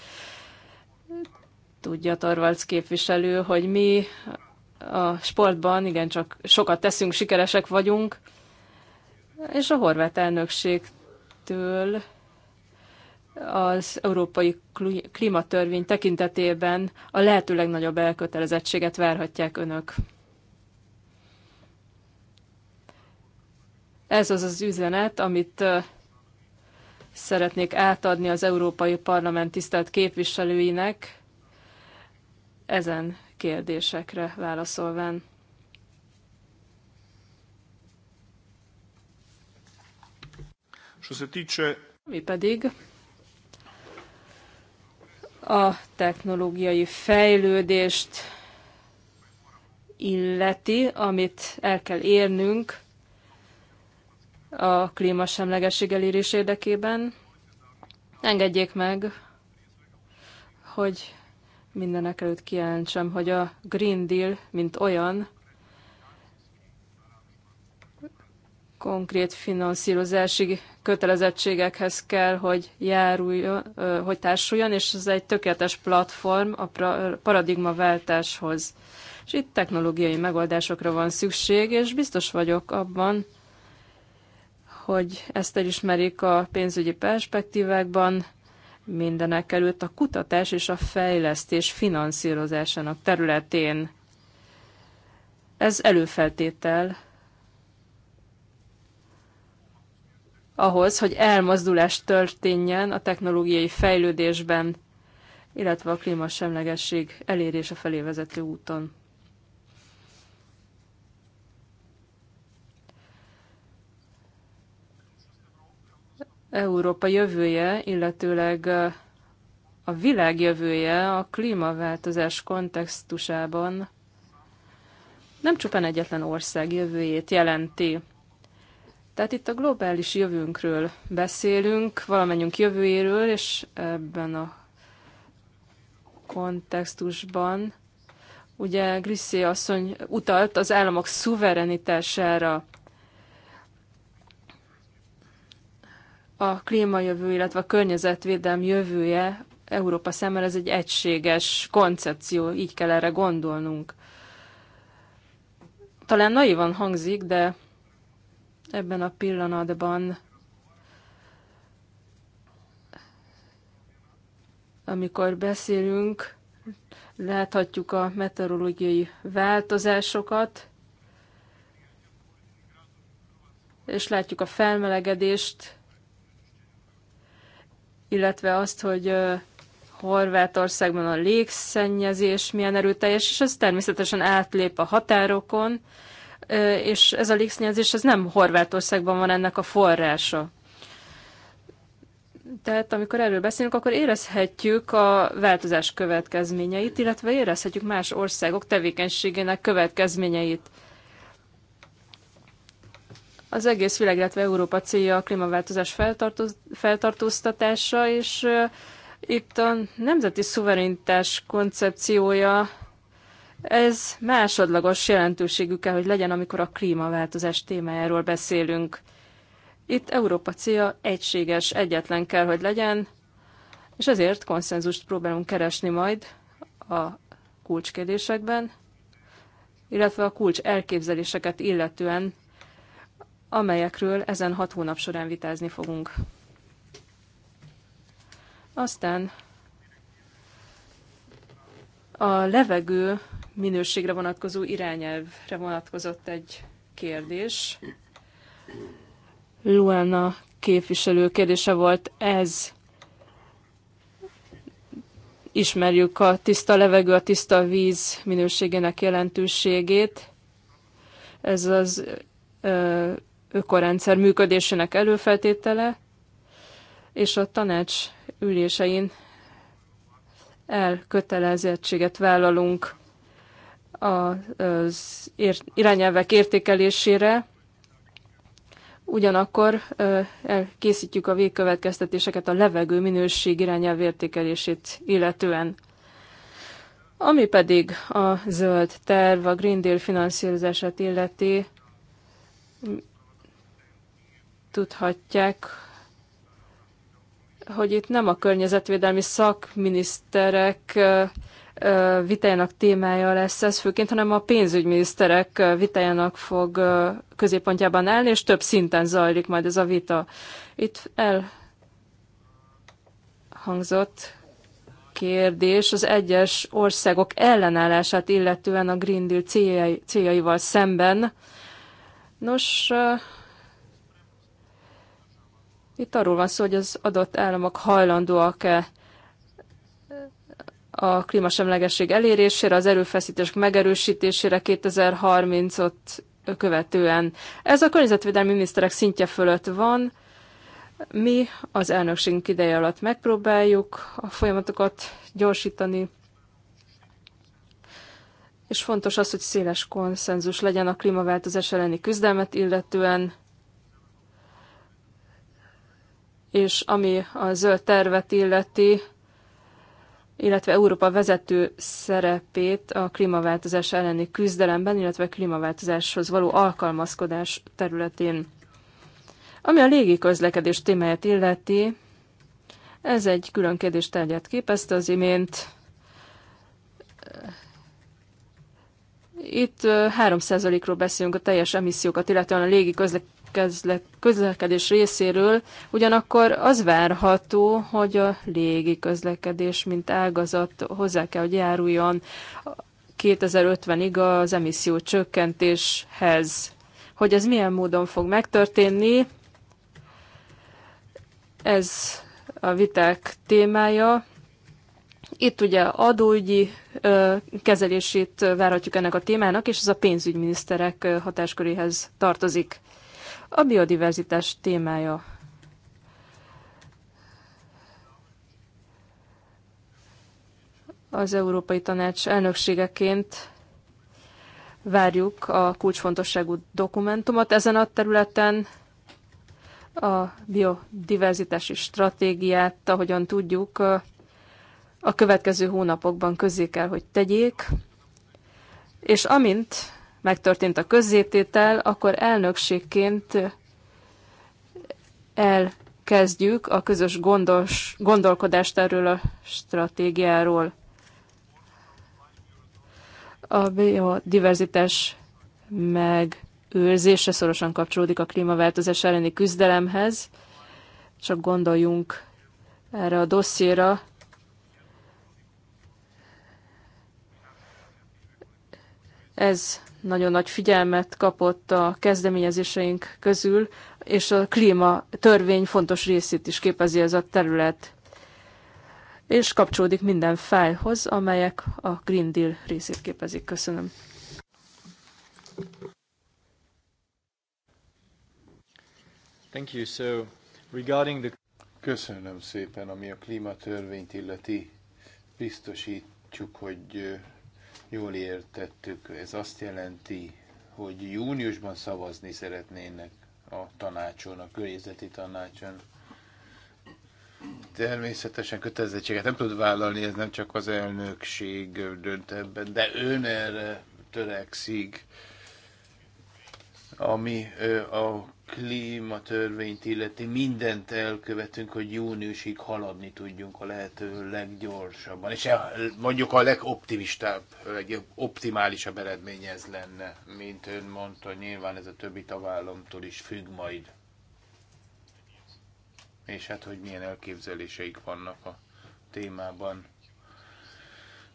tudja Torvalds képviselő, hogy mi a sportban igen csak sokat teszünk, sikeresek vagyunk, és a horvát elnökségtől az európai klímatörvény tekintetében a lehető legnagyobb elkötelezettséget várhatják önök. Ez az az üzenet, amit szeretnék átadni az Európai Parlament tisztelt képviselőinek, ezen kérdésekre válaszolván. Mi pedig a technológiai fejlődést illeti, amit el kell érnünk a klímasemlegesség elérés érdekében. Engedjék meg, hogy mindenek előtt kijelentsem, hogy a Green Deal, mint olyan, konkrét finanszírozási kötelezettségekhez kell, hogy járuljon, hogy társuljon, és ez egy tökéletes platform a paradigmaváltáshoz. És itt technológiai megoldásokra van szükség, és biztos vagyok abban, hogy ezt elismerik a pénzügyi perspektívákban, mindenek előtt a kutatás és a fejlesztés finanszírozásának területén. Ez előfeltétel ahhoz, hogy elmozdulás történjen a technológiai fejlődésben, illetve a klímasemlegesség elérése felé vezető úton. Európa jövője, illetőleg a világ jövője a klímaváltozás kontextusában nem csupán egyetlen ország jövőjét jelenti. Tehát itt a globális jövőnkről beszélünk, valamennyünk jövőjéről, és ebben a kontextusban ugye Grissé asszony utalt az államok szuverenitására. a klímajövő, illetve a környezetvédelm jövője Európa szemmel, ez egy egységes koncepció, így kell erre gondolnunk. Talán naivan hangzik, de ebben a pillanatban, amikor beszélünk, láthatjuk a meteorológiai változásokat, és látjuk a felmelegedést, illetve azt, hogy Horvátországban a légszennyezés milyen erőteljes, és ez természetesen átlép a határokon, és ez a légszennyezés ez nem Horvátországban van ennek a forrása. Tehát amikor erről beszélünk, akkor érezhetjük a változás következményeit, illetve érezhetjük más országok tevékenységének következményeit. Az egész világ, illetve Európa célja a klímaváltozás feltartóztatása, és itt a nemzeti szuverenitás koncepciója, ez másodlagos jelentőségű kell, hogy legyen, amikor a klímaváltozás témájáról beszélünk. Itt Európa célja egységes, egyetlen kell, hogy legyen, és ezért konszenzust próbálunk keresni majd a kulcskérdésekben, illetve a kulcs elképzeléseket illetően amelyekről ezen hat hónap során vitázni fogunk. Aztán a levegő minőségre vonatkozó irányelvre vonatkozott egy kérdés. Luana képviselő kérdése volt ez. Ismerjük a tiszta levegő, a tiszta víz minőségének jelentőségét. Ez az ö, ökorendszer működésének előfeltétele, és a tanács ülésein elkötelezettséget vállalunk az irányelvek értékelésére, ugyanakkor elkészítjük a végkövetkeztetéseket a levegő minőség irányelv értékelését illetően. Ami pedig a zöld terv, a Green Deal finanszírozását illeti, tudhatják, hogy itt nem a környezetvédelmi szakminiszterek vitájának témája lesz ez főként, hanem a pénzügyminiszterek vitájának fog középpontjában állni, és több szinten zajlik majd ez a vita. Itt elhangzott kérdés az egyes országok ellenállását illetően a Green Deal céljai, céljaival szemben. Nos, itt arról van szó, hogy az adott államok hajlandóak-e a klímasemlegesség elérésére, az erőfeszítések megerősítésére 2030-ot követően. Ez a környezetvédelmi miniszterek szintje fölött van. Mi az elnökségünk ideje alatt megpróbáljuk a folyamatokat gyorsítani, és fontos az, hogy széles konszenzus legyen a klímaváltozás elleni küzdelmet illetően, és ami a zöld tervet illeti, illetve Európa vezető szerepét a klímaváltozás elleni küzdelemben, illetve a klímaváltozáshoz való alkalmazkodás területén. Ami a légi közlekedés témáját illeti, ez egy külön kérdés tárgyát képezte az imént. Itt 3%-ról beszélünk a teljes emissziókat, illetve a légi közlekedés közlekedés részéről, ugyanakkor az várható, hogy a légi közlekedés, mint ágazat hozzá kell, hogy járuljon 2050-ig az emisszió csökkentéshez. Hogy ez milyen módon fog megtörténni, ez a viták témája. Itt ugye adóügyi ö, kezelését várhatjuk ennek a témának, és ez a pénzügyminiszterek hatásköréhez tartozik. A biodiverzitás témája. Az Európai Tanács elnökségeként várjuk a kulcsfontosságú dokumentumot ezen a területen, a biodiverzitási stratégiát, ahogyan tudjuk, a következő hónapokban közé kell, hogy tegyék, és amint megtörtént a közzététel, akkor elnökségként elkezdjük a közös gondos, gondolkodást erről a stratégiáról. A biodiverzitás megőrzése szorosan kapcsolódik a klímaváltozás elleni küzdelemhez. Csak gondoljunk erre a dossziéra, ez nagyon nagy figyelmet kapott a kezdeményezéseink közül, és a klíma törvény fontos részét is képezi ez a terület, és kapcsolódik minden fájlhoz, amelyek a Green Deal részét képezik. Köszönöm. Thank you. So, regarding the... Köszönöm szépen, ami a klímatörvényt illeti, biztosítjuk, hogy jól értettük, ez azt jelenti, hogy júniusban szavazni szeretnének a tanácson, a környezeti tanácson. Természetesen kötelezettséget nem tud vállalni, ez nem csak az elnökség dönt ebben, de ön erre törekszik ami a klímatörvényt illeti, mindent elkövetünk, hogy júniusig haladni tudjunk a lehető leggyorsabban. És eh, mondjuk a legoptimistább, legoptimálisabb eredmény ez lenne, mint ön mondta, nyilván ez a többi tagállamtól is függ majd. És hát, hogy milyen elképzeléseik vannak a témában.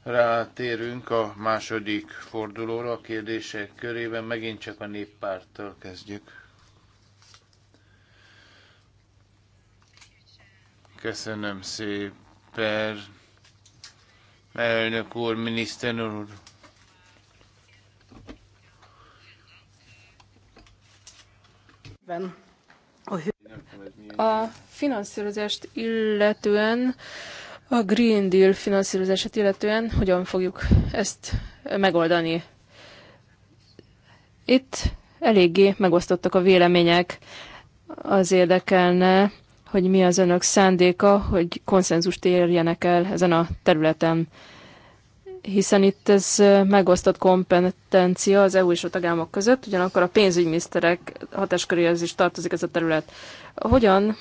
Rátérünk a második fordulóra a kérdések körében, megint csak a néppárttal kezdjük. Köszönöm szépen, elnök úr, miniszter úr. A finanszírozást illetően a Green Deal finanszírozását illetően hogyan fogjuk ezt megoldani. Itt eléggé megosztottak a vélemények. Az érdekelne, hogy mi az önök szándéka, hogy konszenzust érjenek el ezen a területen. Hiszen itt ez megosztott kompetencia az EU és a tagállamok között, ugyanakkor a pénzügyminiszterek hatásköréhez is tartozik ez a terület. Hogyan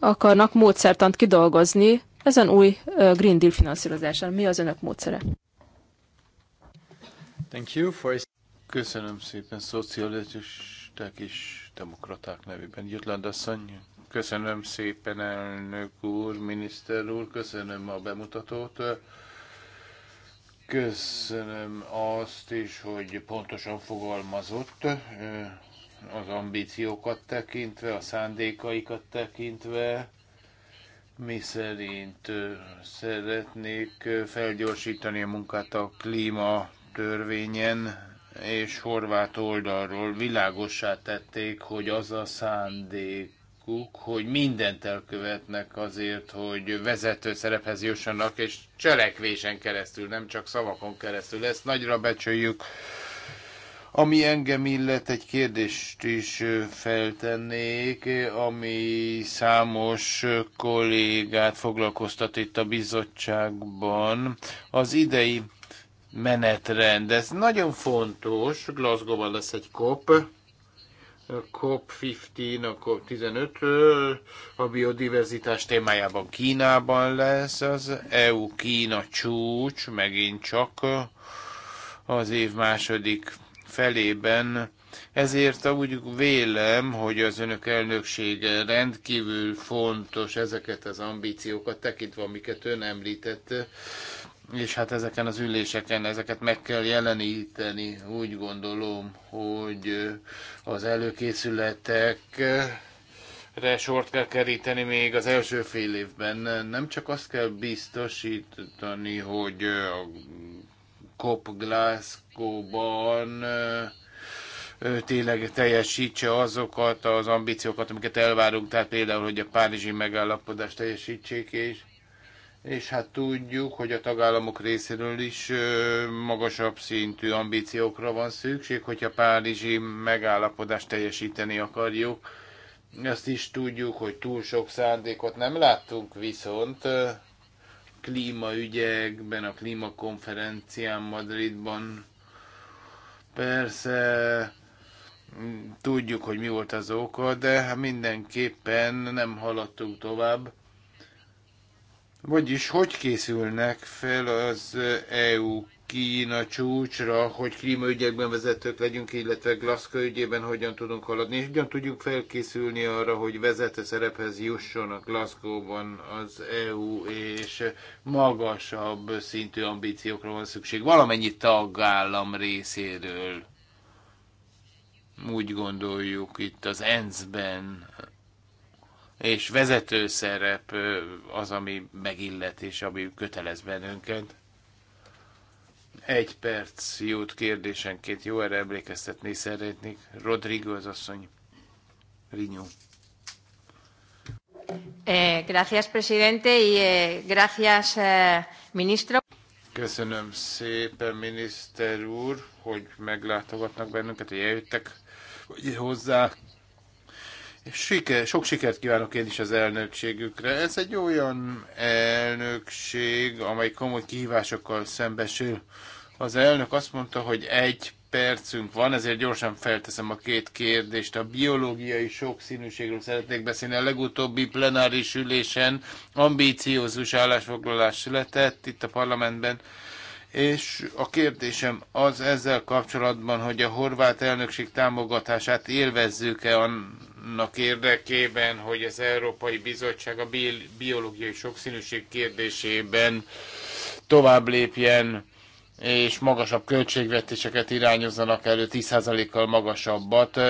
akarnak módszertant kidolgozni ezen új Green Deal finanszírozására. Mi az önök módszere? Thank you for... Köszönöm szépen szocialisták és demokraták nevében. Jutland asszony, köszönöm szépen elnök úr, miniszter úr, köszönöm a bemutatót. Köszönöm azt is, hogy pontosan fogalmazott az ambíciókat tekintve, a szándékaikat tekintve, mi szerint szeretnék felgyorsítani a munkát a klíma törvényen, és horvát oldalról világossá tették, hogy az a szándékuk, hogy mindent elkövetnek azért, hogy vezető szerephez jussanak, és cselekvésen keresztül, nem csak szavakon keresztül. Ezt nagyra becsüljük. Ami engem illet, egy kérdést is feltennék, ami számos kollégát foglalkoztat itt a bizottságban. Az idei menetrend, ez nagyon fontos, Glasgow-ban lesz egy COP, a COP15, a COP15 a biodiverzitás témájában Kínában lesz, az EU-Kína csúcs, megint csak az év második felében. Ezért úgy vélem, hogy az önök elnöksége rendkívül fontos ezeket az ambíciókat tekintve, amiket ön említett, és hát ezeken az üléseken ezeket meg kell jeleníteni. Úgy gondolom, hogy az előkészületek re sort kell keríteni még az első fél évben. Nem csak azt kell biztosítani, hogy a COP Glasgow-ban tényleg teljesítse azokat az ambíciókat, amiket elvárunk, tehát például, hogy a párizsi megállapodást teljesítsék, és, és hát tudjuk, hogy a tagállamok részéről is magasabb szintű ambíciókra van szükség, hogyha a párizsi megállapodást teljesíteni akarjuk. Azt is tudjuk, hogy túl sok szándékot nem láttunk, viszont klímaügyekben, a klímakonferencián Madridban. Persze tudjuk, hogy mi volt az oka, de mindenképpen nem haladtunk tovább. Vagyis hogy készülnek fel az EU Kína csúcsra, hogy klímaügyekben vezetők legyünk, illetve Glasgow ügyében hogyan tudunk haladni, és hogyan tudjuk felkészülni arra, hogy vezető szerephez jusson a Glasgow-ban az EU, és magasabb szintű ambíciókra van szükség valamennyi tagállam részéről. Úgy gondoljuk itt az ENSZ-ben, és vezető szerep az, ami megillet és ami kötelez bennünket. Egy perc jut kérdésenként, jó erre emlékeztetni szeretnék. Rodrigo az asszony. Rinyó. Eh, gracias, presidente, y eh, gracias, eh, ministro. Köszönöm szépen, miniszter úr, hogy meglátogatnak bennünket, hogy eljöttek hogy hozzá Siker, sok sikert kívánok én is az elnökségükre. Ez egy olyan elnökség, amely komoly kihívásokkal szembesül. Az elnök azt mondta, hogy egy percünk van, ezért gyorsan felteszem a két kérdést. A biológiai sokszínűségről szeretnék beszélni. A legutóbbi plenáris ülésen ambíciózus állásfoglalás született itt a parlamentben és a kérdésem az ezzel kapcsolatban, hogy a horvát elnökség támogatását élvezzük-e annak érdekében, hogy az Európai Bizottság a biológiai sokszínűség kérdésében tovább lépjen, és magasabb költségvetéseket irányozzanak elő, 10%-kal magasabbat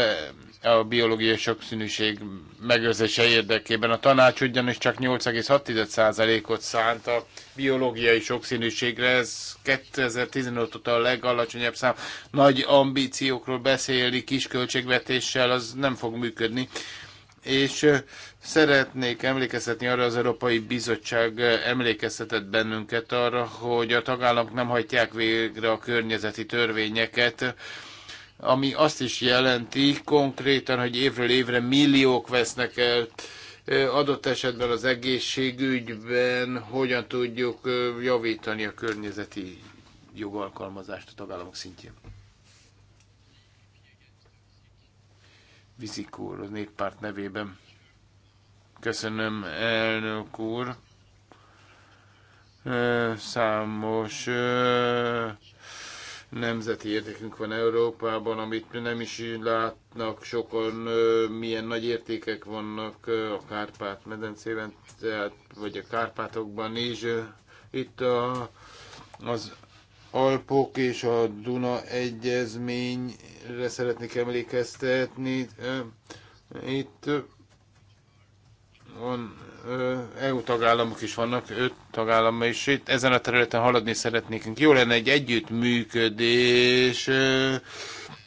a biológiai sokszínűség megőrzése érdekében. A tanács ugyanis csak 8,6%-ot szánt a biológiai sokszínűségre, ez 2015 óta a legalacsonyabb szám. Nagy ambíciókról beszélni kis költségvetéssel, az nem fog működni. És szeretnék emlékeztetni arra, az Európai Bizottság emlékeztetett bennünket arra, hogy a tagállamok nem hajtják végre a környezeti törvényeket, ami azt is jelenti konkrétan, hogy évről évre milliók vesznek el adott esetben az egészségügyben, hogyan tudjuk javítani a környezeti jogalkalmazást a tagállamok szintjén. Vizik úr, a néppárt nevében. Köszönöm, elnök úr. Számos nemzeti értékünk van Európában, amit nem is látnak sokan, milyen nagy értékek vannak a Kárpát-medencében, vagy a Kárpátokban is. Itt a, az Alpok és a Duna egyezményre szeretnék emlékeztetni. Itt van, EU tagállamok is vannak, öt tagállam is itt. Ezen a területen haladni szeretnénk. Jó lenne egy együttműködés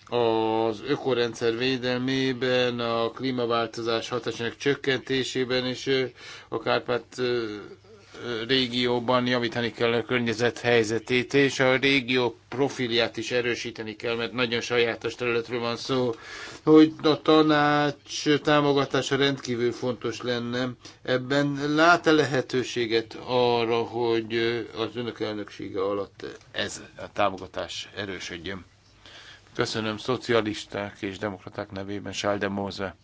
az ökorendszer védelmében, a klímaváltozás hatásának csökkentésében, és a Kárpát régióban javítani kell a környezet helyzetét, és a régió profilját is erősíteni kell, mert nagyon sajátos területről van szó, hogy a tanács támogatása rendkívül fontos lenne. Ebben lát-e lehetőséget arra, hogy az önök elnöksége alatt ez a támogatás erősödjön? Köszönöm szocialisták és demokraták nevében, Sáldemóze. Móze.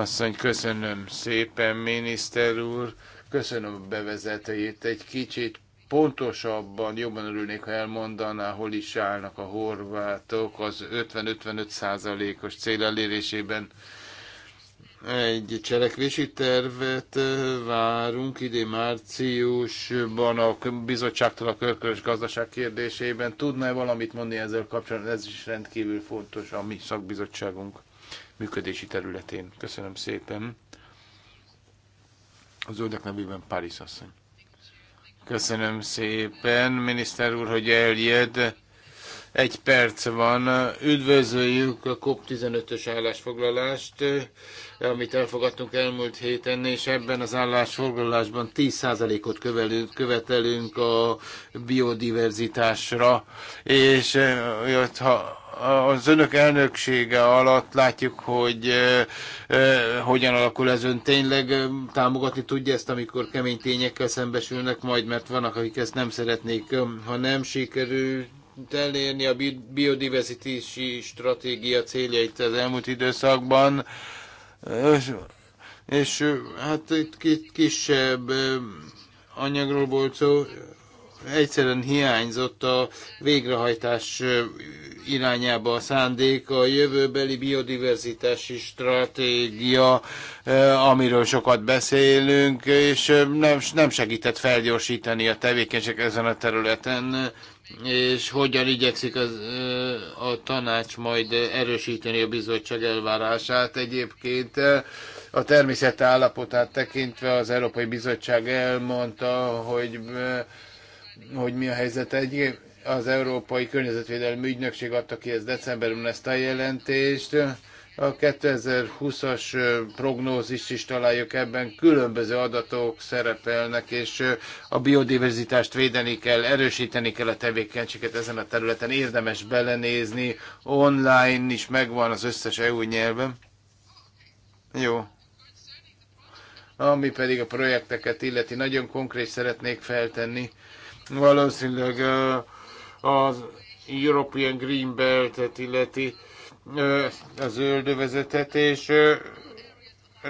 Asszony, köszönöm szépen, miniszter úr. Köszönöm a bevezetőjét. Egy kicsit pontosabban jobban örülnék, ha elmondaná, hol is állnak a horvátok az 50-55 százalékos cél elérésében. Egy cselekvési tervet várunk idén márciusban a bizottságtól a körkörös gazdaság kérdésében. Tudná valamit mondni ezzel kapcsolatban? Ez is rendkívül fontos a mi szakbizottságunk működési területén. Köszönöm szépen. A zöldek nevében Párizs asszony. Köszönöm szépen, miniszter úr, hogy eljed. Egy perc van. Üdvözöljük a COP15-ös állásfoglalást, amit elfogadtunk elmúlt héten, és ebben az állásfoglalásban 10%-ot követelünk a biodiverzitásra, és ha az önök elnöksége alatt látjuk, hogy hogyan alakul ez ön tényleg támogatni tudja ezt, amikor kemény tényekkel szembesülnek majd, mert vannak, akik ezt nem szeretnék, ha nem sikerül elérni a biodiverzitási stratégia céljait az elmúlt időszakban, és hát itt kisebb anyagról volt szó, egyszerűen hiányzott a végrehajtás irányába a szándék, a jövőbeli biodiverzitási stratégia, amiről sokat beszélünk, és nem, nem segített felgyorsítani a tevékenység ezen a területen, és hogyan igyekszik az, a tanács majd erősíteni a bizottság elvárását egyébként a természet állapotát tekintve az Európai Bizottság elmondta, hogy hogy mi a helyzet. Egy, az Európai Környezetvédelmi Ügynökség adta ki ez decemberben ezt a jelentést. A 2020-as prognózist is találjuk ebben, különböző adatok szerepelnek, és a biodiverzitást védeni kell, erősíteni kell a tevékenységet ezen a területen, érdemes belenézni, online is megvan az összes EU nyelven. Jó. Ami pedig a projekteket illeti, nagyon konkrét szeretnék feltenni valószínűleg az European Green Belt-et illeti az zöldövezetet, és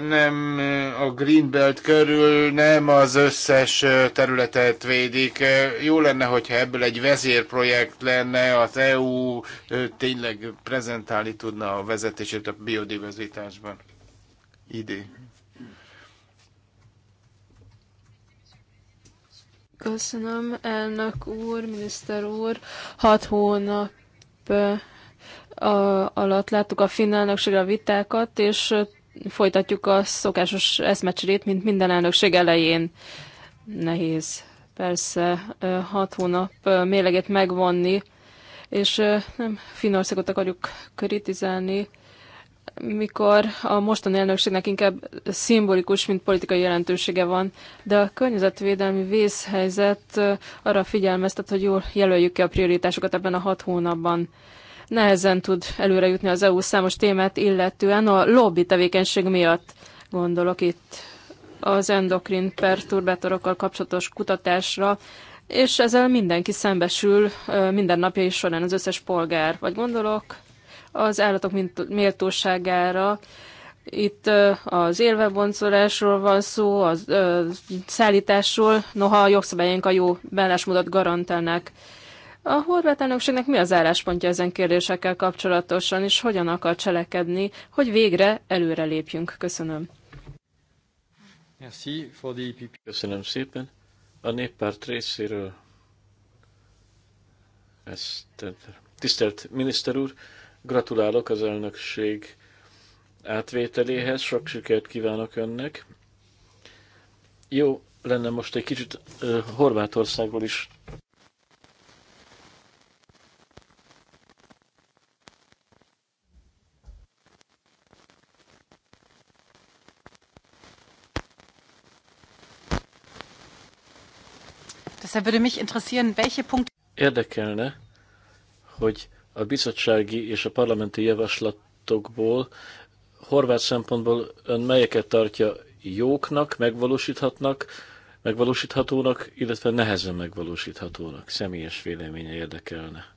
nem a Green Belt körül nem az összes területet védik. Jó lenne, hogyha ebből egy vezérprojekt lenne, az EU tényleg prezentálni tudna a vezetését a biodiverzitásban. Idé. Köszönöm, elnök úr, miniszter úr. Hat hónap alatt láttuk a finn elnökség a vitákat, és folytatjuk a szokásos eszmecserét, mint minden elnökség elején. Nehéz persze hat hónap méleget megvonni, és nem Finországot akarjuk kritizálni, mikor a mostani elnökségnek inkább szimbolikus, mint politikai jelentősége van, de a környezetvédelmi vészhelyzet arra figyelmeztet, hogy jól jelöljük ki a prioritásokat ebben a hat hónapban. Nehezen tud előrejutni az EU számos témát, illetően a lobby tevékenység miatt gondolok itt az endokrin perturbátorokkal kapcsolatos kutatásra, és ezzel mindenki szembesül minden napja is során az összes polgár. Vagy gondolok az állatok méltóságára. Itt az élveboncolásról van szó, a szállításról, noha a jogszabályaink a jó bánásmódot garantálnak. A horvát elnökségnek mi az álláspontja ezen kérdésekkel kapcsolatosan, és hogyan akar cselekedni, hogy végre előrelépjünk? Köszönöm. Köszönöm szépen. A néppárt részéről ezt, tisztelt miniszter úr, Gratulálok az elnökség átvételéhez, sok sikert kívánok önnek. Jó lenne most egy kicsit uh, Horvátországból is Deshalb würde mich interessieren, welche Punkte. Érdekelne, hogy a bizottsági és a parlamenti javaslatokból horvát szempontból ön melyeket tartja jóknak, megvalósíthatnak, megvalósíthatónak, illetve nehezen megvalósíthatónak? Személyes véleménye érdekelne.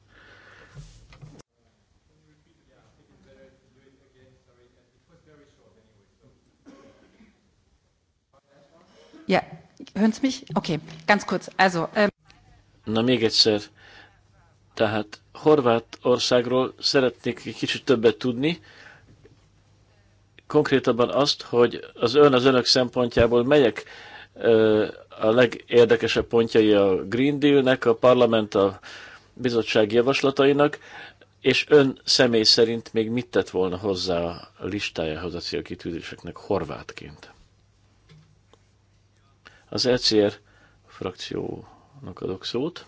Ja, hören mich? Okay, ganz kurz. Also, ähm Na, még egyszer tehát Horvátországról szeretnék egy kicsit többet tudni, konkrétabban azt, hogy az ön az önök szempontjából melyek a legérdekesebb pontjai a Green Dealnek, a parlament a bizottság javaslatainak, és ön személy szerint még mit tett volna hozzá a listájához a célkitűzéseknek horvátként? Az ECR frakciónak adok szót.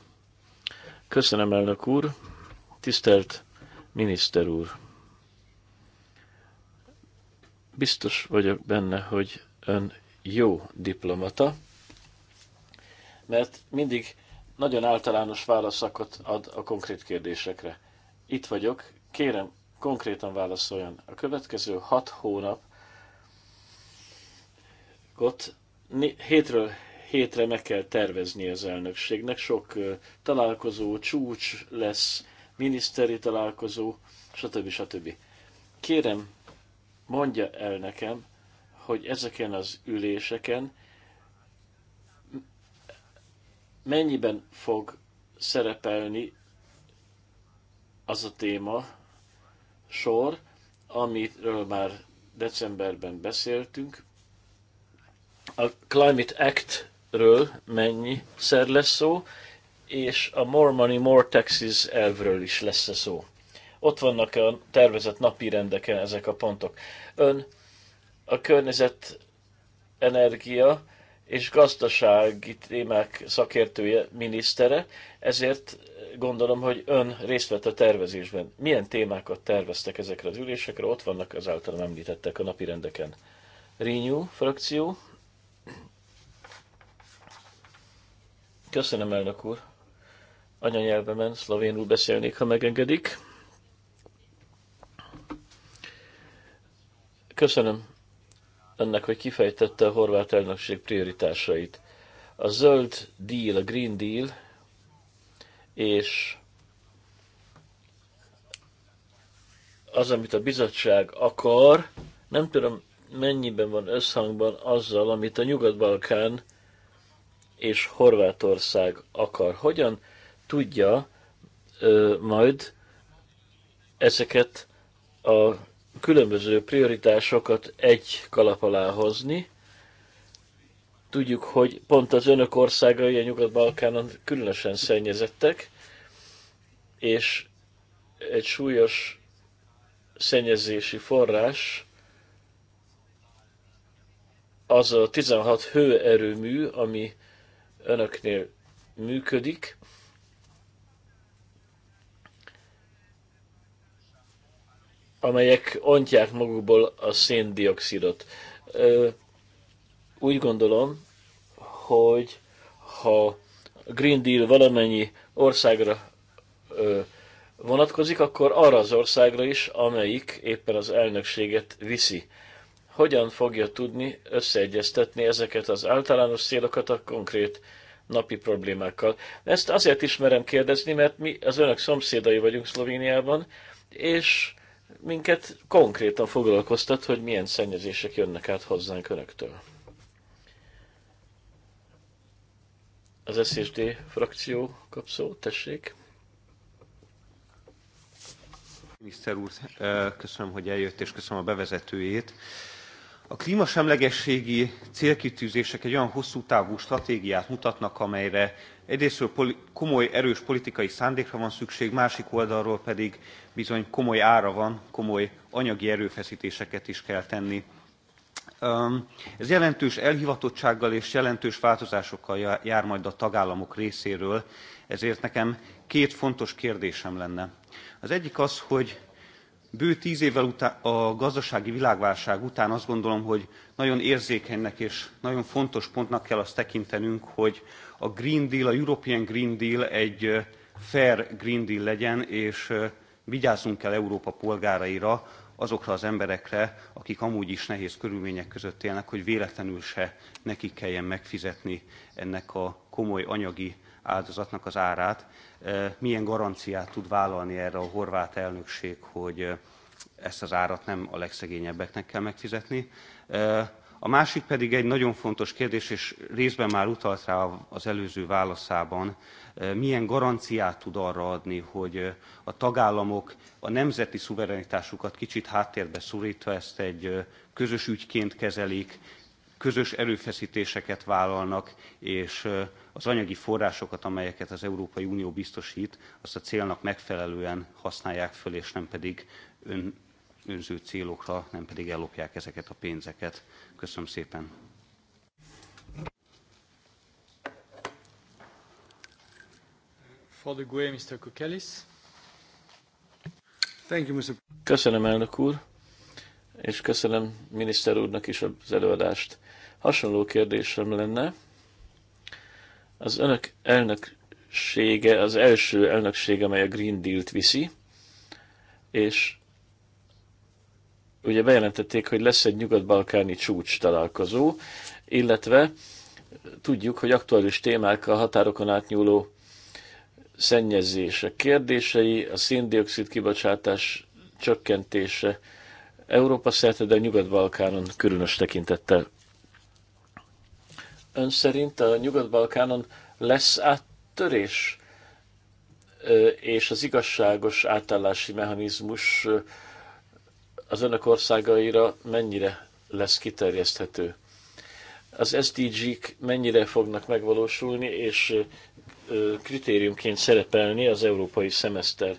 Köszönöm, elnök úr. Tisztelt miniszter úr. Biztos vagyok benne, hogy ön jó diplomata, mert mindig nagyon általános válaszokat ad a konkrét kérdésekre. Itt vagyok, kérem, konkrétan válaszoljon. A következő hat hónap ott hétről hétre meg kell tervezni az elnökségnek. Sok találkozó, csúcs lesz, miniszteri találkozó, stb. stb. Kérem, mondja el nekem, hogy ezeken az üléseken mennyiben fog szerepelni az a téma sor, amiről már decemberben beszéltünk, a Climate Act ről mennyi szer lesz szó, és a more money, more taxes elvről is lesz szó. Ott vannak a tervezett napi rendeken ezek a pontok. Ön a környezet, energia és gazdasági témák szakértője, minisztere, ezért gondolom, hogy ön részt vett a tervezésben. Milyen témákat terveztek ezekre az ülésekre? Ott vannak az általam említettek a napi rendeken. Renew frakció. Köszönöm, elnök úr. Anyanyelvemen szlovénul beszélnék, ha megengedik. Köszönöm önnek, hogy kifejtette a horvát elnökség prioritásait. A zöld deal, a green deal és az, amit a bizottság akar, nem tudom mennyiben van összhangban azzal, amit a Nyugat-Balkán és Horvátország akar. Hogyan tudja ö, majd ezeket a különböző prioritásokat egy kalap alá hozni? Tudjuk, hogy pont az önök országai a Nyugat-Balkánon különösen szennyezettek, és egy súlyos szennyezési forrás az a 16 hőerőmű, ami önöknél működik. amelyek ontják magukból a széndiokszidot. Úgy gondolom, hogy ha a Green Deal valamennyi országra vonatkozik, akkor arra az országra is, amelyik éppen az elnökséget viszi. Hogyan fogja tudni összeegyeztetni ezeket az általános célokat a konkrét napi problémákkal. Ezt azért ismerem kérdezni, mert mi az önök szomszédai vagyunk Szlovéniában, és minket konkrétan foglalkoztat, hogy milyen szennyezések jönnek át hozzánk önöktől. Az SZSD frakció kap szó, tessék. Miniszter úr, eh, köszönöm, hogy eljött, és köszönöm a bevezetőjét. A klímasemlegességi célkitűzések egy olyan hosszú távú stratégiát mutatnak, amelyre egyrésztről komoly, erős politikai szándékra van szükség, másik oldalról pedig bizony komoly ára van, komoly anyagi erőfeszítéseket is kell tenni. Ez jelentős elhivatottsággal és jelentős változásokkal jár majd a tagállamok részéről, ezért nekem két fontos kérdésem lenne. Az egyik az, hogy bő tíz évvel után, a gazdasági világválság után azt gondolom, hogy nagyon érzékenynek és nagyon fontos pontnak kell azt tekintenünk, hogy a Green Deal, a European Green Deal egy fair Green Deal legyen, és vigyázzunk kell Európa polgáraira, azokra az emberekre, akik amúgy is nehéz körülmények között élnek, hogy véletlenül se nekik kelljen megfizetni ennek a komoly anyagi áldozatnak az árát. Milyen garanciát tud vállalni erre a horvát elnökség, hogy ezt az árat nem a legszegényebbeknek kell megfizetni? A másik pedig egy nagyon fontos kérdés, és részben már utalt rá az előző válaszában, milyen garanciát tud arra adni, hogy a tagállamok a nemzeti szuverenitásukat kicsit háttérbe szorítva ezt egy közös ügyként kezelik, közös erőfeszítéseket vállalnak, és az anyagi forrásokat, amelyeket az Európai Unió biztosít, azt a célnak megfelelően használják föl, és nem pedig ön, önző célokra, nem pedig ellopják ezeket a pénzeket. Köszönöm szépen. E, köszönöm, elnök úr, és köszönöm miniszter úrnak is az előadást. Hasonló kérdésem lenne, az önök elnöksége az első elnöksége, amely a Green Deal-t viszi, és ugye bejelentették, hogy lesz egy nyugat-balkáni csúcs találkozó, illetve tudjuk, hogy aktuális témák a határokon átnyúló szennyezések kérdései, a széndiokszid kibocsátás csökkentése Európa szerte, de a Nyugat-Balkánon különös tekintettel Ön szerint a Nyugat-Balkánon lesz áttörés, és az igazságos átállási mechanizmus az önök országaira mennyire lesz kiterjeszthető? Az SDG-k mennyire fognak megvalósulni, és kritériumként szerepelni az európai szemeszter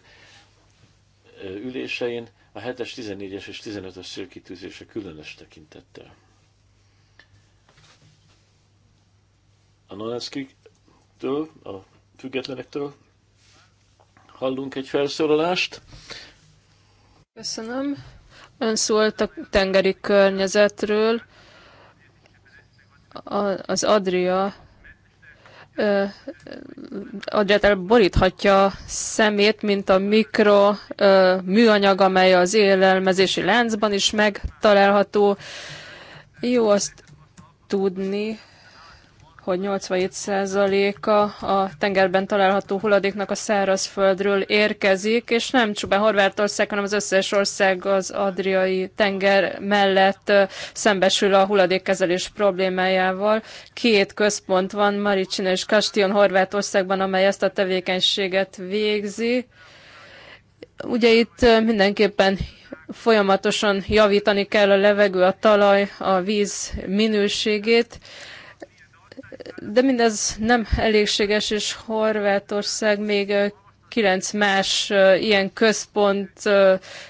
ülésein a 7-es, 14-es és 15-ös szőkítőzése különös tekintettel. a Noneckiktől, a függetlenektől hallunk egy felszólalást. Köszönöm. Ön szólt a tengeri környezetről. A, az Adria Adriátel boríthatja szemét, mint a mikro ö, műanyag, amely az élelmezési láncban is megtalálható. Jó azt tudni, hogy 87%-a a tengerben található hulladéknak a szárazföldről érkezik, és nem csupán Horvátország, hanem az összes ország az Adriai tenger mellett szembesül a hulladékkezelés problémájával. Két központ van, Maricsina és Kastion Horvátországban, amely ezt a tevékenységet végzi. Ugye itt mindenképpen folyamatosan javítani kell a levegő, a talaj, a víz minőségét, de mindez nem elégséges, és Horvátország még kilenc más ilyen központ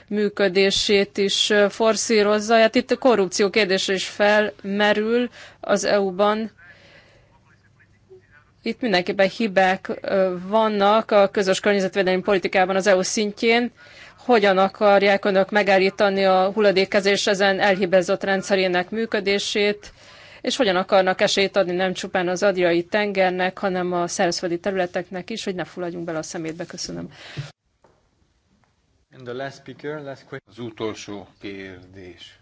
működését is forszírozza. Hát itt a korrupció kérdése is felmerül az EU-ban. Itt mindenképpen hibák vannak a közös környezetvédelmi politikában az EU szintjén. Hogyan akarják önök megállítani a hulladékezés ezen elhibázott rendszerének működését? és hogyan akarnak esélyt adni nem csupán az adjai tengernek, hanem a szerzföldi területeknek is, hogy ne fulladjunk bele a szemétbe. Köszönöm. And the last speaker, last az utolsó kérdés.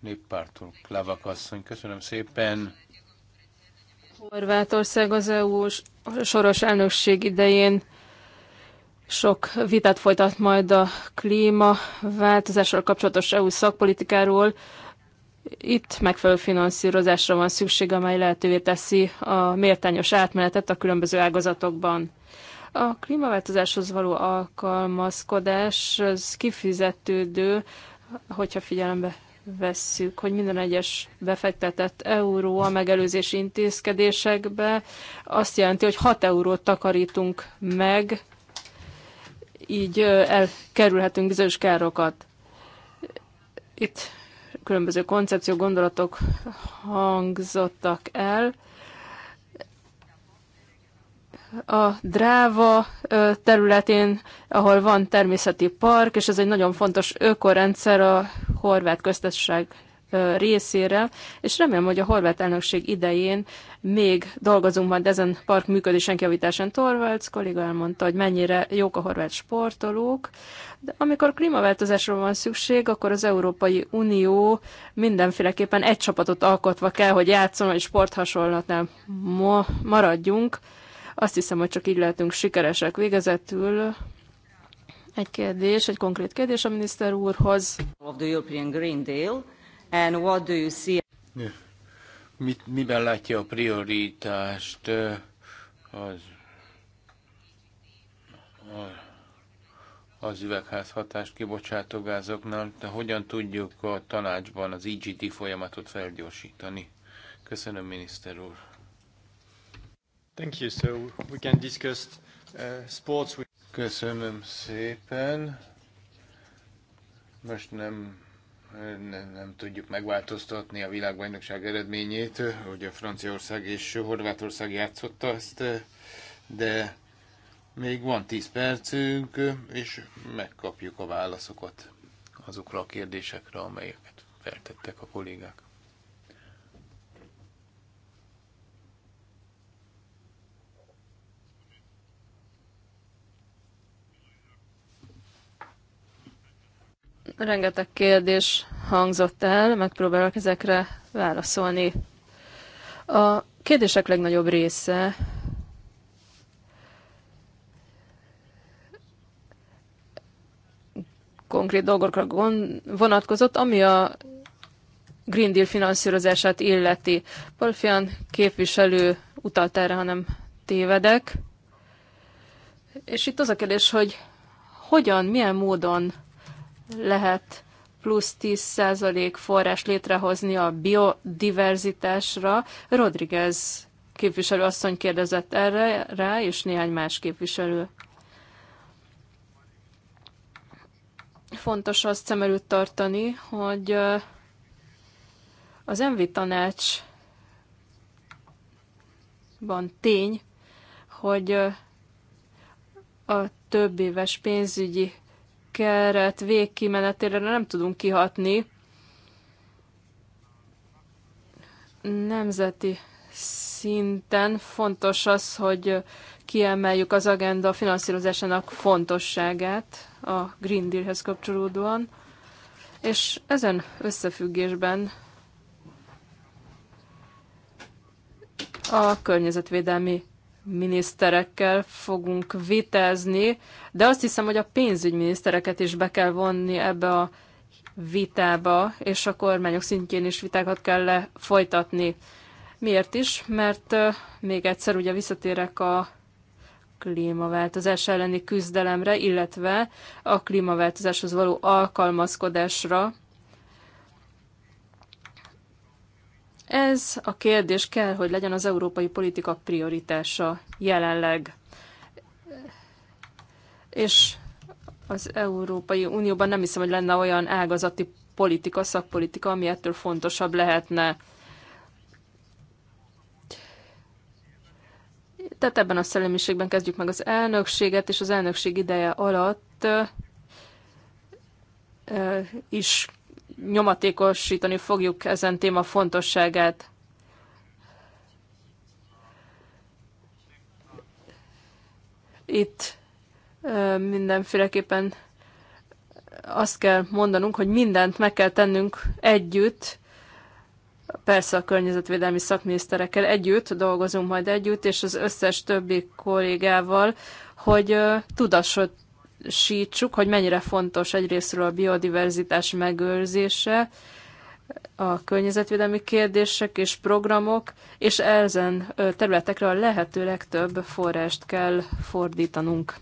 Néppártól Klavak asszony. Köszönöm szépen. Horvátország az EU soros elnökség idején sok vitát folytat majd a klímaváltozással kapcsolatos EU szakpolitikáról. Itt megfelelő finanszírozásra van szükség, amely lehetővé teszi a méltányos átmenetet a különböző ágazatokban. A klímaváltozáshoz való alkalmazkodás az kifizetődő, hogyha figyelembe vesszük, hogy minden egyes befektetett euró a megelőzési intézkedésekbe azt jelenti, hogy 6 eurót takarítunk meg, így elkerülhetünk bizonyos károkat. Itt különböző koncepció gondolatok hangzottak el. A Dráva területén, ahol van természeti park, és ez egy nagyon fontos ökorendszer a horvát köztesség részére, és remélem, hogy a horvát elnökség idején még dolgozunk majd ezen park működésének javításán. Torvalds kolléga elmondta, hogy mennyire jók a horvát sportolók, de amikor klímaváltozásról van szükség, akkor az Európai Unió mindenféleképpen egy csapatot alkotva kell, hogy játszon, hogy sporthasonlatnál ma maradjunk. Azt hiszem, hogy csak így lehetünk sikeresek végezetül. Egy kérdés, egy konkrét kérdés a miniszter úrhoz. Of the European Green Deal And what do you see? Mit, miben látja a prioritást az, az üvegházhatást kibocsátó gázoknál, de hogyan tudjuk a tanácsban az IGT e folyamatot felgyorsítani? Köszönöm, miniszter úr. Thank you. So we can discuss uh, sports. Köszönöm szépen. Most nem nem, nem tudjuk megváltoztatni a világbajnokság eredményét, hogy a Franciaország és Horvátország játszotta ezt, de még van 10 percünk, és megkapjuk a válaszokat azokra a kérdésekre, amelyeket feltettek a kollégák. Rengeteg kérdés hangzott el, megpróbálok ezekre válaszolni. A kérdések legnagyobb része konkrét dolgokra vonatkozott, ami a Green Deal finanszírozását illeti. Polfian képviselő utalt erre, hanem tévedek. És itt az a kérdés, hogy hogyan, milyen módon lehet plusz 10% forrás létrehozni a biodiverzitásra. Rodriguez képviselő asszony kérdezett erre rá, és néhány más képviselő. Fontos azt szem előtt tartani, hogy az MV tanácsban tény, hogy a több éves pénzügyi keret végkimenetére nem tudunk kihatni. Nemzeti szinten fontos az, hogy kiemeljük az agenda finanszírozásának fontosságát a Green Dealhez kapcsolódóan, és ezen összefüggésben a környezetvédelmi miniszterekkel fogunk vitázni, de azt hiszem, hogy a pénzügyminisztereket is be kell vonni ebbe a vitába, és a kormányok szintjén is vitákat kell le folytatni. Miért is? Mert még egyszer ugye visszatérek a klímaváltozás elleni küzdelemre, illetve a klímaváltozáshoz való alkalmazkodásra, Ez a kérdés kell, hogy legyen az európai politika prioritása jelenleg. És az Európai Unióban nem hiszem, hogy lenne olyan ágazati politika, szakpolitika, ami ettől fontosabb lehetne. Tehát ebben a szellemiségben kezdjük meg az elnökséget, és az elnökség ideje alatt is nyomatékosítani fogjuk ezen téma fontosságát. Itt mindenféleképpen azt kell mondanunk, hogy mindent meg kell tennünk együtt, persze a környezetvédelmi szakminiszterekkel együtt, dolgozunk majd együtt, és az összes többi kollégával, hogy tudatot tudatosítsuk, hogy mennyire fontos egyrésztről a biodiverzitás megőrzése, a környezetvédelmi kérdések és programok, és ezen területekre a lehető legtöbb forrást kell fordítanunk.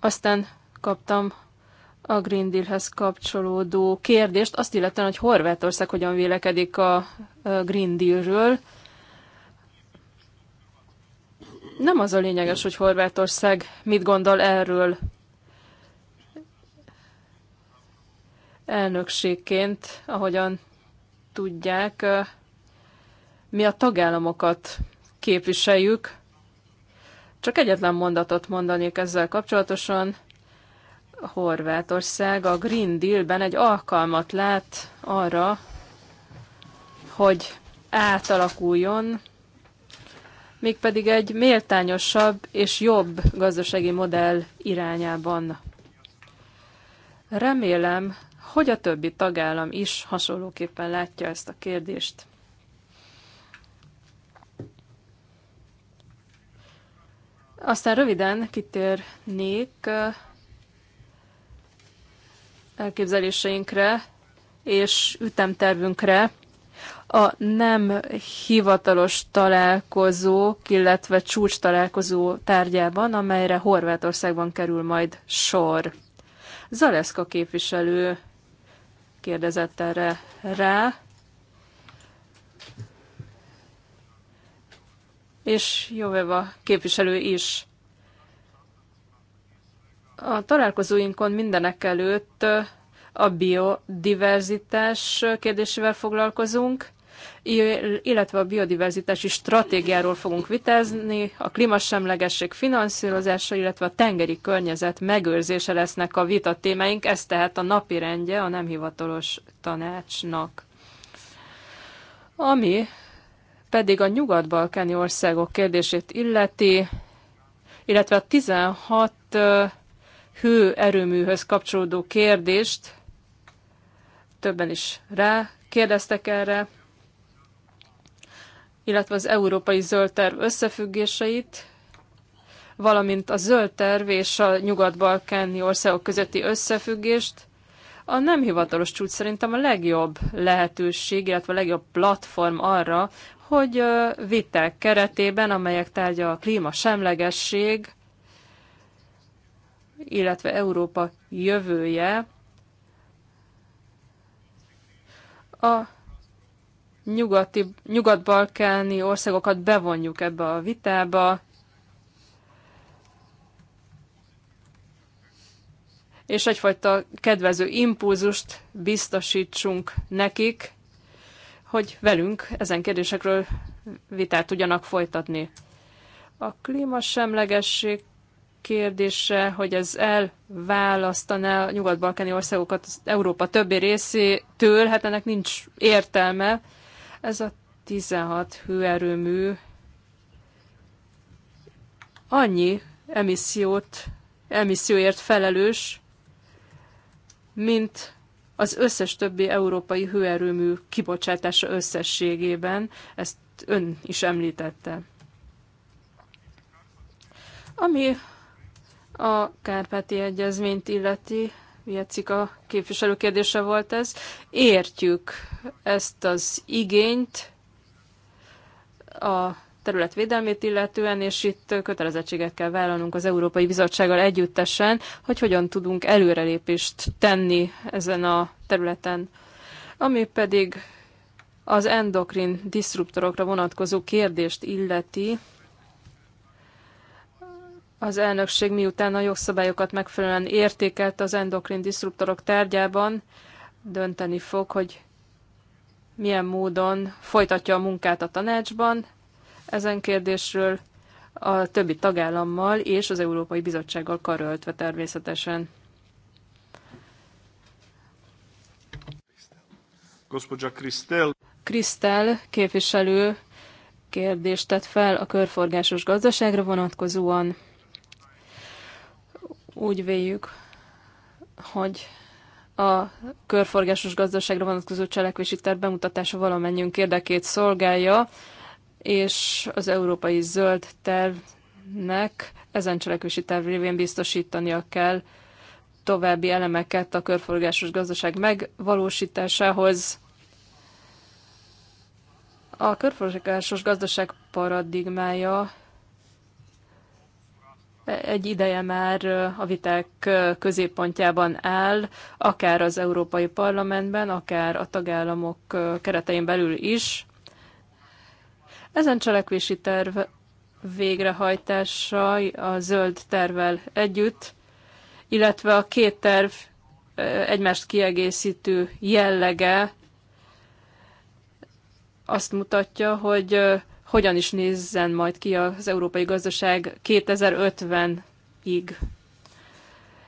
Aztán kaptam a Green Dealhez kapcsolódó kérdést, azt illetően, hogy Horvátország hogyan vélekedik a Green Dealről. Nem az a lényeges, hogy Horvátország mit gondol erről elnökségként, ahogyan tudják, mi a tagállamokat képviseljük. Csak egyetlen mondatot mondanék ezzel kapcsolatosan. Horvátország a Green Dealben egy alkalmat lát arra, hogy átalakuljon, mégpedig egy méltányosabb és jobb gazdasági modell irányában. Remélem, hogy a többi tagállam is hasonlóképpen látja ezt a kérdést. Aztán röviden kitérnék elképzeléseinkre és ütemtervünkre a nem hivatalos találkozók, illetve csúcs találkozó tárgyában, amelyre Horvátországban kerül majd sor. Zaleszka képviselő kérdezett erre rá, és Joveva képviselő is. A találkozóinkon mindenek előtt a biodiverzitás kérdésével foglalkozunk, illetve a biodiverzitási stratégiáról fogunk vitázni, a klímasemlegesség finanszírozása, illetve a tengeri környezet megőrzése lesznek a vita témáink, ez tehát a napi rendje a nem hivatalos tanácsnak. Ami pedig a nyugat-balkáni országok kérdését illeti, illetve a 16 hőerőműhöz kapcsolódó kérdést. Többen is rá kérdeztek erre, illetve az európai zöld terv összefüggéseit, valamint a zöld terv és a nyugat-balkáni országok közötti összefüggést. A nem hivatalos csúcs szerintem a legjobb lehetőség, illetve a legjobb platform arra, hogy viták keretében, amelyek tárgya a klíma semlegesség, illetve Európa jövője a nyugati, nyugat-balkáni országokat bevonjuk ebbe a vitába, és egyfajta kedvező impulzust biztosítsunk nekik, hogy velünk ezen kérdésekről vitát tudjanak folytatni. A klímasemlegesség kérdése, hogy ez elválasztaná a nyugat-balkáni országokat az Európa többi részétől, hát ennek nincs értelme. Ez a 16 hőerőmű annyi emissziót, emisszióért felelős, mint az összes többi európai hőerőmű kibocsátása összességében, ezt ön is említette. Ami a Kárpáti Egyezményt illeti, Vietszik a képviselő kérdése volt ez. Értjük ezt az igényt a terület védelmét illetően, és itt kötelezettséget kell vállalnunk az Európai Bizottsággal együttesen, hogy hogyan tudunk előrelépést tenni ezen a területen. Ami pedig az endokrin diszruptorokra vonatkozó kérdést illeti, az elnökség miután a jogszabályokat megfelelően értékelt az endokrin diszruptorok tárgyában, dönteni fog, hogy milyen módon folytatja a munkát a tanácsban ezen kérdésről a többi tagállammal és az Európai Bizottsággal karöltve természetesen. Gospodja Krisztel. Krisztel képviselő kérdést tett fel a körforgásos gazdaságra vonatkozóan. Úgy véljük, hogy a körforgásos gazdaságra vonatkozó cselekvési terv bemutatása valamennyiünk érdekét szolgálja, és az európai zöld tervnek ezen cselekvési terv révén biztosítania kell további elemeket a körforgásos gazdaság megvalósításához. A körforgásos gazdaság paradigmája egy ideje már a viták középpontjában áll, akár az Európai Parlamentben, akár a tagállamok keretein belül is. Ezen cselekvési terv végrehajtása a zöld tervvel együtt, illetve a két terv egymást kiegészítő jellege azt mutatja, hogy hogyan is nézzen majd ki az európai gazdaság 2050-ig.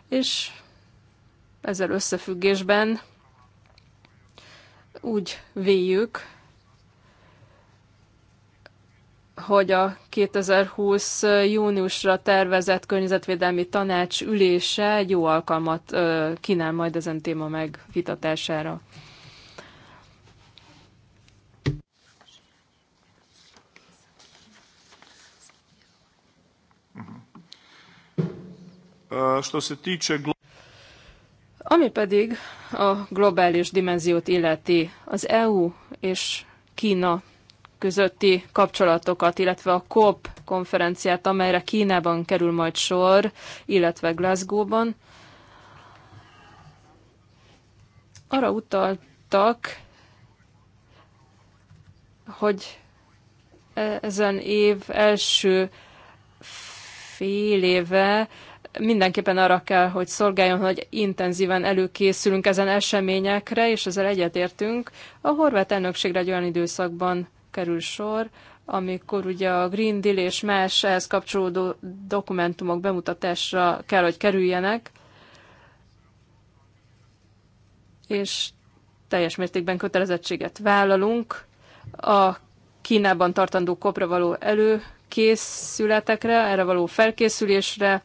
És ezzel összefüggésben úgy véljük, hogy a 2020 júniusra tervezett környezetvédelmi tanács ülése egy jó alkalmat kínál majd ezen téma megvitatására. Što se tiče... Ami pedig a globális dimenziót illeti, az EU és Kína közötti kapcsolatokat, illetve a COP konferenciát, amelyre Kínában kerül majd sor, illetve Glasgow-ban. Arra utaltak, hogy e- ezen év első fél éve mindenképpen arra kell, hogy szolgáljon, hogy intenzíven előkészülünk ezen eseményekre, és ezzel egyetértünk. A horvát elnökségre egy olyan időszakban kerül sor, amikor ugye a Green Deal és más ehhez kapcsolódó dokumentumok bemutatásra kell, hogy kerüljenek, és teljes mértékben kötelezettséget vállalunk a Kínában tartandó kopra való előkészületekre, erre való felkészülésre,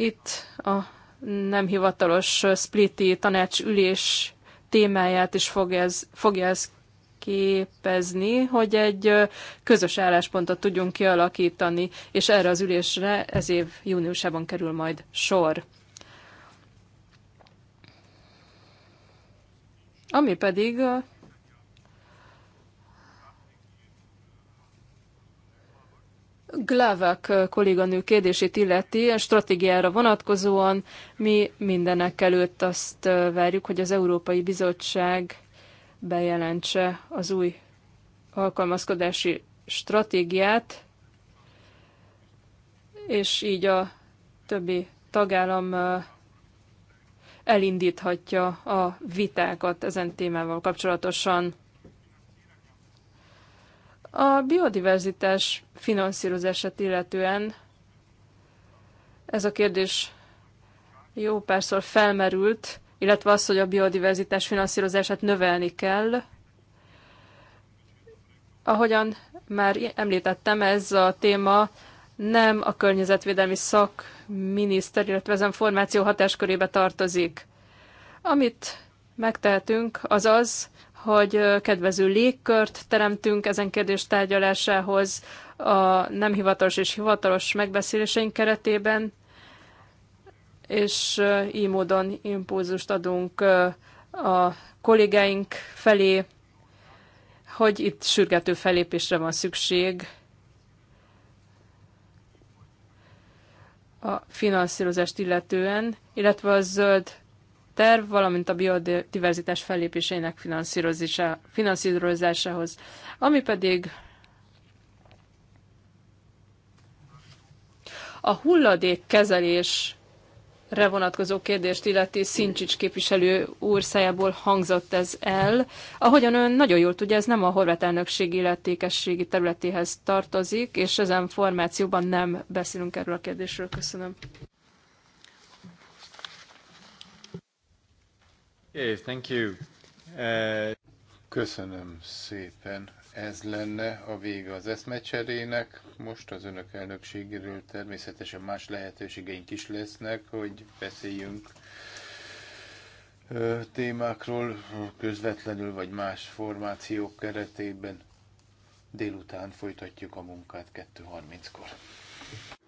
itt a nem hivatalos spliti tanácsülés témáját is fog ez, fogja ez képezni, hogy egy közös álláspontot tudjunk kialakítani, és erre az ülésre ez év júniusában kerül majd sor. Ami pedig Glavak kolléganő kérdését illeti, a stratégiára vonatkozóan mi mindenek előtt azt várjuk, hogy az Európai Bizottság bejelentse az új alkalmazkodási stratégiát, és így a többi tagállam elindíthatja a vitákat ezen témával kapcsolatosan. A biodiverzitás finanszírozását illetően ez a kérdés jó párszor felmerült, illetve az, hogy a biodiverzitás finanszírozását növelni kell. Ahogyan már említettem, ez a téma nem a környezetvédelmi szakminiszter, illetve ezen formáció hatáskörébe tartozik. Amit megtehetünk, az az, hogy kedvező légkört teremtünk ezen kérdés tárgyalásához a nem hivatalos és hivatalos megbeszéléseink keretében, és így módon impulzust adunk a kollégáink felé, hogy itt sürgető felépésre van szükség a finanszírozást illetően, illetve a zöld terv, valamint a biodiverzitás fellépésének finanszírozásához. Ami pedig a hulladék kezelés vonatkozó kérdést illeti Szincsics képviselő úr szájából hangzott ez el. Ahogyan ön nagyon jól tudja, ez nem a horvát elnökség illetékességi területéhez tartozik, és ezen formációban nem beszélünk erről a kérdésről. Köszönöm. thank you. Uh... Köszönöm szépen. Ez lenne a vége az eszmecserének. Most az önök elnökségéről természetesen más lehetőségeink is lesznek, hogy beszéljünk uh, témákról közvetlenül vagy más formációk keretében. Délután folytatjuk a munkát 2.30-kor.